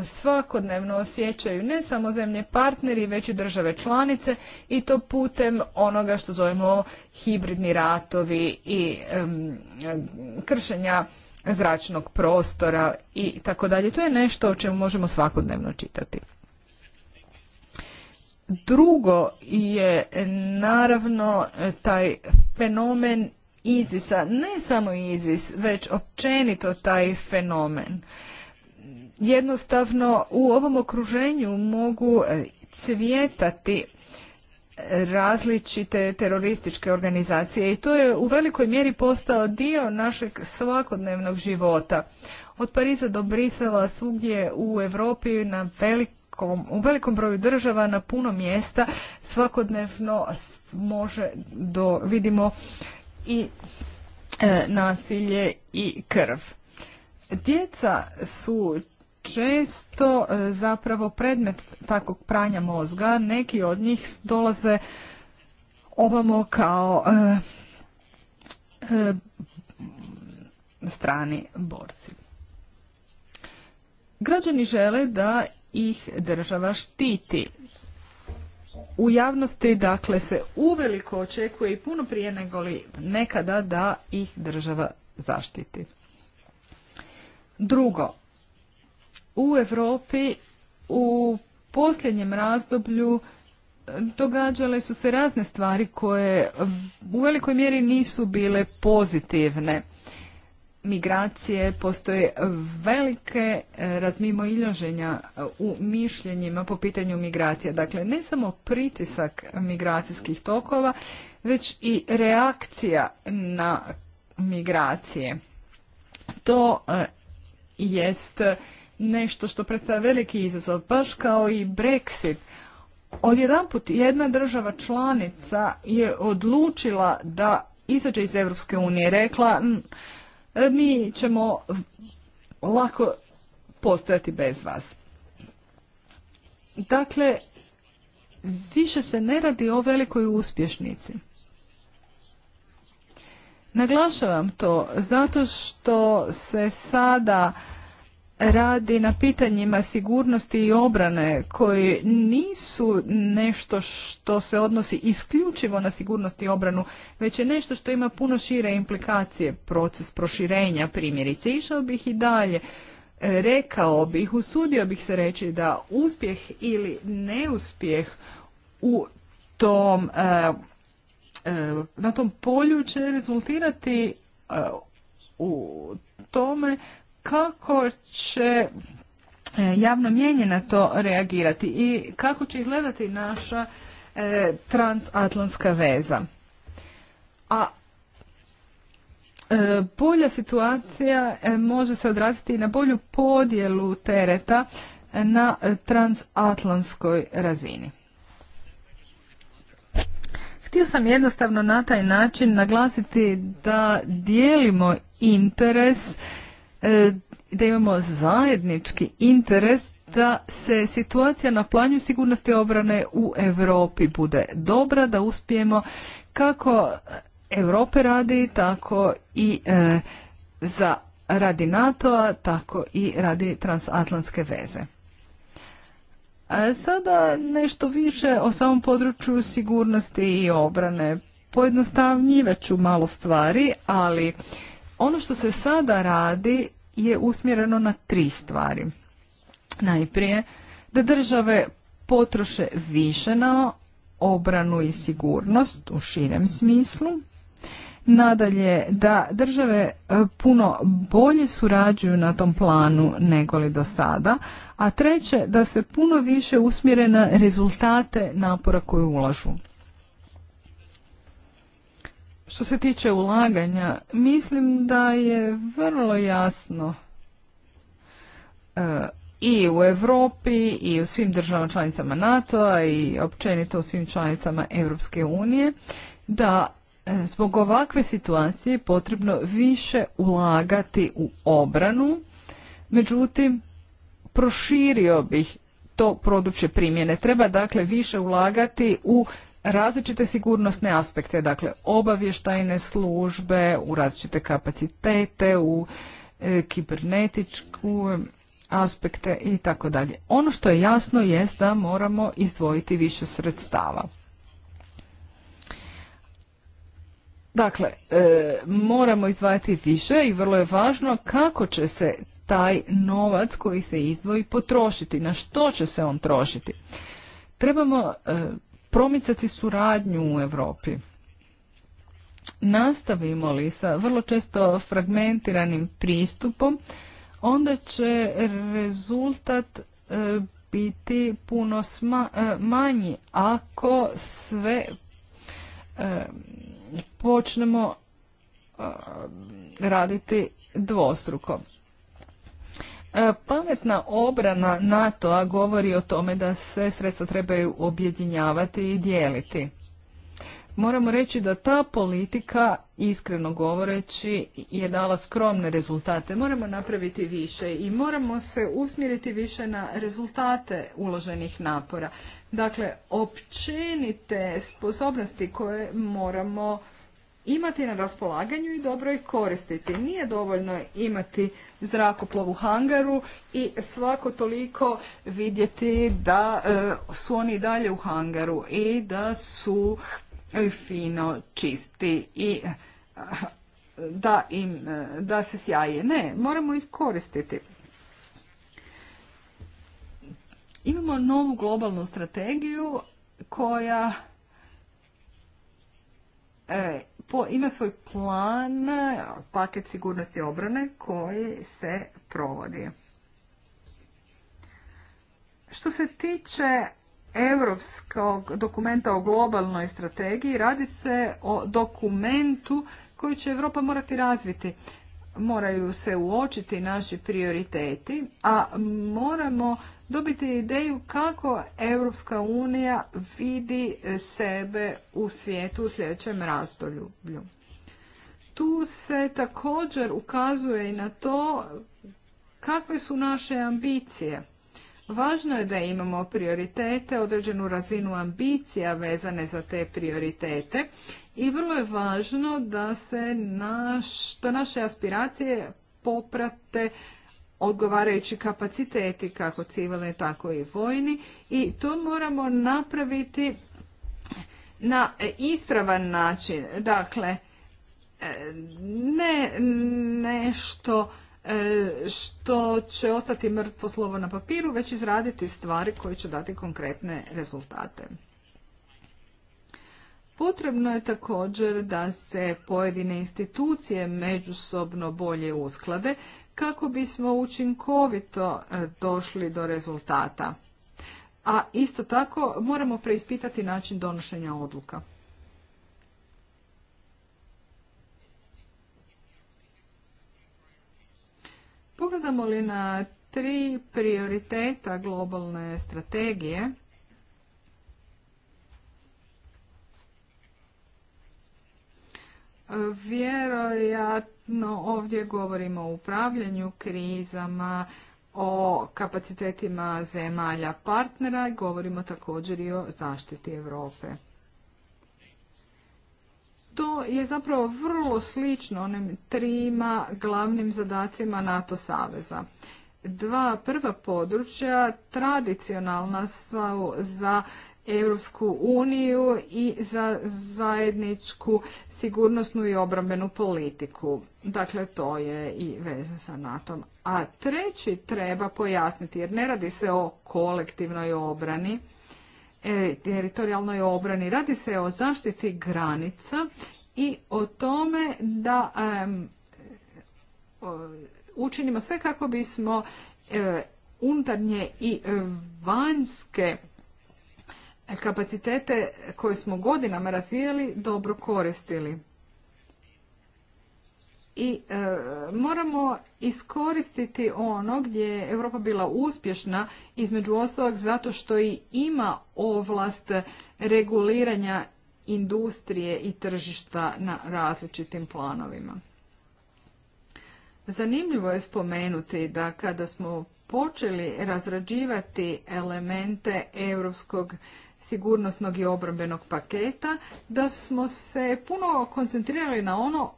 A: svakodnevno osjećaju ne samo zemlje partneri, već i države članice i to putem onoga što zovemo hibridni ratovi i kršenja zračnog prostora i tako dalje. To je nešto o čemu možemo svakodnevno čitati. Drugo je naravno taj fenomen Izisa, ne samo Izis, već općenito taj fenomen jednostavno u ovom okruženju mogu e, cvjetati e, različite terorističke organizacije i to je u velikoj mjeri postao dio našeg svakodnevnog života. Od Pariza do Brisela svugdje u Europi na velikom, u velikom broju država na puno mjesta svakodnevno može do, vidimo i e, nasilje i krv. Djeca su često e, zapravo predmet takvog pranja mozga. Neki od njih dolaze ovamo kao e, e, strani borci. Građani žele da ih država štiti. U javnosti dakle se uveliko očekuje i puno prije nego li nekada da ih država zaštiti. Drugo, u Europi u posljednjem razdoblju e, događale su se razne stvari koje u velikoj mjeri nisu bile pozitivne. Migracije, postoje velike e, razmimo iloženja e, u mišljenjima po pitanju migracija. Dakle, ne samo pritisak migracijskih tokova, već i reakcija na migracije. To jest nešto što predstavlja veliki izazov, baš kao i Brexit. Odjedanput jedna država članica je odlučila da izađe iz Europske unije, rekla mi ćemo lako postojati bez vas. Dakle, više se ne radi o velikoj uspješnici. Naglašavam to zato što se sada radi na pitanjima sigurnosti i obrane koji nisu nešto što se odnosi isključivo na sigurnost i obranu, već je nešto što ima puno šire implikacije, proces proširenja primjerice. Išao bih i dalje, e, rekao bih, usudio bih se reći da uspjeh ili neuspjeh u tom, e, e, na tom polju će rezultirati u tome kako će e, javno mjenje na to reagirati i kako će izgledati naša e, transatlantska veza. A e, bolja situacija e, može se odraziti i na bolju podjelu tereta e, na transatlantskoj razini. Htio sam jednostavno na taj način naglasiti da dijelimo interes E, da imamo zajednički interes da se situacija na planju sigurnosti obrane u Europi bude dobra, da uspijemo kako Europe radi, tako i e, za radi NATO-a, tako i radi transatlantske veze. E, sada nešto više o samom području sigurnosti i obrane. Pojednostavnjivat ću malo stvari, ali ono što se sada radi je usmjereno na tri stvari. Najprije, da države potroše više na obranu i sigurnost u širem smislu. Nadalje, da države e, puno bolje surađuju na tom planu nego li do sada. A treće, da se puno više usmjere na rezultate napora koji ulažu. Što se tiče ulaganja, mislim da je vrlo jasno e, i u Europi i u svim državama članicama NATO-a i općenito u svim članicama Europske unije da e, zbog ovakve situacije potrebno više ulagati u obranu. Međutim, proširio bih to područje primjene. Treba dakle više ulagati u različite sigurnosne aspekte, dakle obavještajne službe, u različite kapacitete, u e, kibernetičku e, aspekte i tako dalje. Ono što je jasno jest da moramo izdvojiti više sredstava. Dakle, e, moramo izdvajati više i vrlo je važno kako će se taj novac koji se izdvoji potrošiti, na što će se on trošiti. Trebamo promicati suradnju u Europi. Nastavimo li sa vrlo često fragmentiranim pristupom, onda će rezultat e, biti puno e, manji ako sve e, počnemo raditi dvostruko. E, pametna obrana NATO-a govori o tome da se sredstva trebaju objedinjavati i dijeliti. Moramo reći da ta politika, iskreno govoreći, je dala skromne rezultate. Moramo napraviti više i moramo se usmjeriti više na rezultate uloženih napora. Dakle, općenite sposobnosti koje moramo imati na raspolaganju i dobro ih koristiti. Nije dovoljno imati zrakoplov u hangaru i svako toliko vidjeti da e, su oni dalje u hangaru i da su e, fino čisti i e, da, im, da se sjaje. Ne, moramo ih koristiti. Imamo novu globalnu strategiju koja po, ima svoj plan, paket sigurnosti obrane koji se provodi. Što se tiče europskog dokumenta o globalnoj strategiji, radi se o dokumentu koji će Europa morati razviti moraju se uočiti naši prioriteti, a moramo dobiti ideju kako Europska unija vidi sebe u svijetu u sljedećem razdoblju. Tu se također ukazuje i na to kakve su naše ambicije. Važno je da imamo prioritete, određenu razinu ambicija vezane za te prioritete i vrlo je važno da se naš, naše aspiracije poprate odgovarajući kapaciteti kako civilni tako i vojni i to moramo napraviti na ispravan način. Dakle, e, ne nešto e, što će ostati mrtvo slovo na papiru, već izraditi stvari koje će dati konkretne rezultate. Potrebno je također da se pojedine institucije međusobno bolje usklade kako bismo učinkovito e, došli do rezultata. A isto tako moramo preispitati način donošenja odluka. Pogledamo li na tri prioriteta globalne strategije, Vjerojatno ovdje govorimo o upravljanju krizama, o kapacitetima zemalja partnera i govorimo također i o zaštiti Europe. To je zapravo vrlo slično onim trima glavnim zadacima NATO saveza. Dva prva područja tradicionalna su za Europsku uniju i za zajedničku sigurnosnu i obrambenu politiku. Dakle, to je i veze sa NATO-om. A treći treba pojasniti, jer ne radi se o kolektivnoj obrani, e, teritorijalnoj obrani, radi se o zaštiti granica i o tome da učinimo sve kako bismo um, unutarnje i vanjske kapacitete koje smo godinama razvijali dobro koristili. I e, moramo iskoristiti ono gdje je Europa bila uspješna, između ostalog zato što i ima ovlast reguliranja industrije i tržišta na različitim planovima. Zanimljivo je spomenuti da kada smo počeli razrađivati elemente europskog sigurnosnog i obrambenog paketa, da smo se puno koncentrirali na ono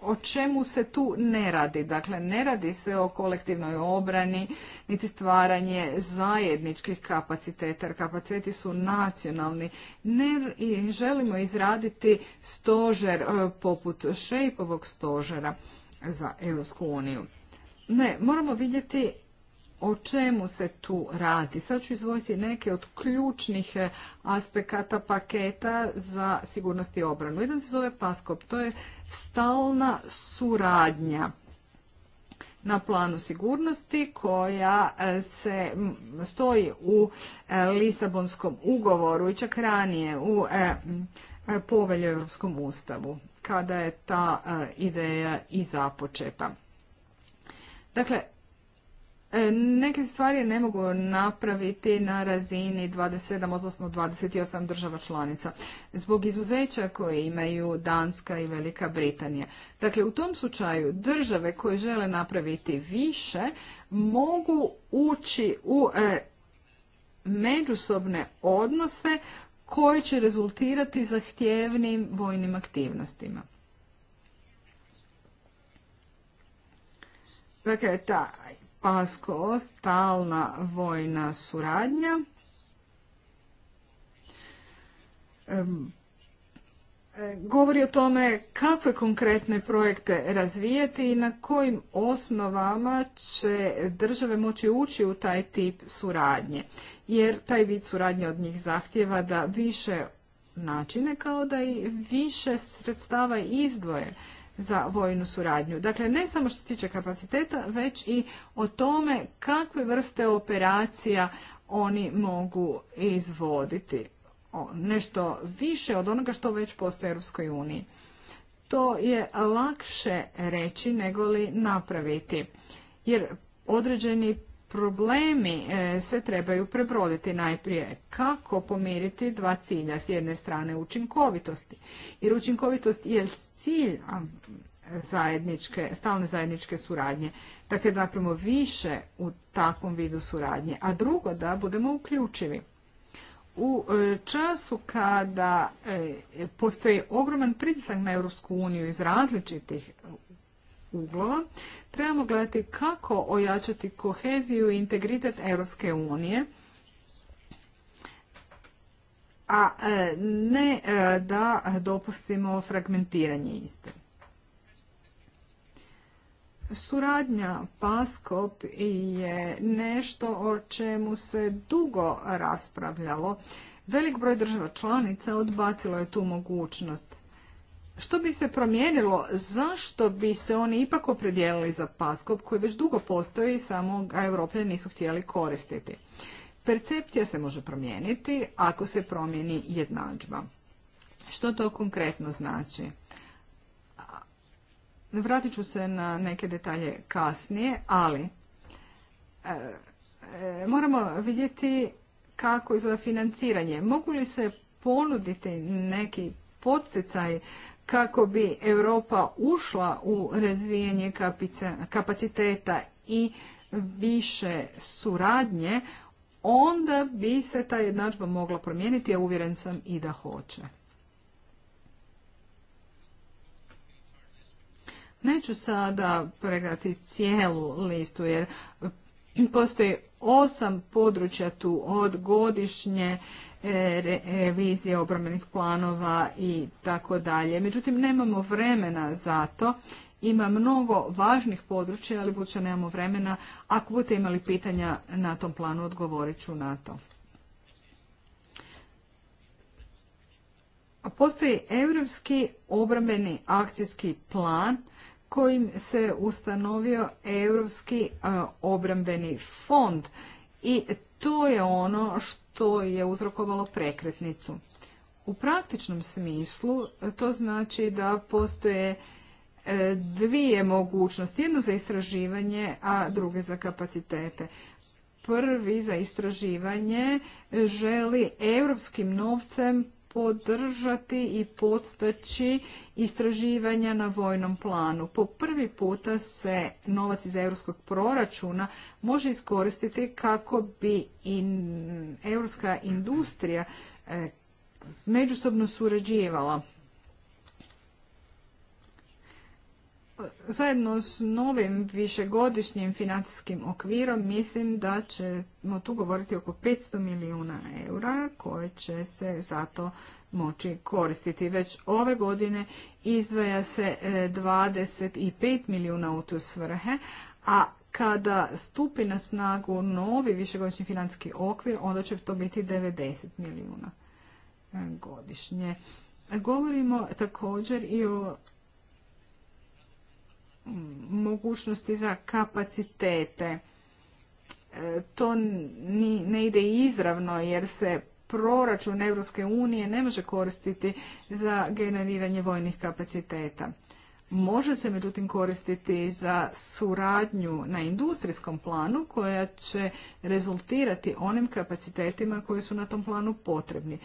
A: o čemu se tu ne radi. Dakle, ne radi se o kolektivnoj obrani, niti stvaranje zajedničkih kapaciteta, jer kapaciteti su nacionalni. Ne i želimo izraditi stožer e, poput šejpovog stožera za EU. Ne, moramo vidjeti o čemu se tu radi. Sad ću izvojiti neke od ključnih e, aspekata paketa za sigurnost i obranu. Jedan se zove PASKOP, to je stalna suradnja na planu sigurnosti koja e, se stoji u e, Lisabonskom ugovoru i čak ranije u povelju Europskom ustavu kada je ta ideja i započeta. Dakle, E, neke stvari ne mogu napraviti na razini 27, odnosno 28 država članica, zbog izuzeća koje imaju Danska i Velika Britanija. Dakle, u tom slučaju države koje žele napraviti više mogu ući u e, međusobne odnose koji će rezultirati zahtjevnim vojnim aktivnostima. Dakle, taj PASCO, stalna vojna suradnja. Govori o tome kakve konkretne projekte razvijeti i na kojim osnovama će države moći ući u taj tip suradnje. Jer taj vid suradnje od njih zahtjeva da više načine kao da i više sredstava izdvoje za vojnu suradnju. Dakle, ne samo što se tiče kapaciteta, već i o tome kakve vrste operacija oni mogu izvoditi. Nešto više od onoga što već postoje u Europskoj uniji. To je lakše reći nego li napraviti. Jer određeni problemi e, se trebaju prebroditi najprije. Kako pomiriti dva cilja? S jedne strane učinkovitosti. Jer učinkovitost je cilj zajedničke, stalne zajedničke suradnje. Dakle, da napravimo više u takvom vidu suradnje. A drugo, da budemo uključivi. U e, času kada e, postoji ogroman pritisak na Europsku uniju iz različitih uglova, trebamo gledati kako ojačati koheziju i integritet Europske unije, a e, ne e, da dopustimo fragmentiranje iste. Suradnja PASKOP je nešto o čemu se dugo raspravljalo. Velik broj država članica odbacilo je tu mogućnost. Što bi se promijenilo? Zašto bi se oni ipak opredijelili za paskop koji već dugo postoji, samo ga Evropljani nisu htjeli koristiti? Percepcija se može promijeniti ako se promijeni jednadžba. Što to konkretno znači? Vratit ću se na neke detalje kasnije, ali e, e, moramo vidjeti kako izgleda financiranje. Mogu li se ponuditi neki podsjecaj kako bi Europa ušla u razvijanje kapaciteta i više suradnje, onda bi se ta jednadžba mogla promijeniti, a uvjeren sam i da hoće. Neću sada pregati cijelu listu jer postoji osam područja tu od godišnje E, revizije obrambenih planova i tako dalje. Međutim, nemamo vremena za to. Ima mnogo važnih područja, ali budući nemamo vremena, ako budete imali pitanja na tom planu, odgovorit ću na to. Postoji Europski obrambeni akcijski plan kojim se ustanovio Europski e, obrambeni fond i to je ono što to je uzrokovalo prekretnicu. U praktičnom smislu to znači da postoje e, dvije mogućnosti, Jedno za istraživanje, a druge za kapacitete. Prvi za istraživanje želi europskim novcem podržati i podstaći istraživanja na vojnom planu. Po prvi puta se novac iz europskog proračuna može iskoristiti kako bi i europska industrija eh, međusobno surađivala. zajedno s novim višegodišnjim financijskim okvirom mislim da ćemo tu govoriti oko 500 milijuna eura koje će se zato moći koristiti. Već ove godine izdvaja se 25 e, milijuna u tu svrhe, a kada stupi na snagu novi višegodišnji financijski okvir, onda će to biti 90 milijuna e, godišnje. Govorimo također i o mogućnosti za kapacitete. E, to ne ide izravno jer se proračun Europske unije ne može koristiti za generiranje vojnih kapaciteta. Može se međutim koristiti za suradnju na industrijskom planu koja će rezultirati onim kapacitetima koji su na tom planu potrebni.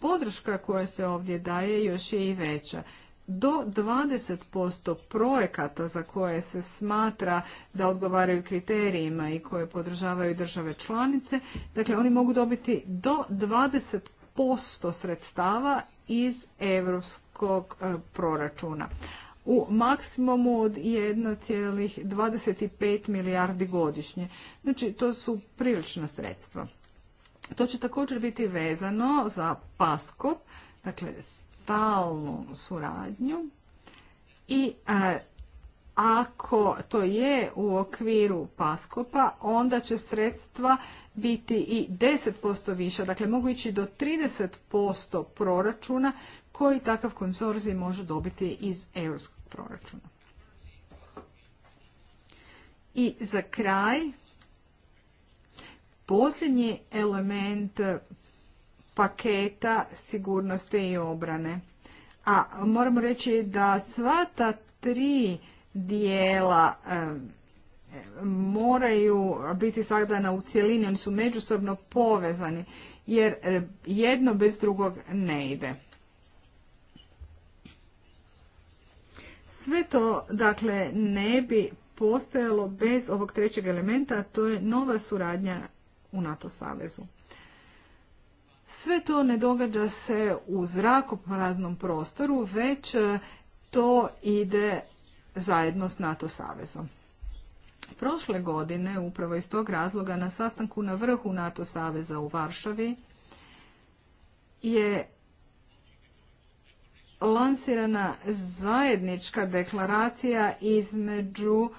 A: Podrška koja se ovdje daje još je i veća do 20% projekata za koje se smatra da odgovaraju kriterijima i koje podržavaju države članice, dakle oni mogu dobiti do 20% sredstava iz europskog e, proračuna u maksimumu od 1,25 milijardi godišnje. Znači, to su prilična sredstva. To će također biti vezano za PASKO, dakle stalnu suradnju i e, ako to je u okviru paskopa, onda će sredstva biti i 10% više, dakle mogu ići do 30% proračuna koji takav konzorzij može dobiti iz europskog proračuna. I za kraj, posljednji element paketa sigurnosti i obrane. A moramo reći da sva ta tri dijela moraju biti sagledana u cjelini, oni su međusobno povezani jer jedno bez drugog ne ide. Sve to dakle ne bi postojalo bez ovog trećeg elementa, a to je nova suradnja u NATO savezu. Sve to ne događa se u zrakopraznom prostoru, već e, to ide zajedno s NATO savezom. Prošle godine, upravo iz tog razloga, na sastanku na vrhu NATO saveza u Varšavi je lansirana zajednička deklaracija između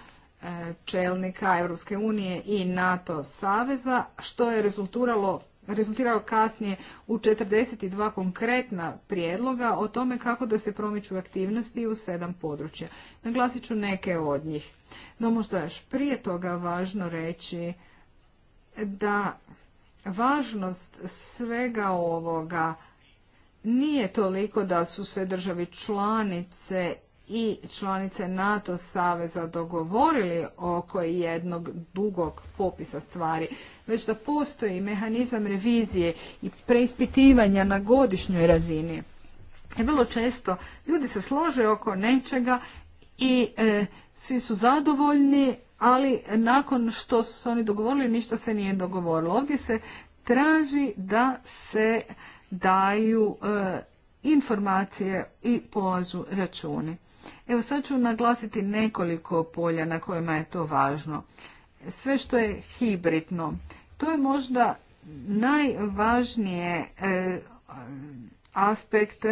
A: e, čelnika Europske unije i NATO saveza, što je rezultiralo rezultirao kasnije u 42 konkretna prijedloga o tome kako da se promiču aktivnosti u sedam područja. Naglasit ću neke od njih. No možda još prije toga važno reći da važnost svega ovoga nije toliko da su sve državi članice i članice NATO saveza dogovorili oko jednog dugog popisa stvari, već da postoji mehanizam revizije i preispitivanja na godišnjoj razini. Vrlo često ljudi se slože oko nečega i e, svi su zadovoljni, ali nakon što su se oni dogovorili, ništa se nije dogovorilo. Ovdje se traži da se daju e, informacije i polažu računi. Evo sad ću naglasiti nekoliko polja na kojima je to važno. Sve što je hibridno, to je možda najvažnije e, aspekt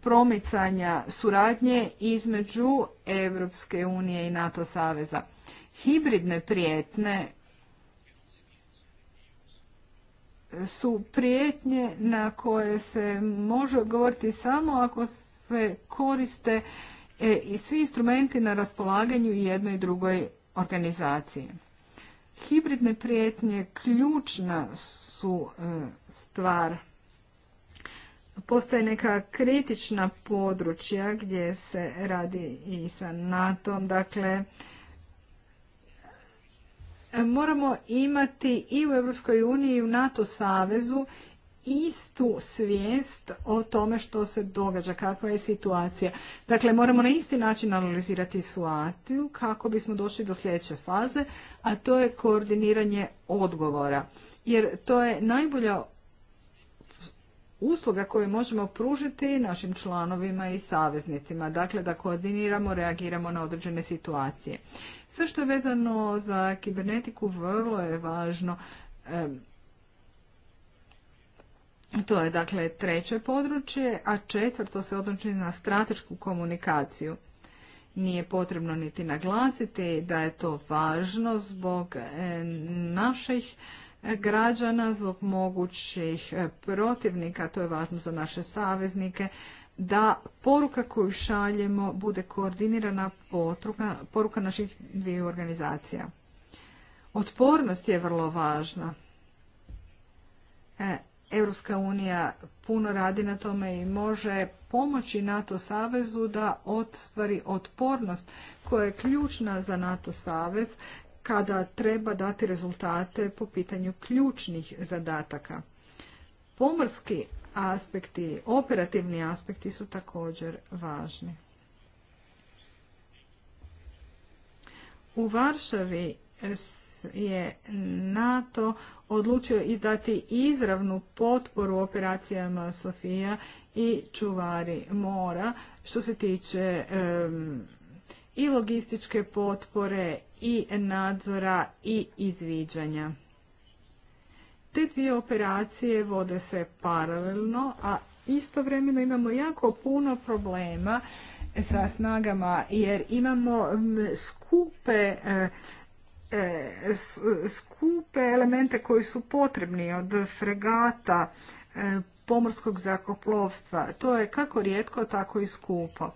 A: promicanja suradnje između Europske unije i NATO saveza. Hibridne prijetne su prijetnje na koje se može govoriti samo ako se koriste E, i svi instrumenti na raspolaganju i jednoj i drugoj organizaciji. Hibridne prijetnje ključna su e, stvar. Postoje neka kritična područja gdje se radi i sa NATO-om, dakle moramo imati i u EU i u NATO savezu istu svijest o tome što se događa, kakva je situacija. Dakle, moramo na isti način analizirati situaciju kako bismo došli do sljedeće faze, a to je koordiniranje odgovora. Jer to je najbolja usluga koju možemo pružiti našim članovima i saveznicima. Dakle, da koordiniramo, reagiramo na određene situacije. Sve što je vezano za kibernetiku vrlo je važno. To je dakle treće područje, a četvrto se odnosi na stratešku komunikaciju. Nije potrebno niti naglasiti da je to važno zbog e, naših građana, zbog mogućih e, protivnika, to je važno za naše saveznike, da poruka koju šaljemo bude koordinirana poruka naših dviju organizacija. Otpornost je vrlo važna. E, Europska unija puno radi na tome i može pomoći NATO savezu da ostvari otpornost koja je ključna za NATO savez kada treba dati rezultate po pitanju ključnih zadataka. Pomorski aspekti, operativni aspekti su također važni. U Varšavi je NATO odlučio i dati izravnu potporu operacijama Sofija i čuvari mora što se tiče i logističke potpore i nadzora i izviđanja. Te dvije operacije vode se paralelno, a istovremeno imamo jako puno problema sa snagama jer imamo skupe E, skupe elemente koji su potrebni od fregata, e, pomorskog zakoplovstva. To je kako rijetko, tako i skupo.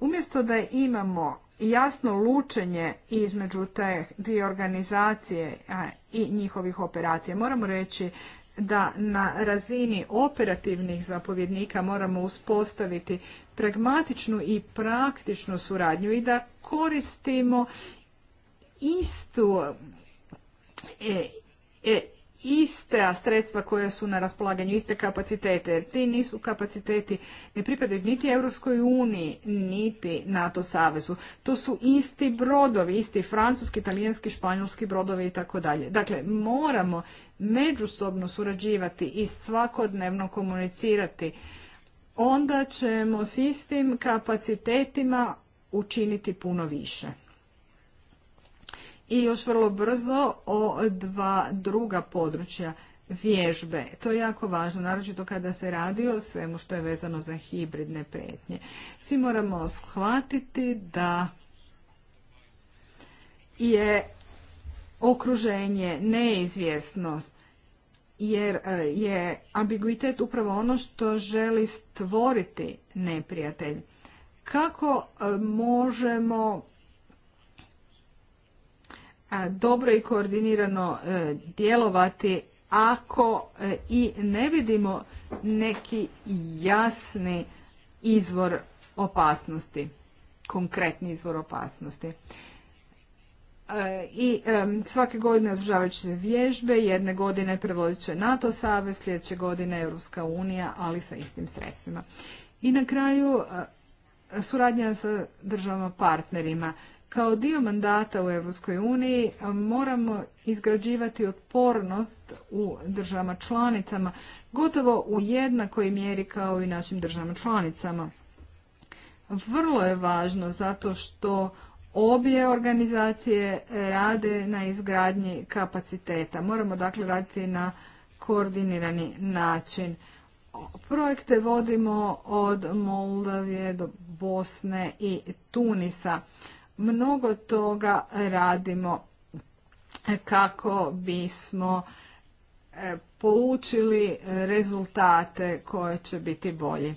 A: Umjesto da imamo jasno lučenje između te dvije organizacije i njihovih operacija, moramo reći da na razini operativnih zapovjednika moramo uspostaviti pragmatičnu i praktičnu suradnju i da koristimo istu e, e iste sredstva koja su na raspolaganju, iste kapacitete, jer ti nisu kapaciteti, ne pripadaju niti Europskoj uniji, niti NATO savezu. To su isti brodovi, isti francuski, italijanski, španjolski brodovi i tako dalje. Dakle, moramo međusobno surađivati i svakodnevno komunicirati. Onda ćemo s istim kapacitetima učiniti puno više i još vrlo brzo o dva druga područja vježbe. To je jako važno, naročito kada se radi o svemu što je vezano za hibridne prijetnje. Svi moramo shvatiti da je okruženje, neizvjesno, jer e, je ambiguitet upravo ono što želi stvoriti neprijatelj. Kako e, možemo dobro i koordinirano e, djelovati ako e, i ne vidimo neki jasni izvor opasnosti, konkretni izvor opasnosti. E, I svake godine održavajući se vježbe, jedne godine prevodit će NATO savez, sljedeće godine Europska unija, ali sa istim sredstvima. I na kraju suradnja sa državama partnerima. Kao dio mandata u Europskoj uniji moramo izgrađivati otpornost u državama članicama, gotovo u jednakoj mjeri kao i našim državama članicama. Vrlo je važno zato što obje organizacije rade na izgradnji kapaciteta. Moramo dakle raditi na koordinirani način. Projekte vodimo od Moldavije do Bosne i Tunisa. Mnogo toga radimo kako bismo e, polučili rezultate koje će biti bolji.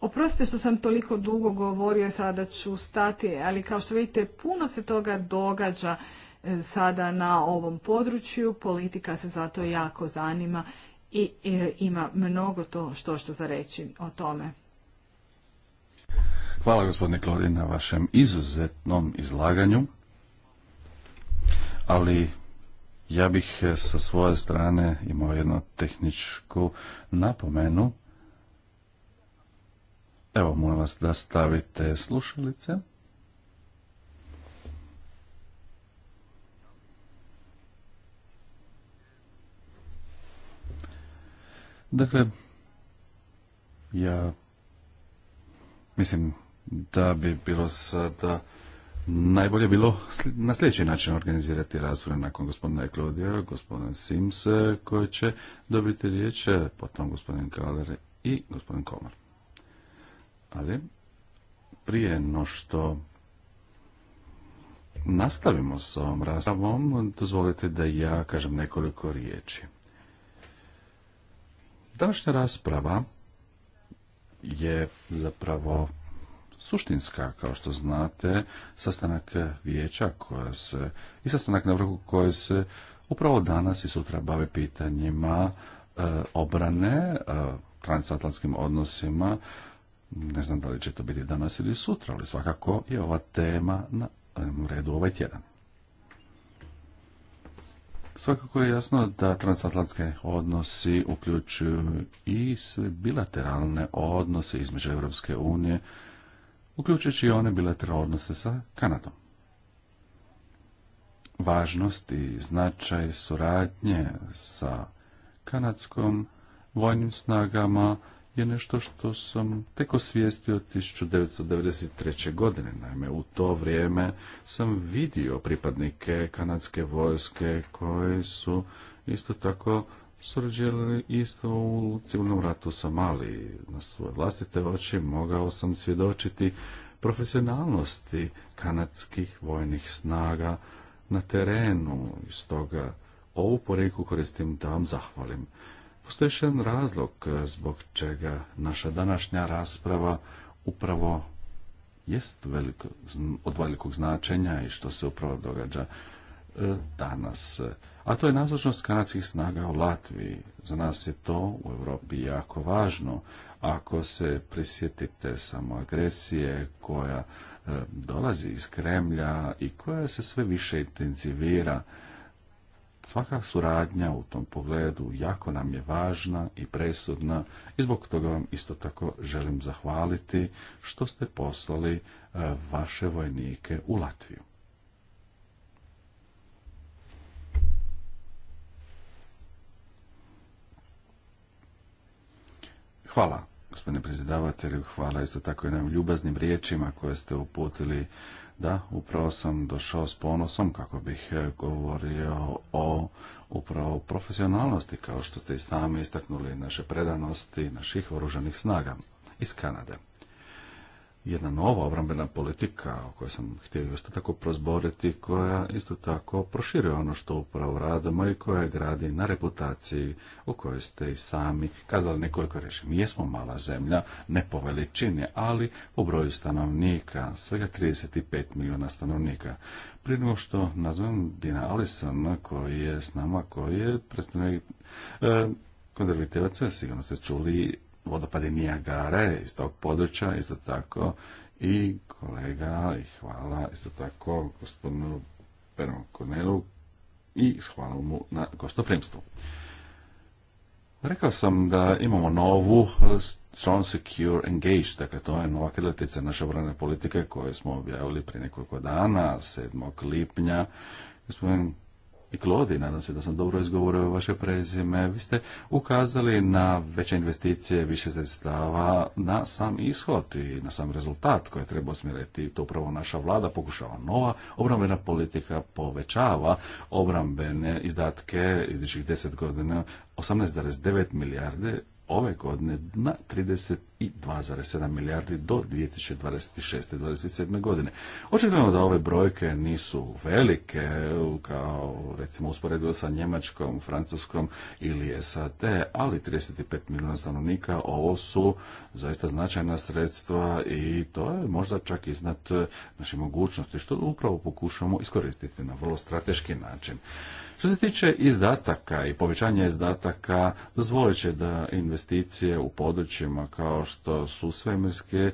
A: Oprostite što sam toliko dugo govorio, sada ću stati, ali kao što vidite puno se toga događa e, sada na ovom području, politika se zato jako zanima i, i e, ima mnogo to što što za reći o tome.
D: Hvala gospodine Klodin na vašem izuzetnom izlaganju, ali ja bih eh, sa svoje strane imao jednu tehničku napomenu. Evo, molim vas da stavite slušalice. Dakle, ja mislim da bi bilo sada najbolje bilo na sljedeći način organizirati raspravu nakon gospodina Eklodija, gospodina Sims koji će dobiti riječ, potom gospodin Kaler i gospodin Komar. Ali prije no što nastavimo s ovom raspravom, dozvolite da ja kažem nekoliko riječi. Današnja rasprava je zapravo suštinska. Kao što znate, sastanak vijeća koja se, i sastanak na vrhu koje se upravo danas i sutra bave pitanjima e, obrane, e, transatlantskim odnosima, ne znam da li će to biti danas ili sutra, ali svakako je ova tema na redu ovaj tjedan. Svakako je jasno da transatlantske odnosi uključuju i bilateralne odnose između Europske unije uključujući i one bilateralne odnose sa Kanadom. Važnost i značaj suradnje sa kanadskom vojnim snagama je nešto što sam tek osvijestio 1993. godine. Naime, u to vrijeme sam vidio pripadnike kanadske vojske koji su isto tako surađivali isto u civilnom ratu sa Mali. Na svoje vlastite oči mogao sam svjedočiti profesionalnosti kanadskih vojnih snaga na terenu. Stoga ovu poriku koristim da vam zahvalim. Postoji još jedan razlog zbog čega naša današnja rasprava upravo jest veliko, od velikog značenja i što se upravo događa e, danas a to je nazočnost kanadskih snaga u Latviji. Za nas je to u Europi jako važno. Ako se prisjetite samo agresije koja e, dolazi iz Kremlja i koja se sve više intenzivira, svaka suradnja u tom pogledu jako nam je važna i presudna i zbog toga vam isto tako želim zahvaliti što ste poslali e, vaše vojnike u Latviju. Hvala, gospodine predsjedavatelju, hvala isto tako i ljubaznim riječima koje ste uputili. Da, upravo sam došao s ponosom kako bih e, govorio o upravo profesionalnosti, kao što ste i sami istaknuli, naše predanosti, naših oružanih snaga iz Kanade jedna nova obrambena politika o kojoj sam htio isto tako prozboriti, koja isto tako proširuje ono što upravo radimo i koja gradi na reputaciji u kojoj ste i sami kazali nekoliko reći. Mi jesmo mala zemlja, ne po veličini, ali po broju stanovnika, svega 35 milijuna stanovnika. Prije nego što nazovem Dina koji je s nama, koji je predstavnik e, konzervativaca, sigurno ste čuli Vodopade Nijagare iz tog područja, isto tako i kolega i hvala isto tako gospodinu Perom Kornelu i hvala mu na gostoprimstvu. Rekao sam da imamo novu eh, Strong Secure Engage, dakle to je nova krilatica naše obrane politike koje smo objavili prije nekoliko dana, 7. lipnja. Gospodin i Klodi, nadam se da sam dobro izgovorio vaše prezime, vi ste ukazali na veće investicije, više sredstava, na sam ishod i na sam rezultat koje treba osmjeriti. To upravo naša vlada pokušava. Nova obrambena politika povećava obrambene izdatke idućih deset godina 18,9 milijarde ove godine na 32,7 milijardi do 2026. 2027. godine. Očigledno da ove brojke nisu velike, kao recimo usporedio sa Njemačkom, Francuskom ili SAD, ali 35 milijuna stanovnika, ovo su zaista značajna sredstva i to je možda čak iznad naše mogućnosti, što upravo pokušamo iskoristiti na vrlo strateški način. Što se tiče izdataka i povećanja izdataka, dozvolit će da investicije u područjima kao što su svemirske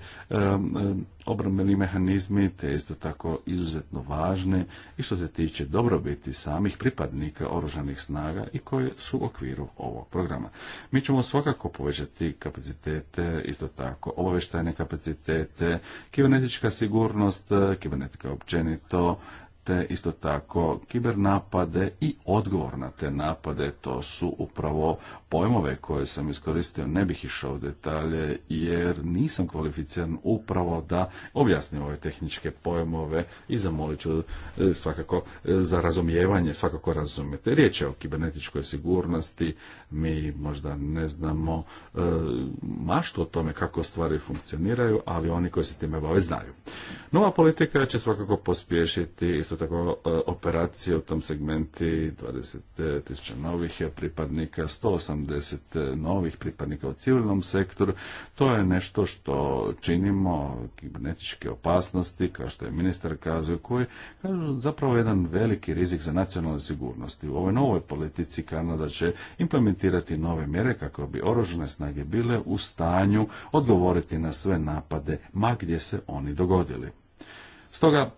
D: obrambeni mehanizmi, te isto tako izuzetno važne i što se tiče dobrobiti samih pripadnika oružanih snaga i koje su u okviru ovog programa. Mi ćemo svakako povećati kapacitete, isto tako obavještajne kapacitete, kibernetička sigurnost, e, kibernetika općenito, te isto tako kibernapade i odgovor na te napade, to su upravo pojmove koje sam iskoristio, ne bih išao u detalje jer nisam kvalificiran upravo da objasnim ove tehničke pojmove i zamolit ću e, svakako e, za razumijevanje, svakako razumijete. Riječ je o kibernetičkoj sigurnosti, mi možda ne znamo e, maštu o tome kako stvari funkcioniraju, ali oni koji se time bave znaju. Nova politika će svakako pospješiti isto tako e, operacije u tom segmenti 20.000 e, novih pripadnika, 180 e, novih pripadnika u civilnom sektoru. To je nešto što činimo, kibernetičke opasnosti, kao što je ministar kazao, koji je zapravo jedan veliki rizik za nacionalnu sigurnost. U ovoj novoj politici Kanada će implementirati implementirati nove mjere kako bi oružane snage bile u stanju odgovoriti na sve napade, ma gdje se oni dogodili. Stoga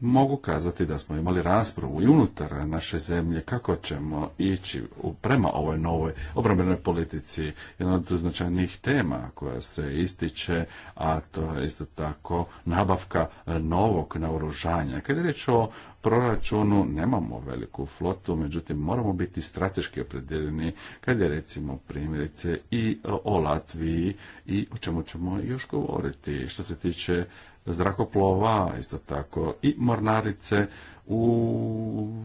D: mogu kazati da smo imali raspravu i unutar naše zemlje kako ćemo ići prema ovoj novoj obrambenoj politici. Jedna od značajnih tema koja se ističe, a to je isto tako nabavka e, novog naoružanja. Kad je riječ o proračunu, nemamo veliku flotu, međutim moramo biti strateški opredeljeni kad je recimo primjerice i o Latviji i o čemu ćemo još govoriti. Što se tiče zrakoplova, isto tako i mornarice u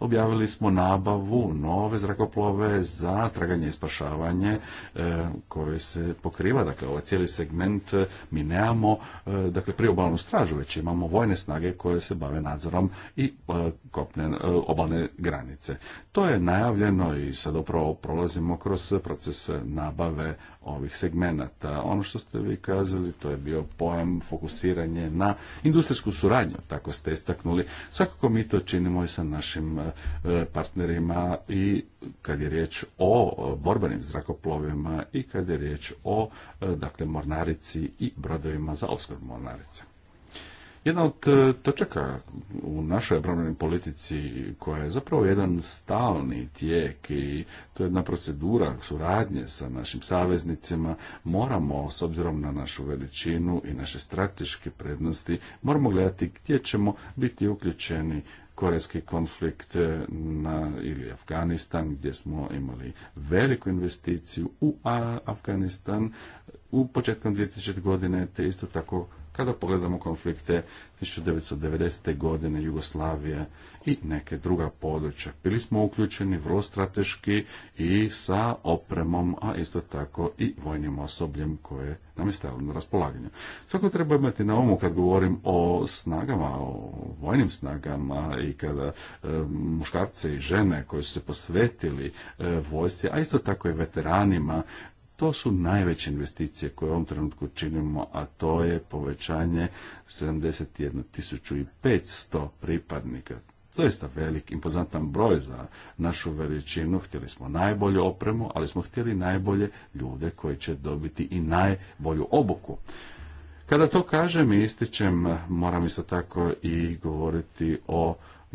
D: objavili smo nabavu nove zrakoplove za traganje i spašavanje e, koje se pokriva, dakle ovaj cijeli segment e, mi nemamo e, dakle priobalnu stražu, već imamo vojne snage koje se bave nadzorom i e, kopne, e, obalne granice. To je najavljeno i sad upravo prolazimo kroz proces nabave ovih segmenata. Ono što ste vi kazali, to je bio pojam fokusiranje na industrijsku suradnju, tako ste istaknuli. Svakako mi to činimo i sa našim e, partnerima i kad je riječ o borbenim zrakoplovima i kad je riječ o e, dakle, mornarici i brodovima za opskrbu mornarice. Jedna od e, točaka u našoj obrambenoj politici koja je zapravo jedan stalni tijek i to je jedna procedura suradnje sa našim saveznicima, moramo s obzirom na našu veličinu i naše strateške prednosti, moramo gledati gdje ćemo biti uključeni korejski konflikt e, na, ili Afganistan gdje smo imali veliku investiciju u Afganistan u početkom 2000. godine te isto tako kada pogledamo konflikte 1990. godine Jugoslavije i neke druga područja. Bili smo uključeni vrlo strateški i sa opremom, a isto tako i vojnim osobljem koje nam je stavljeno na raspolaganju. tako treba imati na umu kad govorim o snagama, o vojnim snagama i kada e, muškarce i žene koji su se posvetili e, vojsci, a isto tako i veteranima to su najveće investicije koje u ovom trenutku činimo, a to je povećanje 71.500 pripadnika. To je sta velik, impozantan broj za našu veličinu. Htjeli smo najbolju opremu, ali smo htjeli najbolje ljude koji će dobiti i najbolju obuku. Kada to kažem i ističem, moram isto tako i govoriti o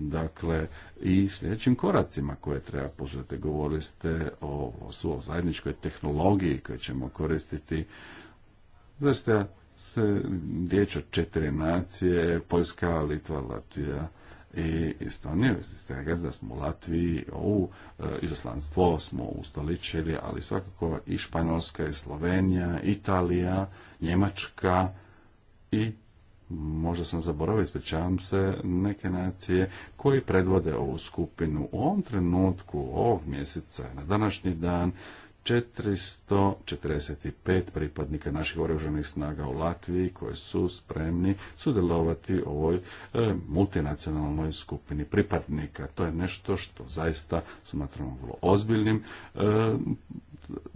D: dakle i sljedećim koracima koje treba poželjati. Govorili ste o, o zajedničkoj tehnologiji koju ćemo koristiti. Zaista se riječ od četiri nacije, Poljska, Litva, Latvija i Estonija. Svega da smo u Latviji u e, izaslanstvo smo ustoličili, ali svakako i Španjolska, i Slovenija, Italija, Njemačka i možda sam zaboravio, ispričavam se, neke nacije koji predvode ovu skupinu. U ovom trenutku, ovog mjeseca, na današnji dan, 445 pripadnika naših oružanih snaga u Latviji koji su spremni sudjelovati u ovoj e, multinacionalnoj skupini pripadnika. To je nešto što zaista smatramo vrlo ozbiljnim. E,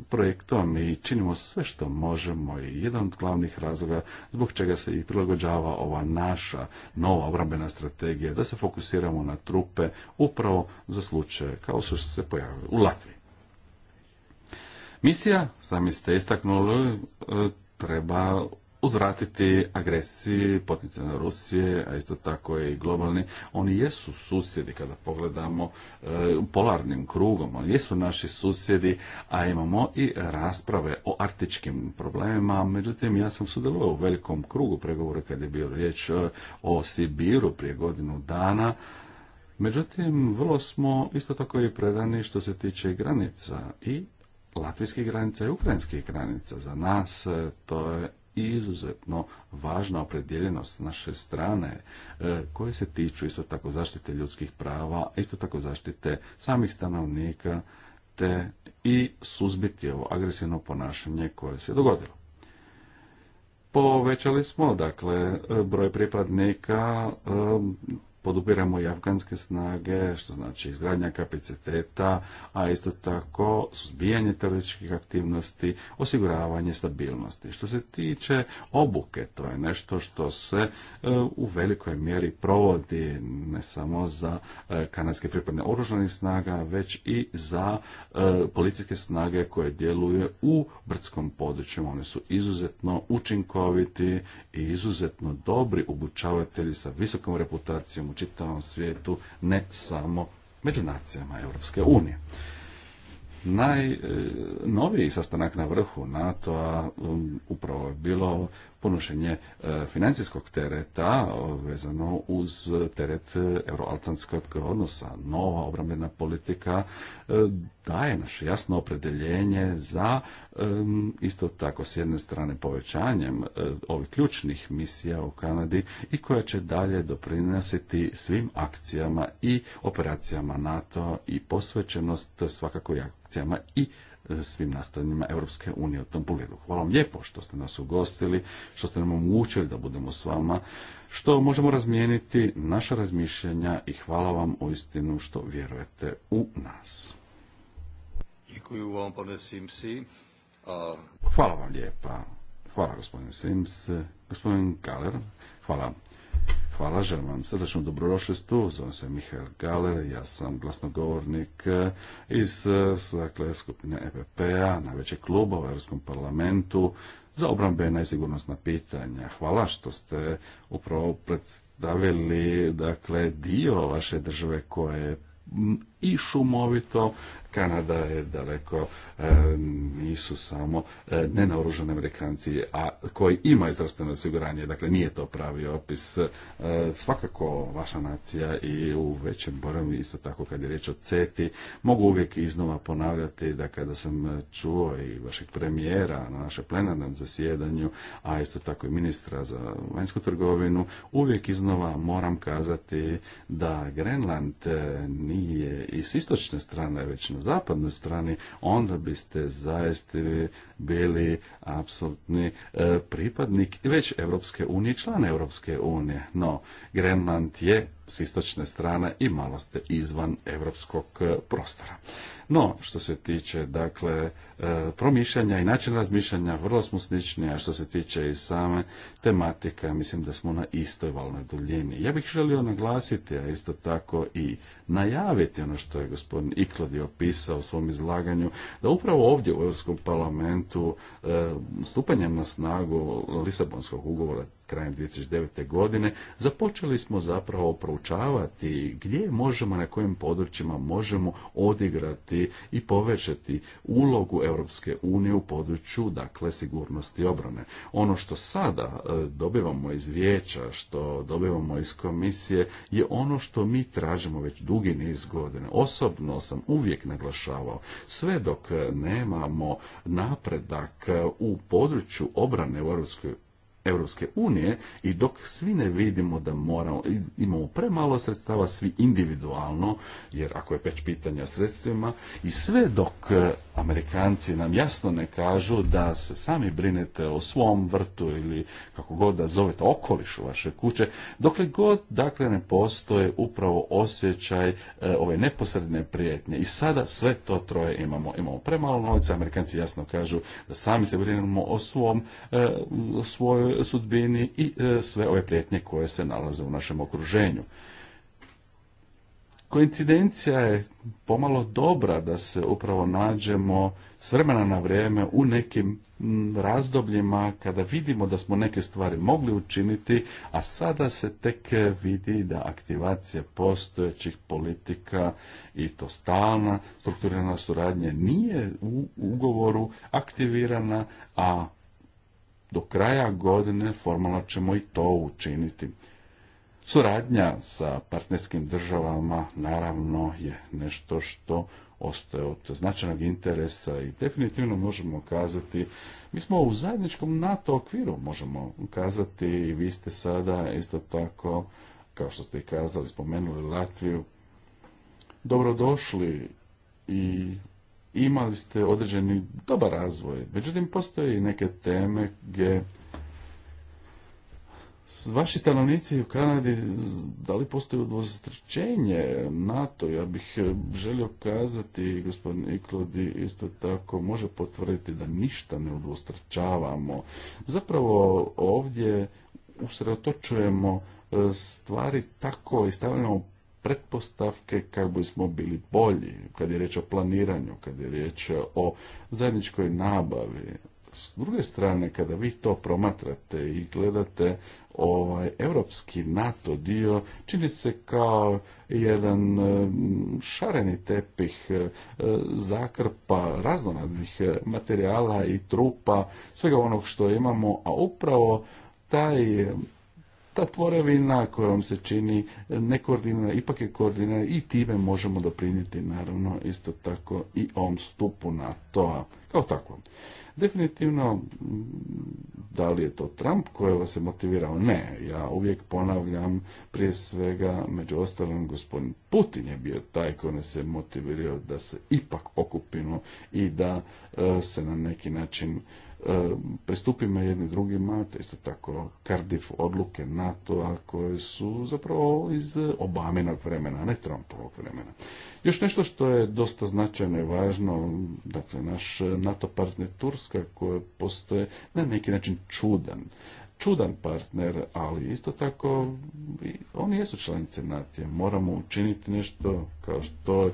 D: projektom i činimo sve što možemo i jedan od glavnih razloga zbog čega se i prilagođava ova naša nova obrambena strategija da se fokusiramo na trupe upravo za slučaje kao što se pojavili u Latviji. Misija, sami ste istaknuli, e, treba uzvratiti agresiji potencijalne Rusije, a isto tako i globalni. Oni jesu susjedi, kada pogledamo e, polarnim krugom, oni jesu naši susjedi, a imamo i rasprave o artičkim problemima. Međutim, ja sam sudjelovao u velikom krugu pregovora kad je bio riječ e, o Sibiru prije godinu dana. Međutim, vrlo smo isto tako i predani što se tiče granica i latvijskih granica i ukrajinskih granica. Za nas e, to je izuzetno važna opredjeljenost naše strane e, koje se tiču isto tako zaštite ljudskih prava, isto tako zaštite samih stanovnika te i suzbiti ovo agresivno ponašanje koje se dogodilo. Povećali smo dakle e, broj pripadnika e, podupiramo i afganske snage, što znači izgradnja kapaciteta, a isto tako suzbijanje terorističkih aktivnosti, osiguravanje stabilnosti. Što se tiče obuke, to je nešto što se e, u velikoj mjeri provodi ne samo za e, kanadske pripadne oružanih snaga, već i za e, policijske snage koje djeluje u brdskom području. One su izuzetno učinkoviti i izuzetno dobri obučavatelji sa visokom reputacijom čitavom svijetu, ne samo među nacijama Europske unije. Najnoviji sastanak na vrhu NATO-a um, upravo je bilo ponošenje e, financijskog tereta e, vezano uz teret e, euroatlantskog odnosa. Nova obrambena politika daje naše jasno opredeljenje za isto tako s jedne strane povećanjem ovih ključnih misija u Kanadi i koja će dalje doprinositi svim akcijama i operacijama NATO i posvećenost svakako i akcijama i svim nastavnjima Europske unije u tom pogledu. Hvala vam lijepo što ste nas ugostili, što ste nam omogućili da budemo s vama, što možemo razmijeniti naša razmišljanja i hvala vam u istinu što vjerujete u nas. Hvala vam lijepa. Hvala gospodin Sims, gospodin Galer. Hvala. Hvala, želim vam srdečnu dobrodošlistu. Zovem se Mihael Galer, ja sam glasnogovornik e, iz e, dakle, skupine EPP-a, najvećeg kluba u Europskom parlamentu za obrambena i sigurnosna pitanja. Hvala što ste upravo predstavili dakle, dio vaše države koje i šumovito. Kanada je daleko, e, nisu samo e, nenaoružani Amerikanci, a koji imaju zdravstveno osiguranje, dakle nije to pravi opis. E, svakako vaša nacija i u većem borom, isto tako kad je riječ o CETI, mogu uvijek iznova ponavljati da kada sam čuo i vašeg premijera na našem plenarnom zasjedanju, a isto tako i ministra za vanjsku trgovinu, uvijek iznova moram kazati da Grenland e, nije i s istočne strane, već na zapadnoj strani, onda biste zaista bili apsolutni e, pripadnik već Europske unije, član Europske unije. No, Grenland je s istočne strane i malo ste izvan europskog e, prostora. No, što se tiče dakle e, promišljanja i način razmišljanja, vrlo smo slični, a što se tiče i same tematike, mislim da smo na istoj valnoj duljini. Ja bih želio naglasiti, a isto tako i najaviti ono što je gospodin Ikladi opisao u svom izlaganju, da upravo ovdje u Europskom parlamentu e, stupanjem na snagu Lisabonskog ugovora krajem 2009. godine, započeli smo zapravo proučavati gdje možemo, na kojim područjima možemo odigrati i povećati ulogu Europske unije u području, dakle, sigurnosti i obrane. Ono što sada e, dobivamo iz vijeća, što dobivamo iz komisije, je ono što mi tražimo već dugi niz godine. Osobno sam uvijek naglašavao, sve dok nemamo napredak u području obrane u Europskoj Europske unije i dok svi ne vidimo da moramo, imamo premalo sredstava svi individualno, jer ako je već pitanje sredstvima i sve dok Amerikanci nam jasno ne kažu da se sami brinete o svom vrtu ili kako god da zovete okolišu vaše kuće, dokle god dakle ne postoje upravo osjećaj e, ove neposredne prijetnje. I sada sve to troje imamo. Imamo premalo novca, Amerikanci jasno kažu da sami se brinemo o svom, e, svojoj sudbini i e, sve ove prijetnje koje se nalaze u našem okruženju. Koincidencija je pomalo dobra da se upravo nađemo s vremena na vrijeme u nekim razdobljima kada vidimo da smo neke stvari mogli učiniti, a sada se tek vidi da aktivacija postojećih politika i to stalna strukturirana suradnja nije u ugovoru aktivirana, a do kraja godine formalno ćemo i to učiniti. Suradnja sa partnerskim državama naravno je nešto što ostaje od značajnog interesa i definitivno možemo kazati mi smo u zajedničkom NATO okviru možemo kazati i vi ste sada isto tako kao što ste i kazali, spomenuli Latviju dobrodošli i imali ste određeni dobar razvoj međutim postoje i neke teme gdje Vaši stanovnici u Kanadi, da li postoji udvostručenje NATO? Ja bih eh, želio kazati, gospodin Iklodi isto tako može potvrditi da ništa ne udvostručavamo. Zapravo ovdje usredotočujemo eh, stvari tako i stavljamo pretpostavke kako bismo bili bolji, kad je riječ o planiranju, kad je riječ o zajedničkoj nabavi, s druge strane, kada vi to promatrate i gledate ovaj europski NATO dio čini se kao jedan mm, šareni tepih e, zakrpa raznoraznih e, materijala i trupa, svega onog što imamo, a upravo taj ta tvorevina koja vam se čini e, nekoordinirana, ipak je koordinirana i time možemo doprinijeti naravno isto tako i ovom stupu NATO-a kao takvom. Definitivno, da li je to Trump koji vas je motivirao? Ne, ja uvijek ponavljam, prije svega, među ostalim, gospodin Putin je bio taj koji nas je motivirao da se ipak okupimo i da e, se na neki način E, pristupimo jedni drugima, isto tako Cardiff odluke NATO-a koje su zapravo iz Obaminog vremena, ne Trumpovog vremena. Još nešto što je dosta značajno i važno, dakle naš NATO partner Turska koji postoje na neki način čudan čudan partner, ali isto tako oni jesu članice NATO-a. Moramo učiniti nešto kao što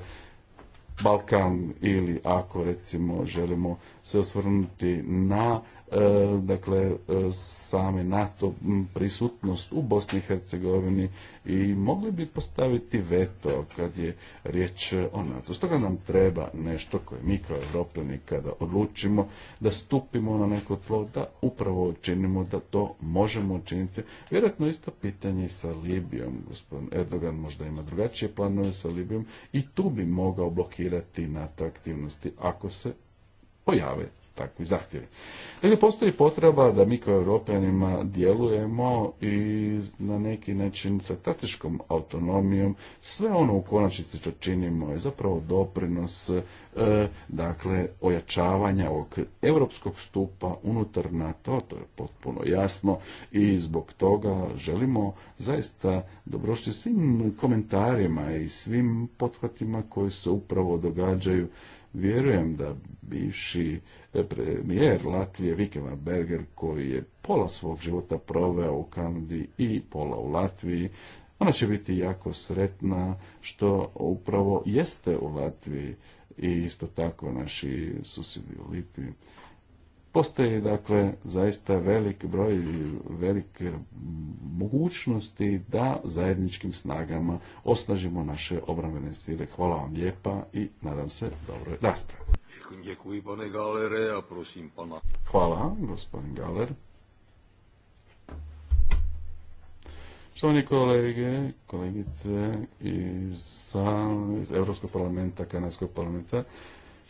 D: Balkan ili ako recimo želimo se osvrnuti na E, dakle e, same NATO prisutnost u Bosni i Hercegovini i mogli bi postaviti veto kad je riječ o NATO. Stoga nam treba nešto koje mi kao Evropljani kada odlučimo da stupimo na neko tlo, da upravo učinimo da to možemo učiniti. Vjerojatno isto pitanje sa Libijom. Gospodin Erdogan možda ima drugačije planove sa Libijom i tu bi mogao blokirati NATO aktivnosti ako se pojave takvi zahtjevi. Dakle, postoji potreba da mi kao europljanima djelujemo i na neki način sa strateškom autonomijom sve ono u konačnici što činimo je zapravo doprinos e, dakle ojačavanja ovog europskog stupa unutar NATO, to je potpuno jasno i zbog toga želimo zaista dobrošće svim komentarima i svim pothvatima koji se upravo događaju Vjerujem da bivši e, premijer Latvije Vikemar Berger koji je pola svog života proveo u Kanadi i pola u Latviji, ona će biti jako sretna što upravo jeste u Latviji i isto tako naši susjedi u Litvi. Postoji dakle zaista velik broj, velike mogućnosti da zajedničkim snagama osnažimo naše obrambene sile. Hvala vam lijepa i nadam se dobroj raspravi. Hvala, gospodin Galer. Štovani kolege, kolegice iz, iz Europskog parlamenta, Kanadskog parlamenta,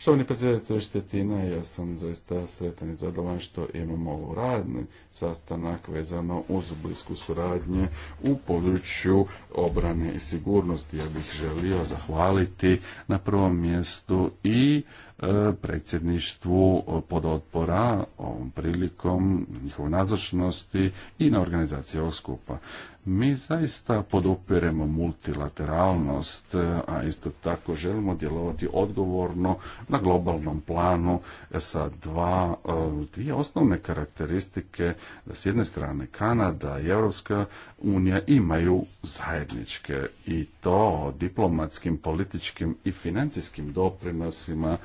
D: Štovani predsjedatelj Štetina, ja sam zaista sretan i zadovoljan što imamo ovu radni sastanak vezano uz blisku suradnje u području obrane i sigurnosti. Ja bih želio zahvaliti na prvom mjestu i e, predsjedništvu podotpora ovom prilikom njihovoj nazočnosti i na organizaciji ovog skupa. Mi zaista podupiremo multilateralnost, a isto tako želimo djelovati odgovorno na globalnom planu sa dva, e, dvije osnovne karakteristike. Da s jedne strane Kanada i Europska unija imaju zajedničke i to diplomatskim, političkim i financijskim doprinosima, e,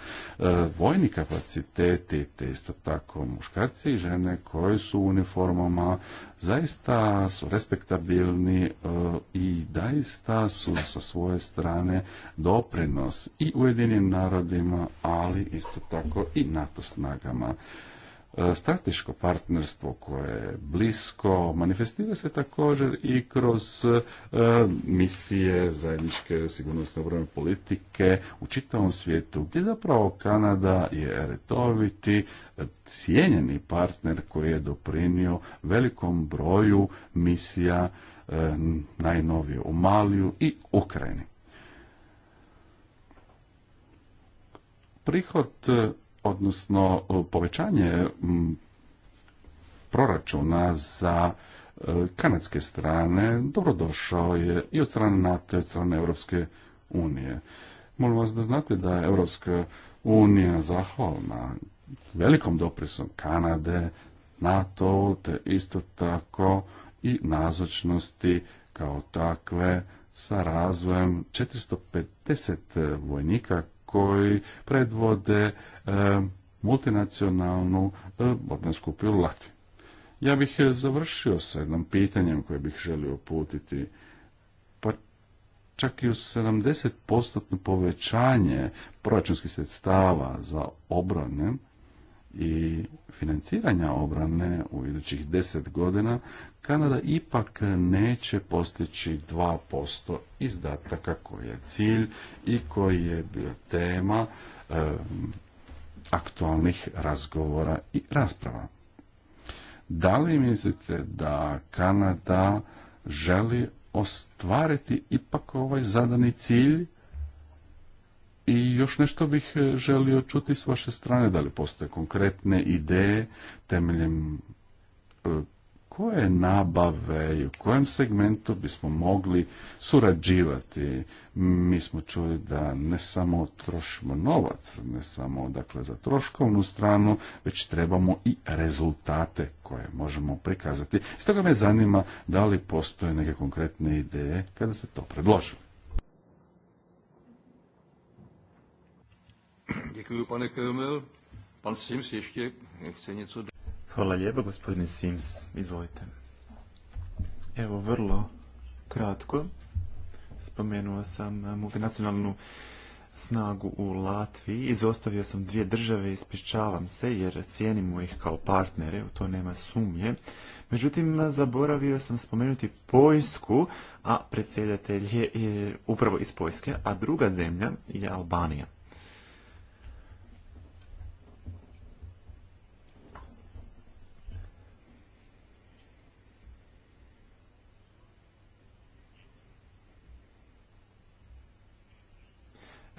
D: vojni kapaciteti, te isto tako muškarci i žene koji su u uniformama zaista su respektabilni e, i daista su sa svoje strane doprinos i Ujedinim narodima, ali isto tako i NATO snagama. E, strateško partnerstvo koje je blisko manifestira se također i kroz e, misije zajedničke sigurnosne obrane politike u čitavom svijetu gdje zapravo Kanada je retoviti e, cijenjeni partner koji je doprinio velikom broju misija najnovije u Maliju i Ukrajini. Prihod odnosno e, povećanje proračuna za e, kanadske strane dobrodošao je i od strane NATO i od strane Europske unije. Molim vas da znate da je Europska unija zahvalna velikom doprisom Kanade, NATO, te isto tako i nazočnosti kao takve sa razvojem 450 vojnika koji predvode E, multinacionalnu e, borbenu pilu Latviju. Ja bih e, završio sa jednom pitanjem koje bih želio uputiti. Pa čak i u 70% povećanje proračunskih sredstava za obrane i financiranja obrane u idućih 10 godina, Kanada ipak neće postići 2% izdataka koji je cilj i koji je bio tema aktualnih razgovora i rasprava. Da li mislite da Kanada želi ostvariti ipak ovaj zadani cilj i još nešto bih želio čuti s vaše strane, da li postoje konkretne ideje temeljem e, koje nabave i u kojem segmentu bismo mogli surađivati. Mi smo čuli da ne samo trošimo novac, ne samo dakle za troškovnu stranu, već trebamo i rezultate koje možemo prikazati. Stoga me zanima da li postoje neke konkretne ideje kada se to predloži. pane Pan Sims
B: Hvala lijepa, gospodine Sims. Izvolite. Evo, vrlo kratko. Spomenuo sam multinacionalnu snagu u Latviji. Izostavio sam dvije države, ispričavam se, jer cijenimo ih kao partnere, u to nema sumnje. Međutim, zaboravio sam spomenuti Poljsku, a predsjedatelj je, je upravo iz Poljske, a druga zemlja je Albanija.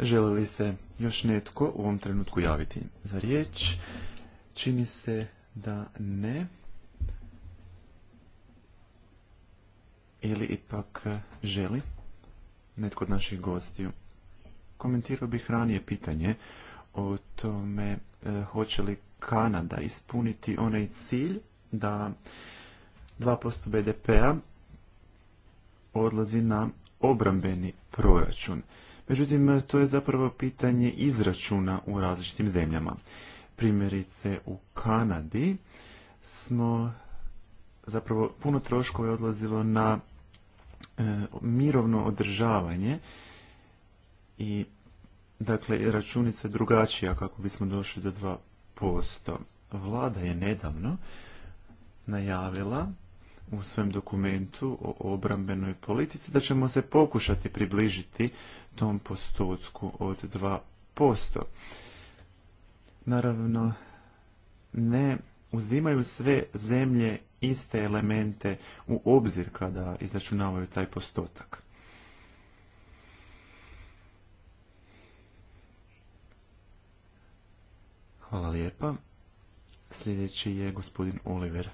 B: Želi li se još netko u ovom trenutku javiti za riječ? Čini se da ne. Ili ipak želi netko od naših gostiju. Komentirao bih ranije pitanje o tome e, hoće li Kanada ispuniti onaj cilj da 2% BDP-a odlazi na obrambeni proračun. Međutim, to je zapravo pitanje izračuna u različitim zemljama. Primjerice, u Kanadi smo zapravo puno troškova je odlazilo na e, mirovno održavanje i dakle računica je drugačija kako bismo došli do 2%. Vlada je nedavno najavila u svem dokumentu o obrambenoj politici da ćemo se pokušati približiti tom postotku od 2%. Naravno, ne uzimaju sve zemlje iste elemente u obzir kada izračunavaju taj postotak. Hvala lijepa. Sljedeći je gospodin Oliver.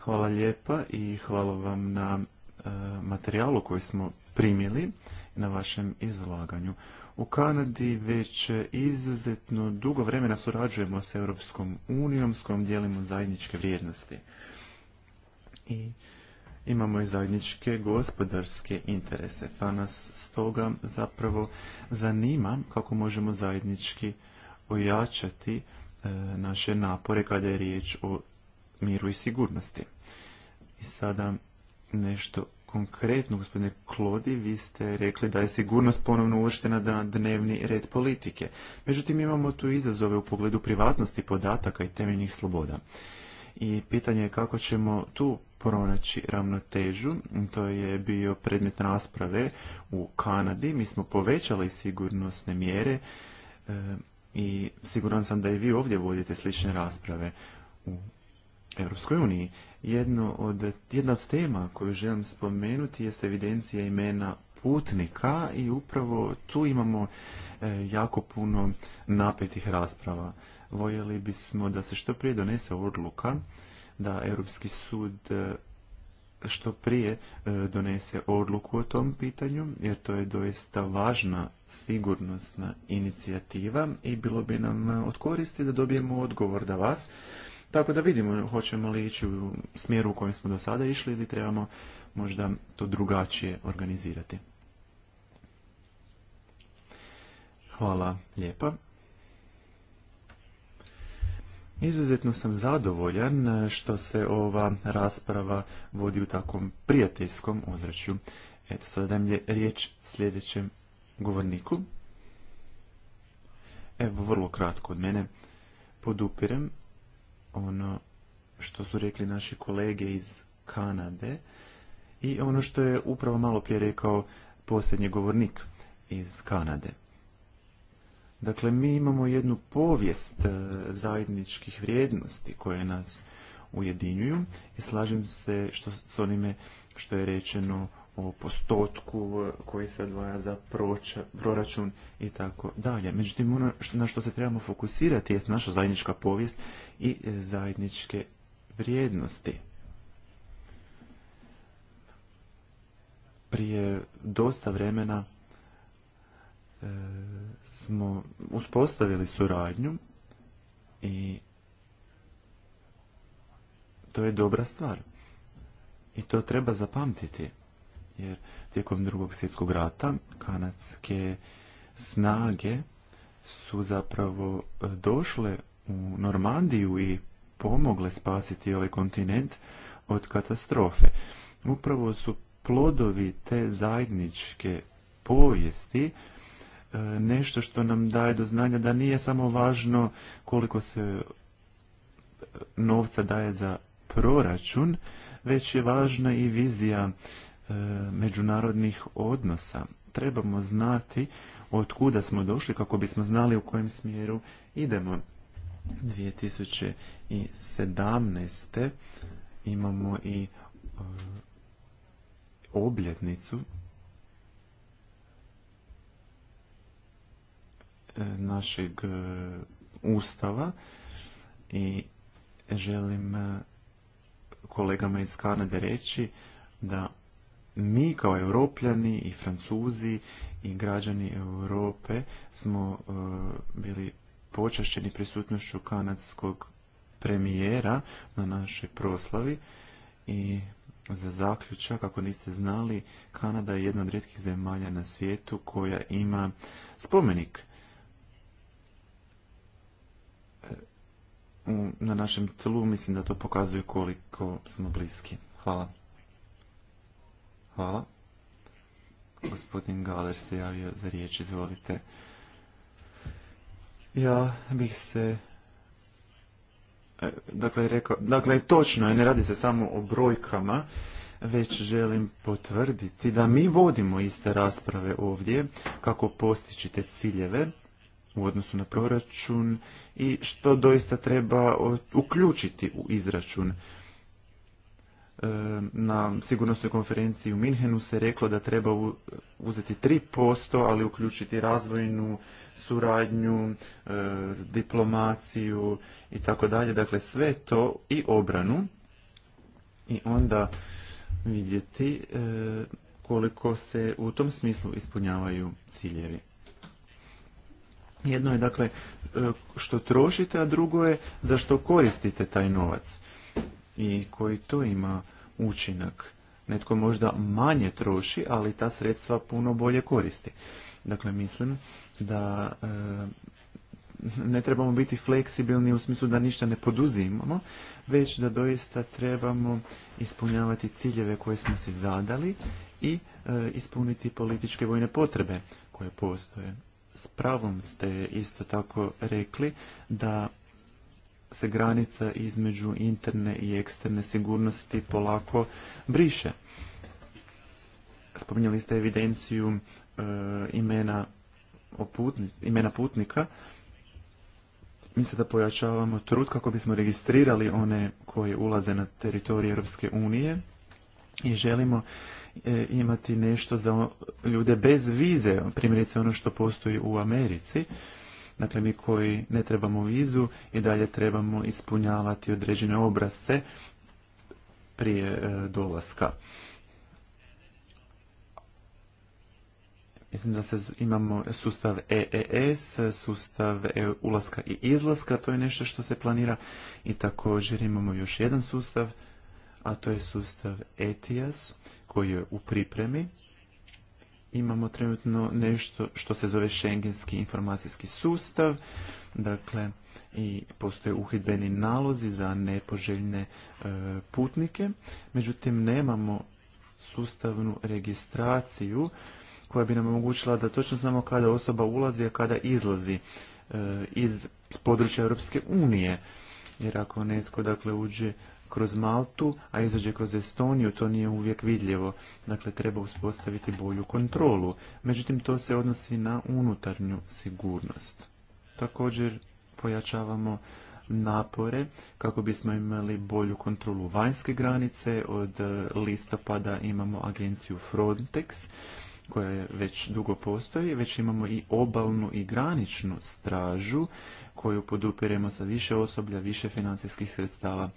B: Hvala lijepa i hvala vam na e, materijalu koji smo primili na vašem izlaganju. U Kanadi već izuzetno dugo vremena surađujemo s Europskom unijom s kojom dijelimo zajedničke vrijednosti. I imamo i zajedničke gospodarske interese, pa nas stoga zapravo zanima kako možemo zajednički ojačati e, naše napore kada je riječ o miru i sigurnosti. I sada nešto konkretno, gospodine Klodi, vi ste rekli da je sigurnost ponovno uvrštena na dnevni red politike. Međutim, imamo tu izazove u pogledu privatnosti podataka i temeljnih sloboda. I pitanje je kako ćemo tu pronaći ravnotežu. To je bio predmet rasprave u Kanadi. Mi smo povećali sigurnosne mjere e, i siguran sam da i vi ovdje vodite slične rasprave u Europskoj uniji. Jedno od, jedna od tema koju želim spomenuti jest evidencija imena putnika i upravo tu imamo e, jako puno napetih rasprava. Voljeli bismo da se što prije donese odluka da Europski sud e, što prije e, donese odluku o tom pitanju, jer to je doista važna sigurnosna inicijativa i bilo bi nam od koristi da dobijemo odgovor da vas tako da vidimo hoćemo li ići u smjeru u kojem smo do sada išli ili trebamo možda to drugačije organizirati. Hvala lijepa. Izuzetno sam zadovoljan što se ova rasprava vodi u takvom prijateljskom ozračju. Eto, sada dajem riječ sljedećem govorniku. Evo, vrlo kratko od mene. Podupirem ono što su rekli naši kolege iz Kanade i ono što je upravo malo prije rekao posljednji govornik iz Kanade. Dakle, mi imamo jednu povijest e, zajedničkih vrijednosti koje nas ujedinjuju i slažem se što, s onime što je rečeno o postotku e, koji se odvaja za proračun i tako dalje. Međutim, ono na što se trebamo fokusirati je naša zajednička povijest i e, zajedničke vrijednosti. Prije dosta vremena e, smo uspostavili suradnju i to je dobra stvar. I to treba zapamtiti jer tijekom drugog svjetskog rata kanadske snage su zapravo e, došle u Normandiju i pomogle spasiti ovaj kontinent od katastrofe. Upravo su plodovi te zajedničke povijesti e, nešto što nam daje do znanja da nije samo važno koliko se e, novca daje za proračun, već je važna i vizija E, međunarodnih odnosa. Trebamo znati od kuda smo došli kako bismo znali u kojem smjeru idemo. 2017. imamo i e, obljetnicu e, našeg ustava i želim kolegama iz Kanade reći da mi kao europljani i francuzi i građani Europe smo e, bili počašćeni prisutnošću kanadskog premijera na našoj proslavi i za zaključak, kako niste znali, Kanada je jedna od rijetkih zemalja na svijetu koja ima spomenik e, na našem tlu. Mislim da to pokazuje koliko smo bliski. Hvala. Hvala. Gospodin Galer se javio za riječ, izvolite. Ja bih se... E, dakle, rekao, dakle, točno je, ne radi se samo o brojkama, već želim potvrditi da mi vodimo iste rasprave ovdje, kako postići te ciljeve u odnosu na proračun i što doista treba uključiti u izračun na sigurnosnoj konferenciji u Minhenu se reklo da treba uzeti 3%, ali uključiti razvojnu suradnju, e, diplomaciju i tako dalje. Dakle, sve to i obranu i onda vidjeti e, koliko se u tom smislu ispunjavaju ciljevi. Jedno je dakle e, što trošite, a drugo je za što koristite taj novac i koji to ima učinak. Netko možda manje troši, ali ta sredstva puno bolje koristi. Dakle, mislim da e, ne trebamo biti fleksibilni u smislu da ništa ne poduzimamo, već da doista trebamo ispunjavati ciljeve koje smo si zadali i e, ispuniti političke vojne potrebe koje postoje. S pravom ste isto tako rekli da se granica između interne i eksterne sigurnosti polako briše. Spominjali ste evidenciju e, imena, putnika. Mi se da pojačavamo trud kako bismo registrirali one koji ulaze na teritorij Europske unije i želimo e, imati nešto za ljude bez vize, primjerice ono što postoji u Americi. Dakle, mi koji ne trebamo vizu i dalje trebamo ispunjavati određene obrazce prije e, dolaska. Mislim da se imamo sustav EES, sustav e, ulaska i izlaska, to je nešto što se planira. I također imamo još jedan sustav, a to je sustav ETIAS koji je u pripremi imamo trenutno nešto što se zove Schengenski informacijski sustav, dakle i postoje uhidbeni nalozi za nepoželjne e, putnike, međutim nemamo sustavnu registraciju koja bi nam omogućila da točno znamo kada osoba ulazi, a kada izlazi e, iz područja Europske unije. Jer ako netko dakle uđe kroz Maltu, a izađe kroz Estoniju, to nije uvijek vidljivo. Dakle, treba uspostaviti bolju kontrolu. Međutim, to se odnosi na unutarnju sigurnost. Također, pojačavamo napore kako bismo imali bolju kontrolu vanjske granice. Od e, listopada imamo agenciju Frontex koja je već dugo postoji, već imamo i obalnu i graničnu stražu koju podupiremo sa više osoblja, više financijskih sredstava.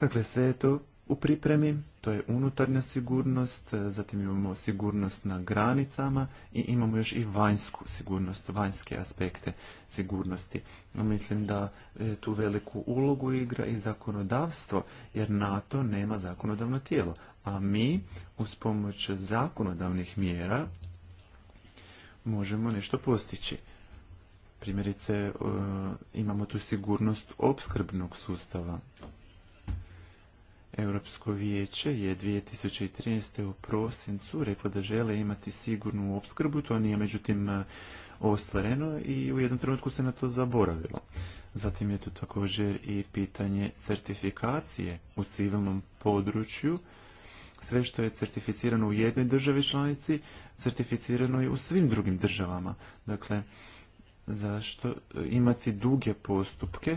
B: Dakle, sve je to u pripremi, to je unutarnja sigurnost, e, zatim imamo sigurnost na granicama i imamo još i vanjsku sigurnost, vanjske aspekte sigurnosti. Mislim da e, tu veliku ulogu igra i zakonodavstvo, jer NATO nema zakonodavno tijelo, a mi uz pomoć zakonodavnih mjera možemo nešto postići. Primjerice, e, imamo tu sigurnost opskrbnog sustava, Europsko vijeće je 2013. u prosincu reklo da žele imati sigurnu opskrbu, to nije međutim e, ostvareno i u jednom trenutku se na to zaboravilo. Zatim je tu također i pitanje certifikacije u civilnom području. Sve što je certificirano u jednoj državi članici, certificirano je u svim drugim državama. Dakle, zašto e, imati duge postupke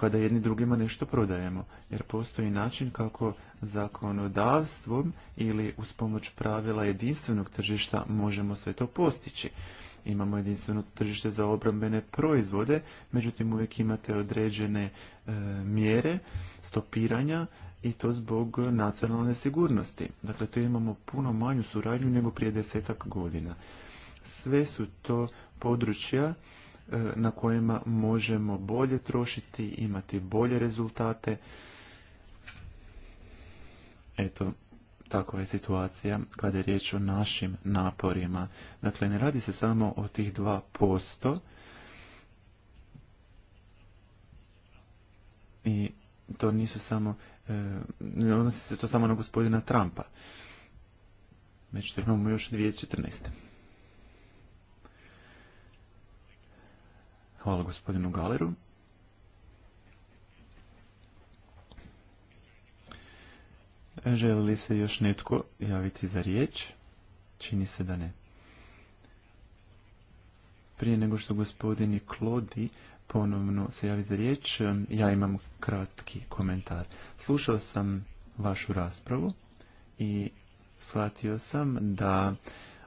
B: kada jedni drugima nešto prodajemo. Jer postoji način kako zakonodavstvom ili uz pomoć pravila jedinstvenog tržišta možemo sve to postići. Imamo jedinstveno tržište za obrambene proizvode, međutim uvijek imate određene e, mjere stopiranja i to zbog nacionalne sigurnosti. Dakle, tu imamo puno manju suradnju nego prije desetak godina. Sve su to područja E, na kojima možemo bolje trošiti, imati bolje rezultate. Eto, takva je situacija kada je riječ o našim naporima. Dakle, ne radi se samo o tih 2%. I to nisu samo, e, ne odnosi se to samo na gospodina Trumpa. Međutim, imamo još 2014. Hvala gospodinu Galeru. E, želi li se još netko javiti za riječ? Čini se da ne. Prije nego što gospodini Klodi ponovno se javi za riječ, ja imam kratki komentar. Slušao sam vašu raspravu i shvatio sam da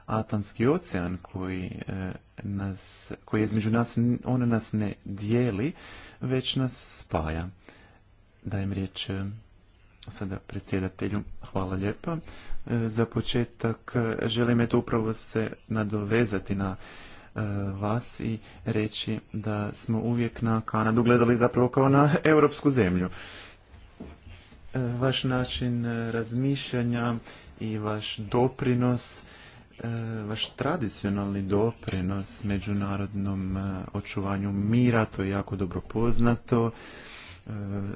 B: Atlantski ocean koji, e, nas, koji između nas, on nas ne dijeli, već nas spaja. Dajem riječ e, sada predsjedatelju. Hvala lijepa. E, za početak želim eto upravo se nadovezati na vas i reći da smo uvijek na Kanadu gledali zapravo kao na europsku zemlju. Vaš način razmišljanja i vaš doprinos E, vaš tradicionalni doprinos međunarodnom e, očuvanju mira, to je jako dobro poznato. E,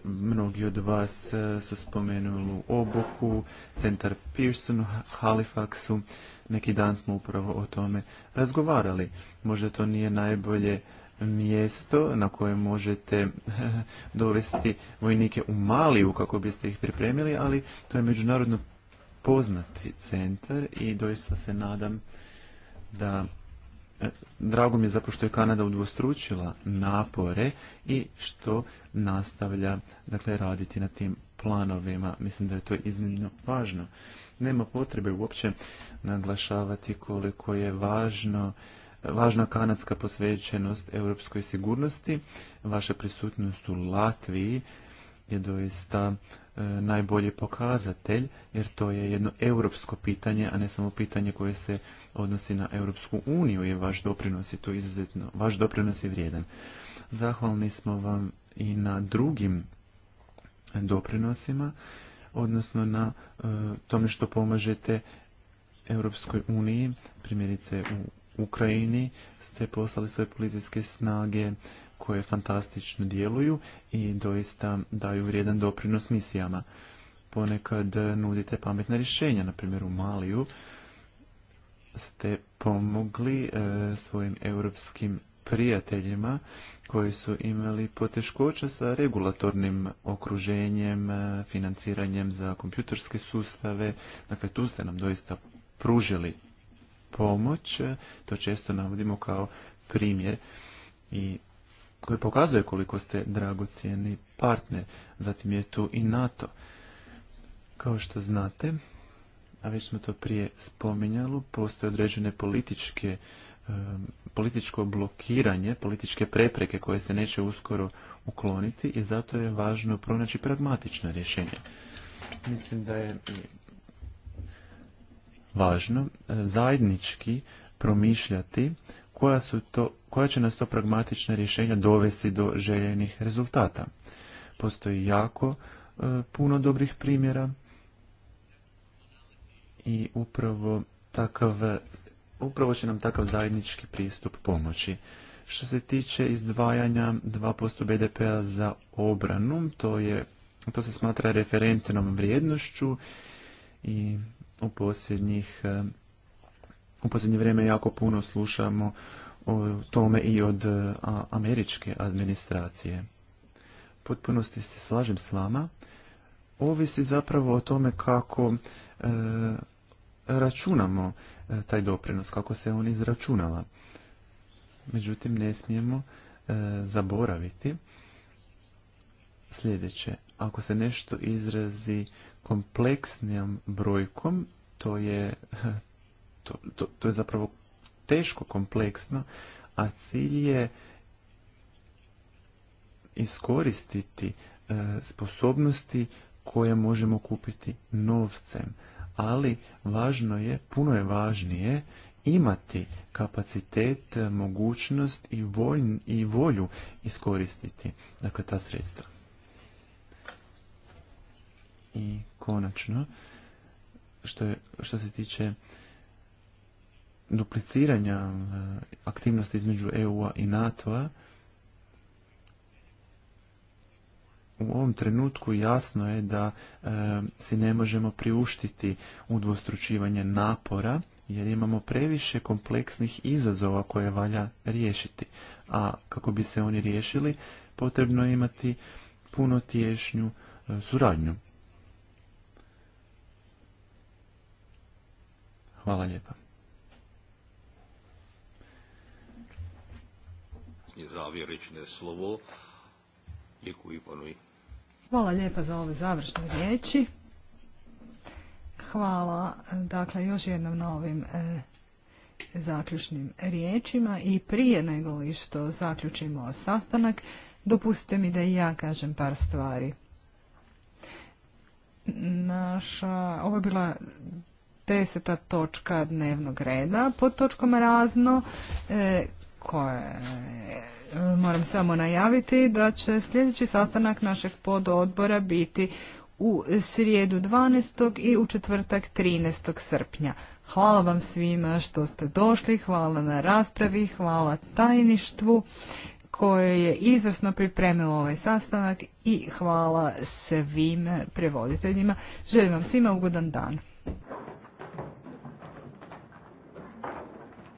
B: mnogi od vas su spomenuli Oboku, centar Pearson, Halifaxu. Neki dan smo upravo o tome razgovarali. Možda to nije najbolje mjesto na koje možete dovesti vojnike u Maliju kako biste ih pripremili, ali to je međunarodno poznati centar i doista se nadam da e, Drago mi je zapravo što je Kanada udvostručila napore i što nastavlja dakle, raditi na tim planovima. Mislim da je to iznimno važno. Nema potrebe uopće naglašavati koliko je važno Važna kanadska posvećenost europskoj sigurnosti, vaša prisutnost u Latviji je doista e, najbolji pokazatelj, jer to je jedno europsko pitanje, a ne samo pitanje koje se odnosi na Europsku uniju, je vaš doprinos je tu izuzetno, vaš doprinos je vrijedan. Zahvalni smo vam i na drugim doprinosima, odnosno na e, tome što pomažete Europskoj uniji, primjerice u Ukrajini ste poslali svoje policijske snage koje fantastično djeluju i doista daju vrijedan doprinos misijama. Ponekad nudite pametna rješenja, na primjer u Maliju ste pomogli e, svojim europskim prijateljima koji su imali poteškoća sa regulatornim okruženjem, e, financiranjem za kompjutorske sustave. Dakle, tu ste nam doista pružili pomoć. To često navodimo kao primjer i koji pokazuje koliko ste dragocijeni partner. Zatim je tu i NATO. Kao što znate, a već smo to prije spominjali, postoje određene političke političko blokiranje, političke prepreke koje se neće uskoro ukloniti i zato je važno pronaći pragmatično rješenje. Mislim da je važno e, zajednički promišljati koja su to koja će nas to pragmatična rješenja dovesti do željenih rezultata. Postoji jako e, puno dobrih primjera i upravo takav upravo će nam takav zajednički pristup pomoći. Što se tiče izdvajanja 2% BDP-a za obranu, to, je, to se smatra referentnom vrijednošću i u posljednjih e, u posljednje vrijeme jako puno slušamo tome i od e, američke administracije. Potpunosti se slažem s vama. Ovisi zapravo o tome kako e, računamo e, taj doprinos, kako se on izračunava. Međutim, ne smijemo zaboraviti sljedeće. Ako se nešto izrazi kompleksnijom brojkom, to je to, to je zapravo teško kompleksno, a cilj je iskoristiti e, sposobnosti koje možemo kupiti novcem. Ali važno je, puno je važnije imati kapacitet, e, mogućnost i, i volju iskoristiti dakle, ta sredstva. I konačno, što, je, što se tiče dupliciranja eh, aktivnosti između EU-a i NATO-a, u ovom trenutku jasno je da eh, si ne možemo priuštiti udvostručivanje napora jer imamo previše kompleksnih izazova koje valja riješiti. A kako bi se oni riješili, potrebno je imati puno tješnju eh, suradnju. Hvala lijepa. slovo.
A: Hvala lijepa za ove završne riječi. Hvala dakle još jednom na ovim e, zaključnim riječima i prije nego li što zaključimo sastanak, dopustite mi da i ja kažem par stvari. Naša, ovo je bila deseta točka dnevnog reda. Pod točkom razno e, koje moram samo najaviti da će sljedeći sastanak našeg pododbora biti u srijedu 12. i u četvrtak 13. srpnja. Hvala vam svima što ste došli, hvala na raspravi, hvala tajništvu koje je izvrsno pripremilo ovaj sastanak i hvala svim prevoditeljima. Želim vam svima ugodan dan.